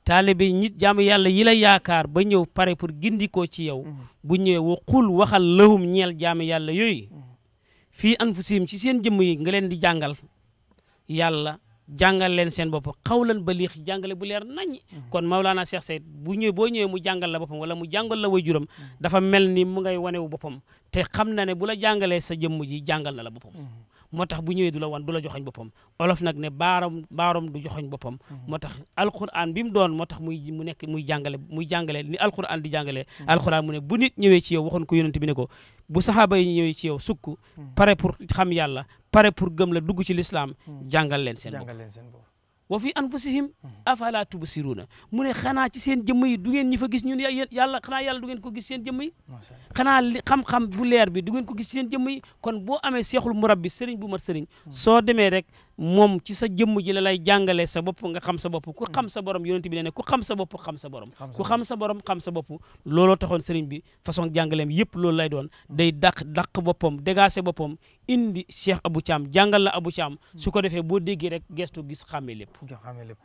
taalibe nit jaamu yàlla yi la yaakaar ba ñëw pare pour gindikoo ci yow mm-hmm. bu ñëwee waxul waxal lahum ñeel jaamu yàlla yooyu mm-hmm. fii anfusihim ci seen jëmm yi nga leen di jàngal yàlla jàngal leen seen bopp xawlan ba liix jàngale bu leer nañ mm-hmm. kon Maulana Cheikh Seyd bu ñëwee boo ñëwee mu jàngal la boppam wala mu jàngal la waajuram dafa mel ni mu ngay wanewu boppam te xam na ne bu la jàngalee sa jëmm ji jàngal na la boppam moo tax bu ñëwee du la wan du la joxoñ boppam olof nag ne baaram baaram du joxoñ boppam mm-hmm. moo tax alquran bi mu doon moo tax muy mu nekk muy jàngale muy jàngale ni alquran di jàngale mm-hmm. alquran mu ne bu nit ñëwee ci yow waxoon ko yonent bi ne ko bu saxaaba yi ñëwee ci yow sukk mm-hmm. pare pour xam yàlla pare pour gëm la dugg ci lislaam jàngal leen seen bopp wa fi anfusihim afala tubsiruuna mu ne xanaa ci seen jëmm yi du ngeen ñi fa gis ñun yàlla xanaa yàlla du ngeen ko gis seen jëmm yi xanaa li xam bu leer bi du ngeen ko gis seen jëmm yi kon boo amee seexul murabbi sëriñ bu mat sëriñ hmm. soo demee rek moom ci sa jëmm ji la lay jàngalee sa bopp nga xam sa bopp ku hmm. xam sa borom yonent bi ne ne ku xam sa bopp xam sa borom ku xam sa borom xam sa bopp looloo taxoon sëriñ bi façon jàngaleem yëpp loolu lay doon hmm. day dàq dàq boppam dégaase boppam indi Cheikh Abou Thiam jàngal la Abou
Thiam hmm. su ko defee boo déggee rek gestu gis xàmmee lépp xàmmee lépp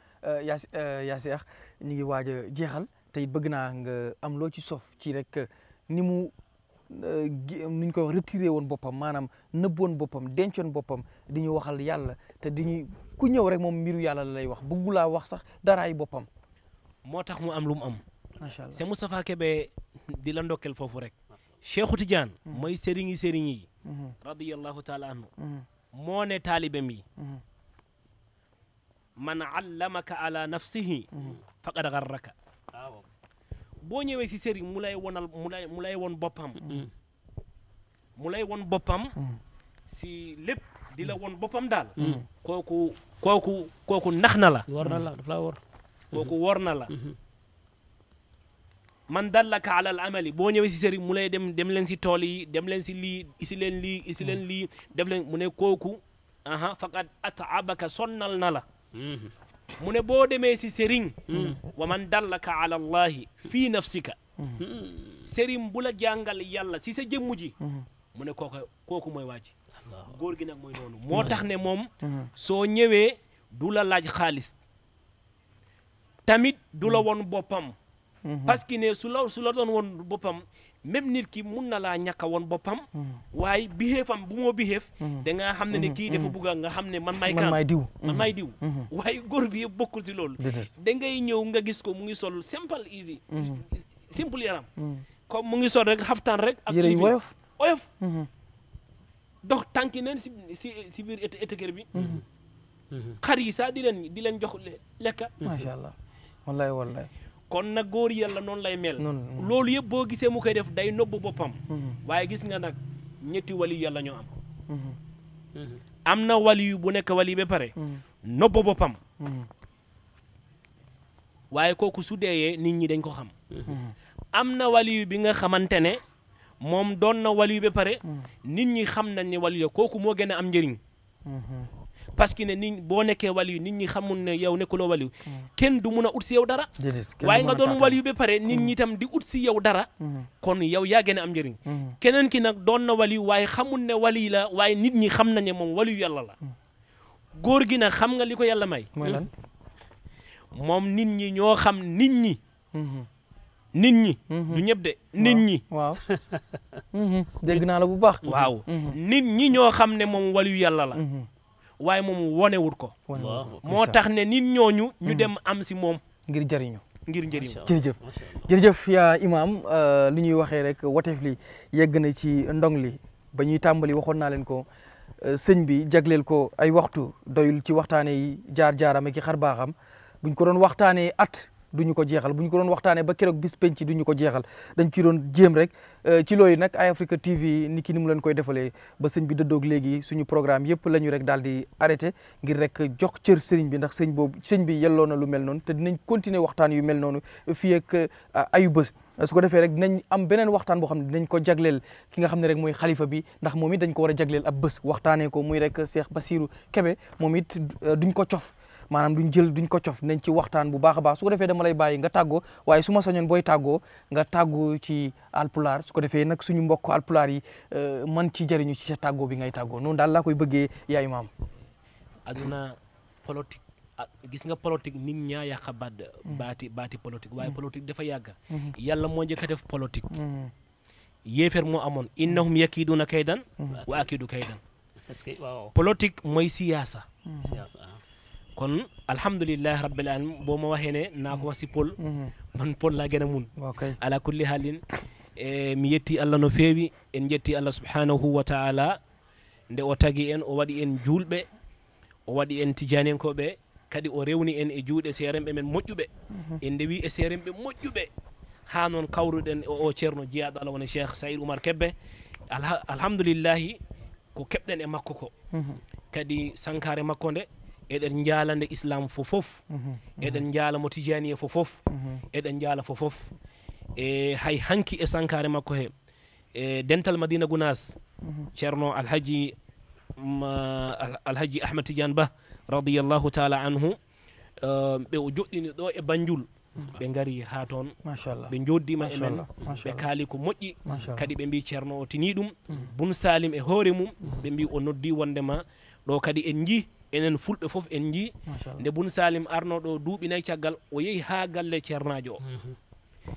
yaa yaa Cheikh ñu ngi waaj a jeexal tey bëgg naa nga am loo ci sof ci rek euh, ni nuñ koy wax woon boppam maanaam nëbboon boppam dencoon boppam di ñu waxal yàlla te di ñu ku ñëw rek moom mbiru yàlla la lay wax bëggulaa wax sax daraay boppam.
moo tax mu am lu mu am. macha allah c'est Moustapha Kébé di la ndokkel foofu rek. Cheikhu Tidiane. Mm-hmm. mooy sëriñi sëriñ yi. Mm-hmm. radiyallahu mm-hmm. moo ne taalibeem yi. man allamaka ala nafsihi faqad garraka. Ah, boo ñëwee si sëriñ mu lay wonal mu lay mu won boppam mm-hmm. mu lay won boppam si mm-hmm. lépp di la won boppam daal mm-hmm. kooku kooku kooku nax na la war na la daf laa war kooku war na la man dallaka ala al amali boo ñëwee si sëriñ mu lay dem dem leen si tool yi dem leen si lii isi leen lii isi lii def leen mu ne kooku aha faqad sonnal na la mu ne boo demee si sëriñ wa man dallaka ala allahi fii nafsika sëriñ bu la jàngal yàlla si sa jëmm ji mu ne kooku kooku mooy waa gi nag mooy noonu moo tax ne moom soo ñëwee du la laaj xaalis tamit du la mm. woon boppam mm-hmm. parce que ne la su boppam même nit ki mun na laa ñàkk woon boppam. Hmm. waaye biheef am bu moo biheef. Hmm. da ngaa xam ne ne hmm. kii dafa bugg nga xam ne man. may kan may diw man may diw. waaye góor bi yëpp bokkul si loolu. da ngay ñëw nga gis ko mu ngi sol simple easy. simple yaram. comme mu ngi sol rek xaftaan rek. ak yére yu woyof oyof. dox tànki neen si si si biir étagère bi. xar yi sax di leen di leen jox lekka. macha allah
wallahi wallahi
kon nag góor yàlla noonu lay mel. loolu yëpp boo gisee mu koy def day nobbu boppam. Mhm. waaye gis nga nag ñetti wali yàlla ñoo am.
Mhm. Mhm.
am na wali bu nekk wali ba pare. nobbu boppam. waaye kooku su deeyee nit ñi dañ ko xam. am na wali bi nga xamante ne moom doon na wali yu ba pare. nit ñi xam nañ ne wali la kooku moo gën a am njëriñ. parce que ne nit boo nekkee waliyu nit ñi xamul ne yow nekkuloo waliyu mm. kenn du mun a ut si yow dara
waaye nga doon waliyu be
pare nit ñi mm. tam di ut si yow dara mm. kon yow yaa gën am njëriñ keneen ki nag doon na waliyu waaye xamul ne waliyu la waaye nit ñi xam na ne moom waliyu yàlla la gi nag xam nga li ko yàlla may hmm? moom nit ñi ñoo xam nit ñi mm-hmm. nit ñi mm-hmm. nit ñi [laughs]
mm-hmm.
naa la bu waaw nit ñi ñoo xam ne moom waliyu yàlla la waaye moom wonewul ko moo tax ne nit ñooñu ñu mm-hmm. dem am si moom ngir jëriñu
ngir njëriñ jërëjëf jërëjëf yaa imaam euh, lu ñuy waxee rek wateef li yegg na ci ndong li ba ñuy tàmbali waxoon naa leen ko euh, sëñ bi jagleel ko ay waxtu doyul ci waxtaane yi jaar jaaram ak i xar baaxam buñ ko doon waxtaanee at duñu ko jeexal bu ñu ko doon waxtaanee ba keroog bis duñu ko jeexal dañ ci doon jéem rek euh, ci loolu nag Eye Africa TV ni ki ni mu leen koy defalee ba sëñ bi dëddoog léegi suñu programme yëpp la ñu rek daal di arrêté ngir rek jox cër sëriñ bi ndax sëñ boobu sëñ bi yelloo na lu mel noonu te dinañ continuer waxtaan yu mel noonu fii ak euh, ayu bés su ko defee rek dinañ am beneen waxtaan boo xam ne dinañ ko jagleel ki nga xam ne rek mooy xalifa bi ndax moom it dañ ko war a jagleel ab bés waxtaanee ko muy rek Cheikh Basirou Kebe moom it euh, duñ ko cof maanaam duñ jël duñ ko cof nañ ci waxtaan bu baax a baax su ko defee dama lay bàyyi nga tàggoo waaye su ma sañoon booy tàggoo nga tàggu ci alpulaar su ko defee nag suñu mbokk alpulaar yi euh, man ci jëriñu ci sa tàggoo bi ngay tàggoo noonu daal laa koy bëggee yaay maam
aduna politique gis nga politique nit ñaa yàq baat baati baati politique mm-hmm. waaye politique dafa yàgg mm-hmm. yàlla moo njëkk a def politique mm-hmm. yéeféer moo amoon innahum yakiiduna kaydan wa akiidu kaydan politique mooy siyaasa ah. kon alhamdulillah rabbil alamin bo ma waxee ne naa ko wasi pol mhm. man pol la gën mun ala kulli halin eh, mi yetti allah no feewi en jetti allah subhanahu wa taala nde o tagi en o waɗi en juulɓe o waɗi en tijanenkoɓe kadi o rewni en e juuɗe serenɓe men moƴƴuɓe mhm. en ndewi e seeremɓe moƴƴuɓe ha noon kawruɗen o ceerno jeyaɗo allah woni cheikh saïd oumar kebbe alhamdoulillahi ko keɓɗen e makko ko mhm. kadi sankare makko nde eɗen jaalande islam fo fof mhm, mhm. eɗen jaala mo tijaniya fo fof mhm. eɗen jaala fo fof e hay hanki e sankare makko he e dental madina gounas ceerno alhaji alhaji ahmad tidiane ba radiallahu taala anhu e, ɓe o joɗɗini ɗo e banjul ɓe ngari ha toon ɓe joddima e men ɓe kaali ko moƴƴi kadi ɓe mbi ceerno o tini ɗum bun salim e hoore mum ɓe mbi o noddi wondema ɗo kadi en jii enen fulɓe fof en jii nde bun salim arnoɗo duuɓi nayi caggal o yehi ha galle ceernajo o mhm.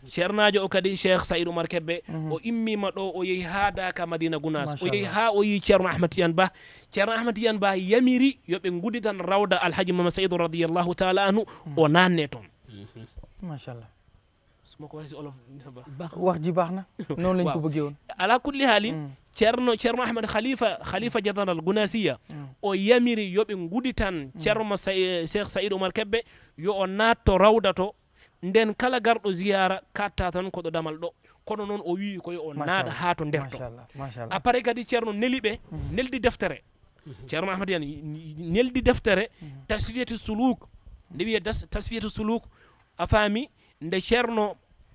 ceernajo o kadi cheikh saïd oumar kebbe mhm. o immima ɗo o yehi ha daka madina gounas o yehi ha o yi ceerno ahmad tiyane ba ceerno ahmad tiyane ba yamiri yoɓe gudi tan rawda alhaji mama saydou radiallahu taala anu mhm. o nanne toon
machallah su ma ko waxee si olof baax wax ji baax na [laughs] noonu lañ ko bëggee woon
ala kulli haalin mm. ceerno ceerno ahmad khalifa xalifa jadanal gunasiya mm. o yamiri yoɓe ngudi tan mm. ceerno eh, cheikh saïd oumar kebbe yo o natto rawda to nden kala garɗo ziyara katta tan koɗo damal ɗo kono noon o wii koyo o naaɗa haa to nderto après kadi ceerno neli ɓe neldi deftere ceerno ahmad yan neldi deftere tasfiyatu suluk nde wiye tasfiyatu suluk a faami nde ceerno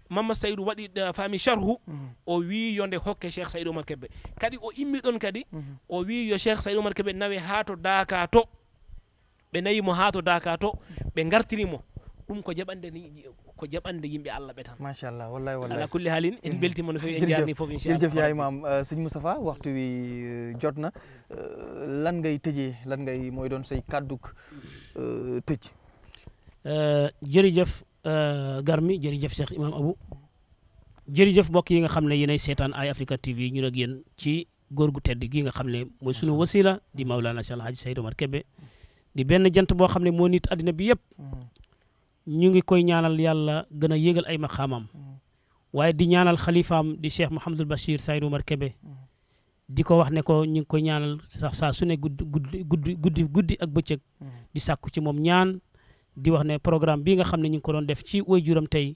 mama saydou waɗi eh, faami charhu mhm. o wi yo nde hokke cheikh saydou omar kebbe kadi o immi ɗon kadi mhm. o wi yo cheikh saydou omar kebbe nawe haa to daka to ɓe mo haa to daka to ɓe gartirimo ɗum ko jaɓande ko jaɓande yimɓe allah ɓe tan machallah wallahi wallahi ala kulli haalin en mm. beltima no fewi en [laughs] jarni foof inchallah jërëjëf yaa imam
eh, seigne moustapha waxtu wi eh, jotna lan ngay tëjee lan ngay mooy doon say kadduk tëj jërëjëf
Euh, Garmi jërëjëf jëf Imam Abou jërëjëf mbokk yi nga xam ne yéenay seetaan ay Africa TV ñu ak yéen ci góor gu tedd gi nga xam ne mooy sunu wasila di Maulana Cheikh Alhaji Seydou Omar Kébé di benn jant boo xam ne moo nit àddina bi yëpp ñu ngi koy ñaanal yàlla gën a yéegal ay maxaamam di ñaanal xalifaam di Cheikh Mouhamadul Bachir Seydou Omar ko wax ne ko ñu ngi koy ñaanal saa su ne guddi guddi ak bëccëg di sàkku ci moom ñaan di wax ne programme bii nga xam ne ñu ngi ko doon def ci waajuram tey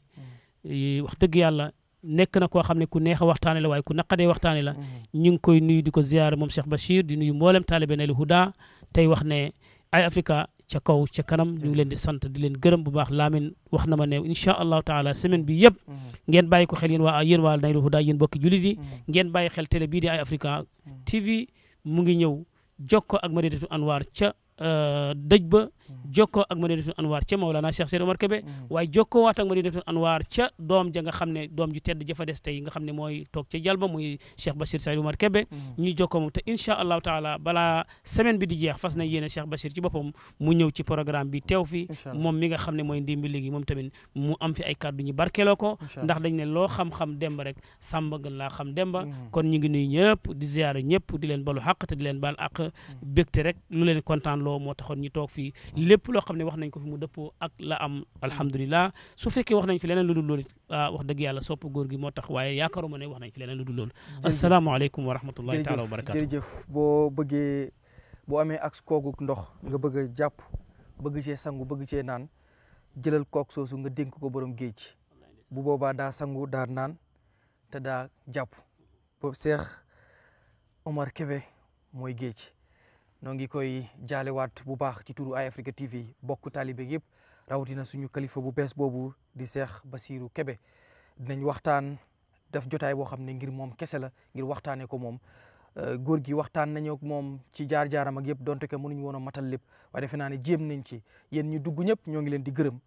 eh, wax dëgg yàlla nekk na koo xam ne ku neex a waxtaane la waaye ku naqadee waxtaane la mm-hmm. ñu koy nuyu di ko ziyaare moom Cheikh Bachir di nuyu mboolem taalibe Nayl Huda tey wax ne Eye Africa ca kaw ca kanam ñu leen di sant di leen gërëm bu baax Lamine wax na ma ne incha allahu taala semaine bi yëpp mm-hmm. ngeen bàyyi ko xel yéen waa yéen waa Nayl Huda yéen bokki jullit yi mm-hmm. ngeen bàyyi xel télé bii di Eye Africa jokkoo ak Madinatul Anwar ca Maolana Cheikh mm-hmm. ca doom ja tedd jafa tey nga xam ne mooy toog ca jalba muy Cheikh Bachir Seydou Omar Kébé mm-hmm. te incha na yéene Cheikh Bachir ci boppam mu ñëw ci programme bi teew fi moom mi nga xam ne mooy ndimbi léegi moom tamit mu am fi ay kàddu ñu barkeeloo ko ndax dañ ne loo xam-xam demba rek sàmba gën laa xam demba mm-hmm. kon ñu ngi nuyu ñëpp di ziyaara ñëpp di leen balu xaq te di leen baal àq bégte rek lu leen kontaan loo moo taxoon ñu toog fii lépp loo xam ne wax nañ ko fi mu dëppoo ak la am mm. alhamdulilah su fekkee wax nañ fi leneen lu dul loolu ah, wax dëgg sopp góor gi moo tax waaye yaakaaruma ne wax nañ fi leneen lu dul loolu asalaamaaleykum wa rahmatullahi taala wa barakaatu
jërëjëf boo bëggee boo amee ak kooguk ndox nga bëgg jàpp bëgg cee sangu bëgg cee naan jëlal kook soosu nga dénk ko borom géej bu boobaa daa sangu daa naan te daa jàpp boobu Cheikh Omar Kébé mooy géej noo ngi koy jaalewaat bu baax ci turu Eye Africa TV bokk taalibe yëpp rawatina suñu kalifa bu bees boobu di Seex Basiiru Kebe dinañ waxtaan def jotaay boo xam ne ngir moom kese la ngir waxtaanee ko moom euh, góor gi waxtaan nañu moom ci jaar-jaaram ak yëpp donte que mënuñu woon a matal lépp waaye defe naa ne jéem nañ ci yéen ñu dugg ñëpp ñoo ngi leen di gërëm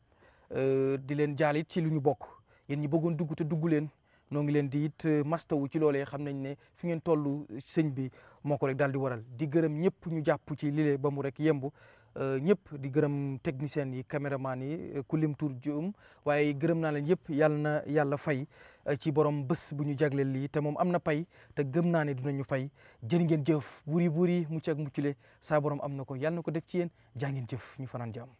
euh, di leen jaalit ci lu ñu bokk yéen ñi bëggoon dugg te dugg leen noo ngi leen di it euh, wu ci loolee xam nañ ne fi ngeen tollu euh, sëñ bi moo ko rek daal di waral di gërëm ñëpp ñu jàpp ci lile ba mu rek yemb euh, ñëpp di gërëm techniciens yi caméraman yi ku lim tur juum waaye gërëm naa leen yëpp yàlla na yàlla fay ci borom bés bu ñu jagleel lii te moom am na pay te gëm naa ne dinañu fay jërë ngeen jëf buri buri mu ak muccule saa borom am na ko yàlla na ko def ci yéen jaa ngeen jëf ñu fanaan jàmm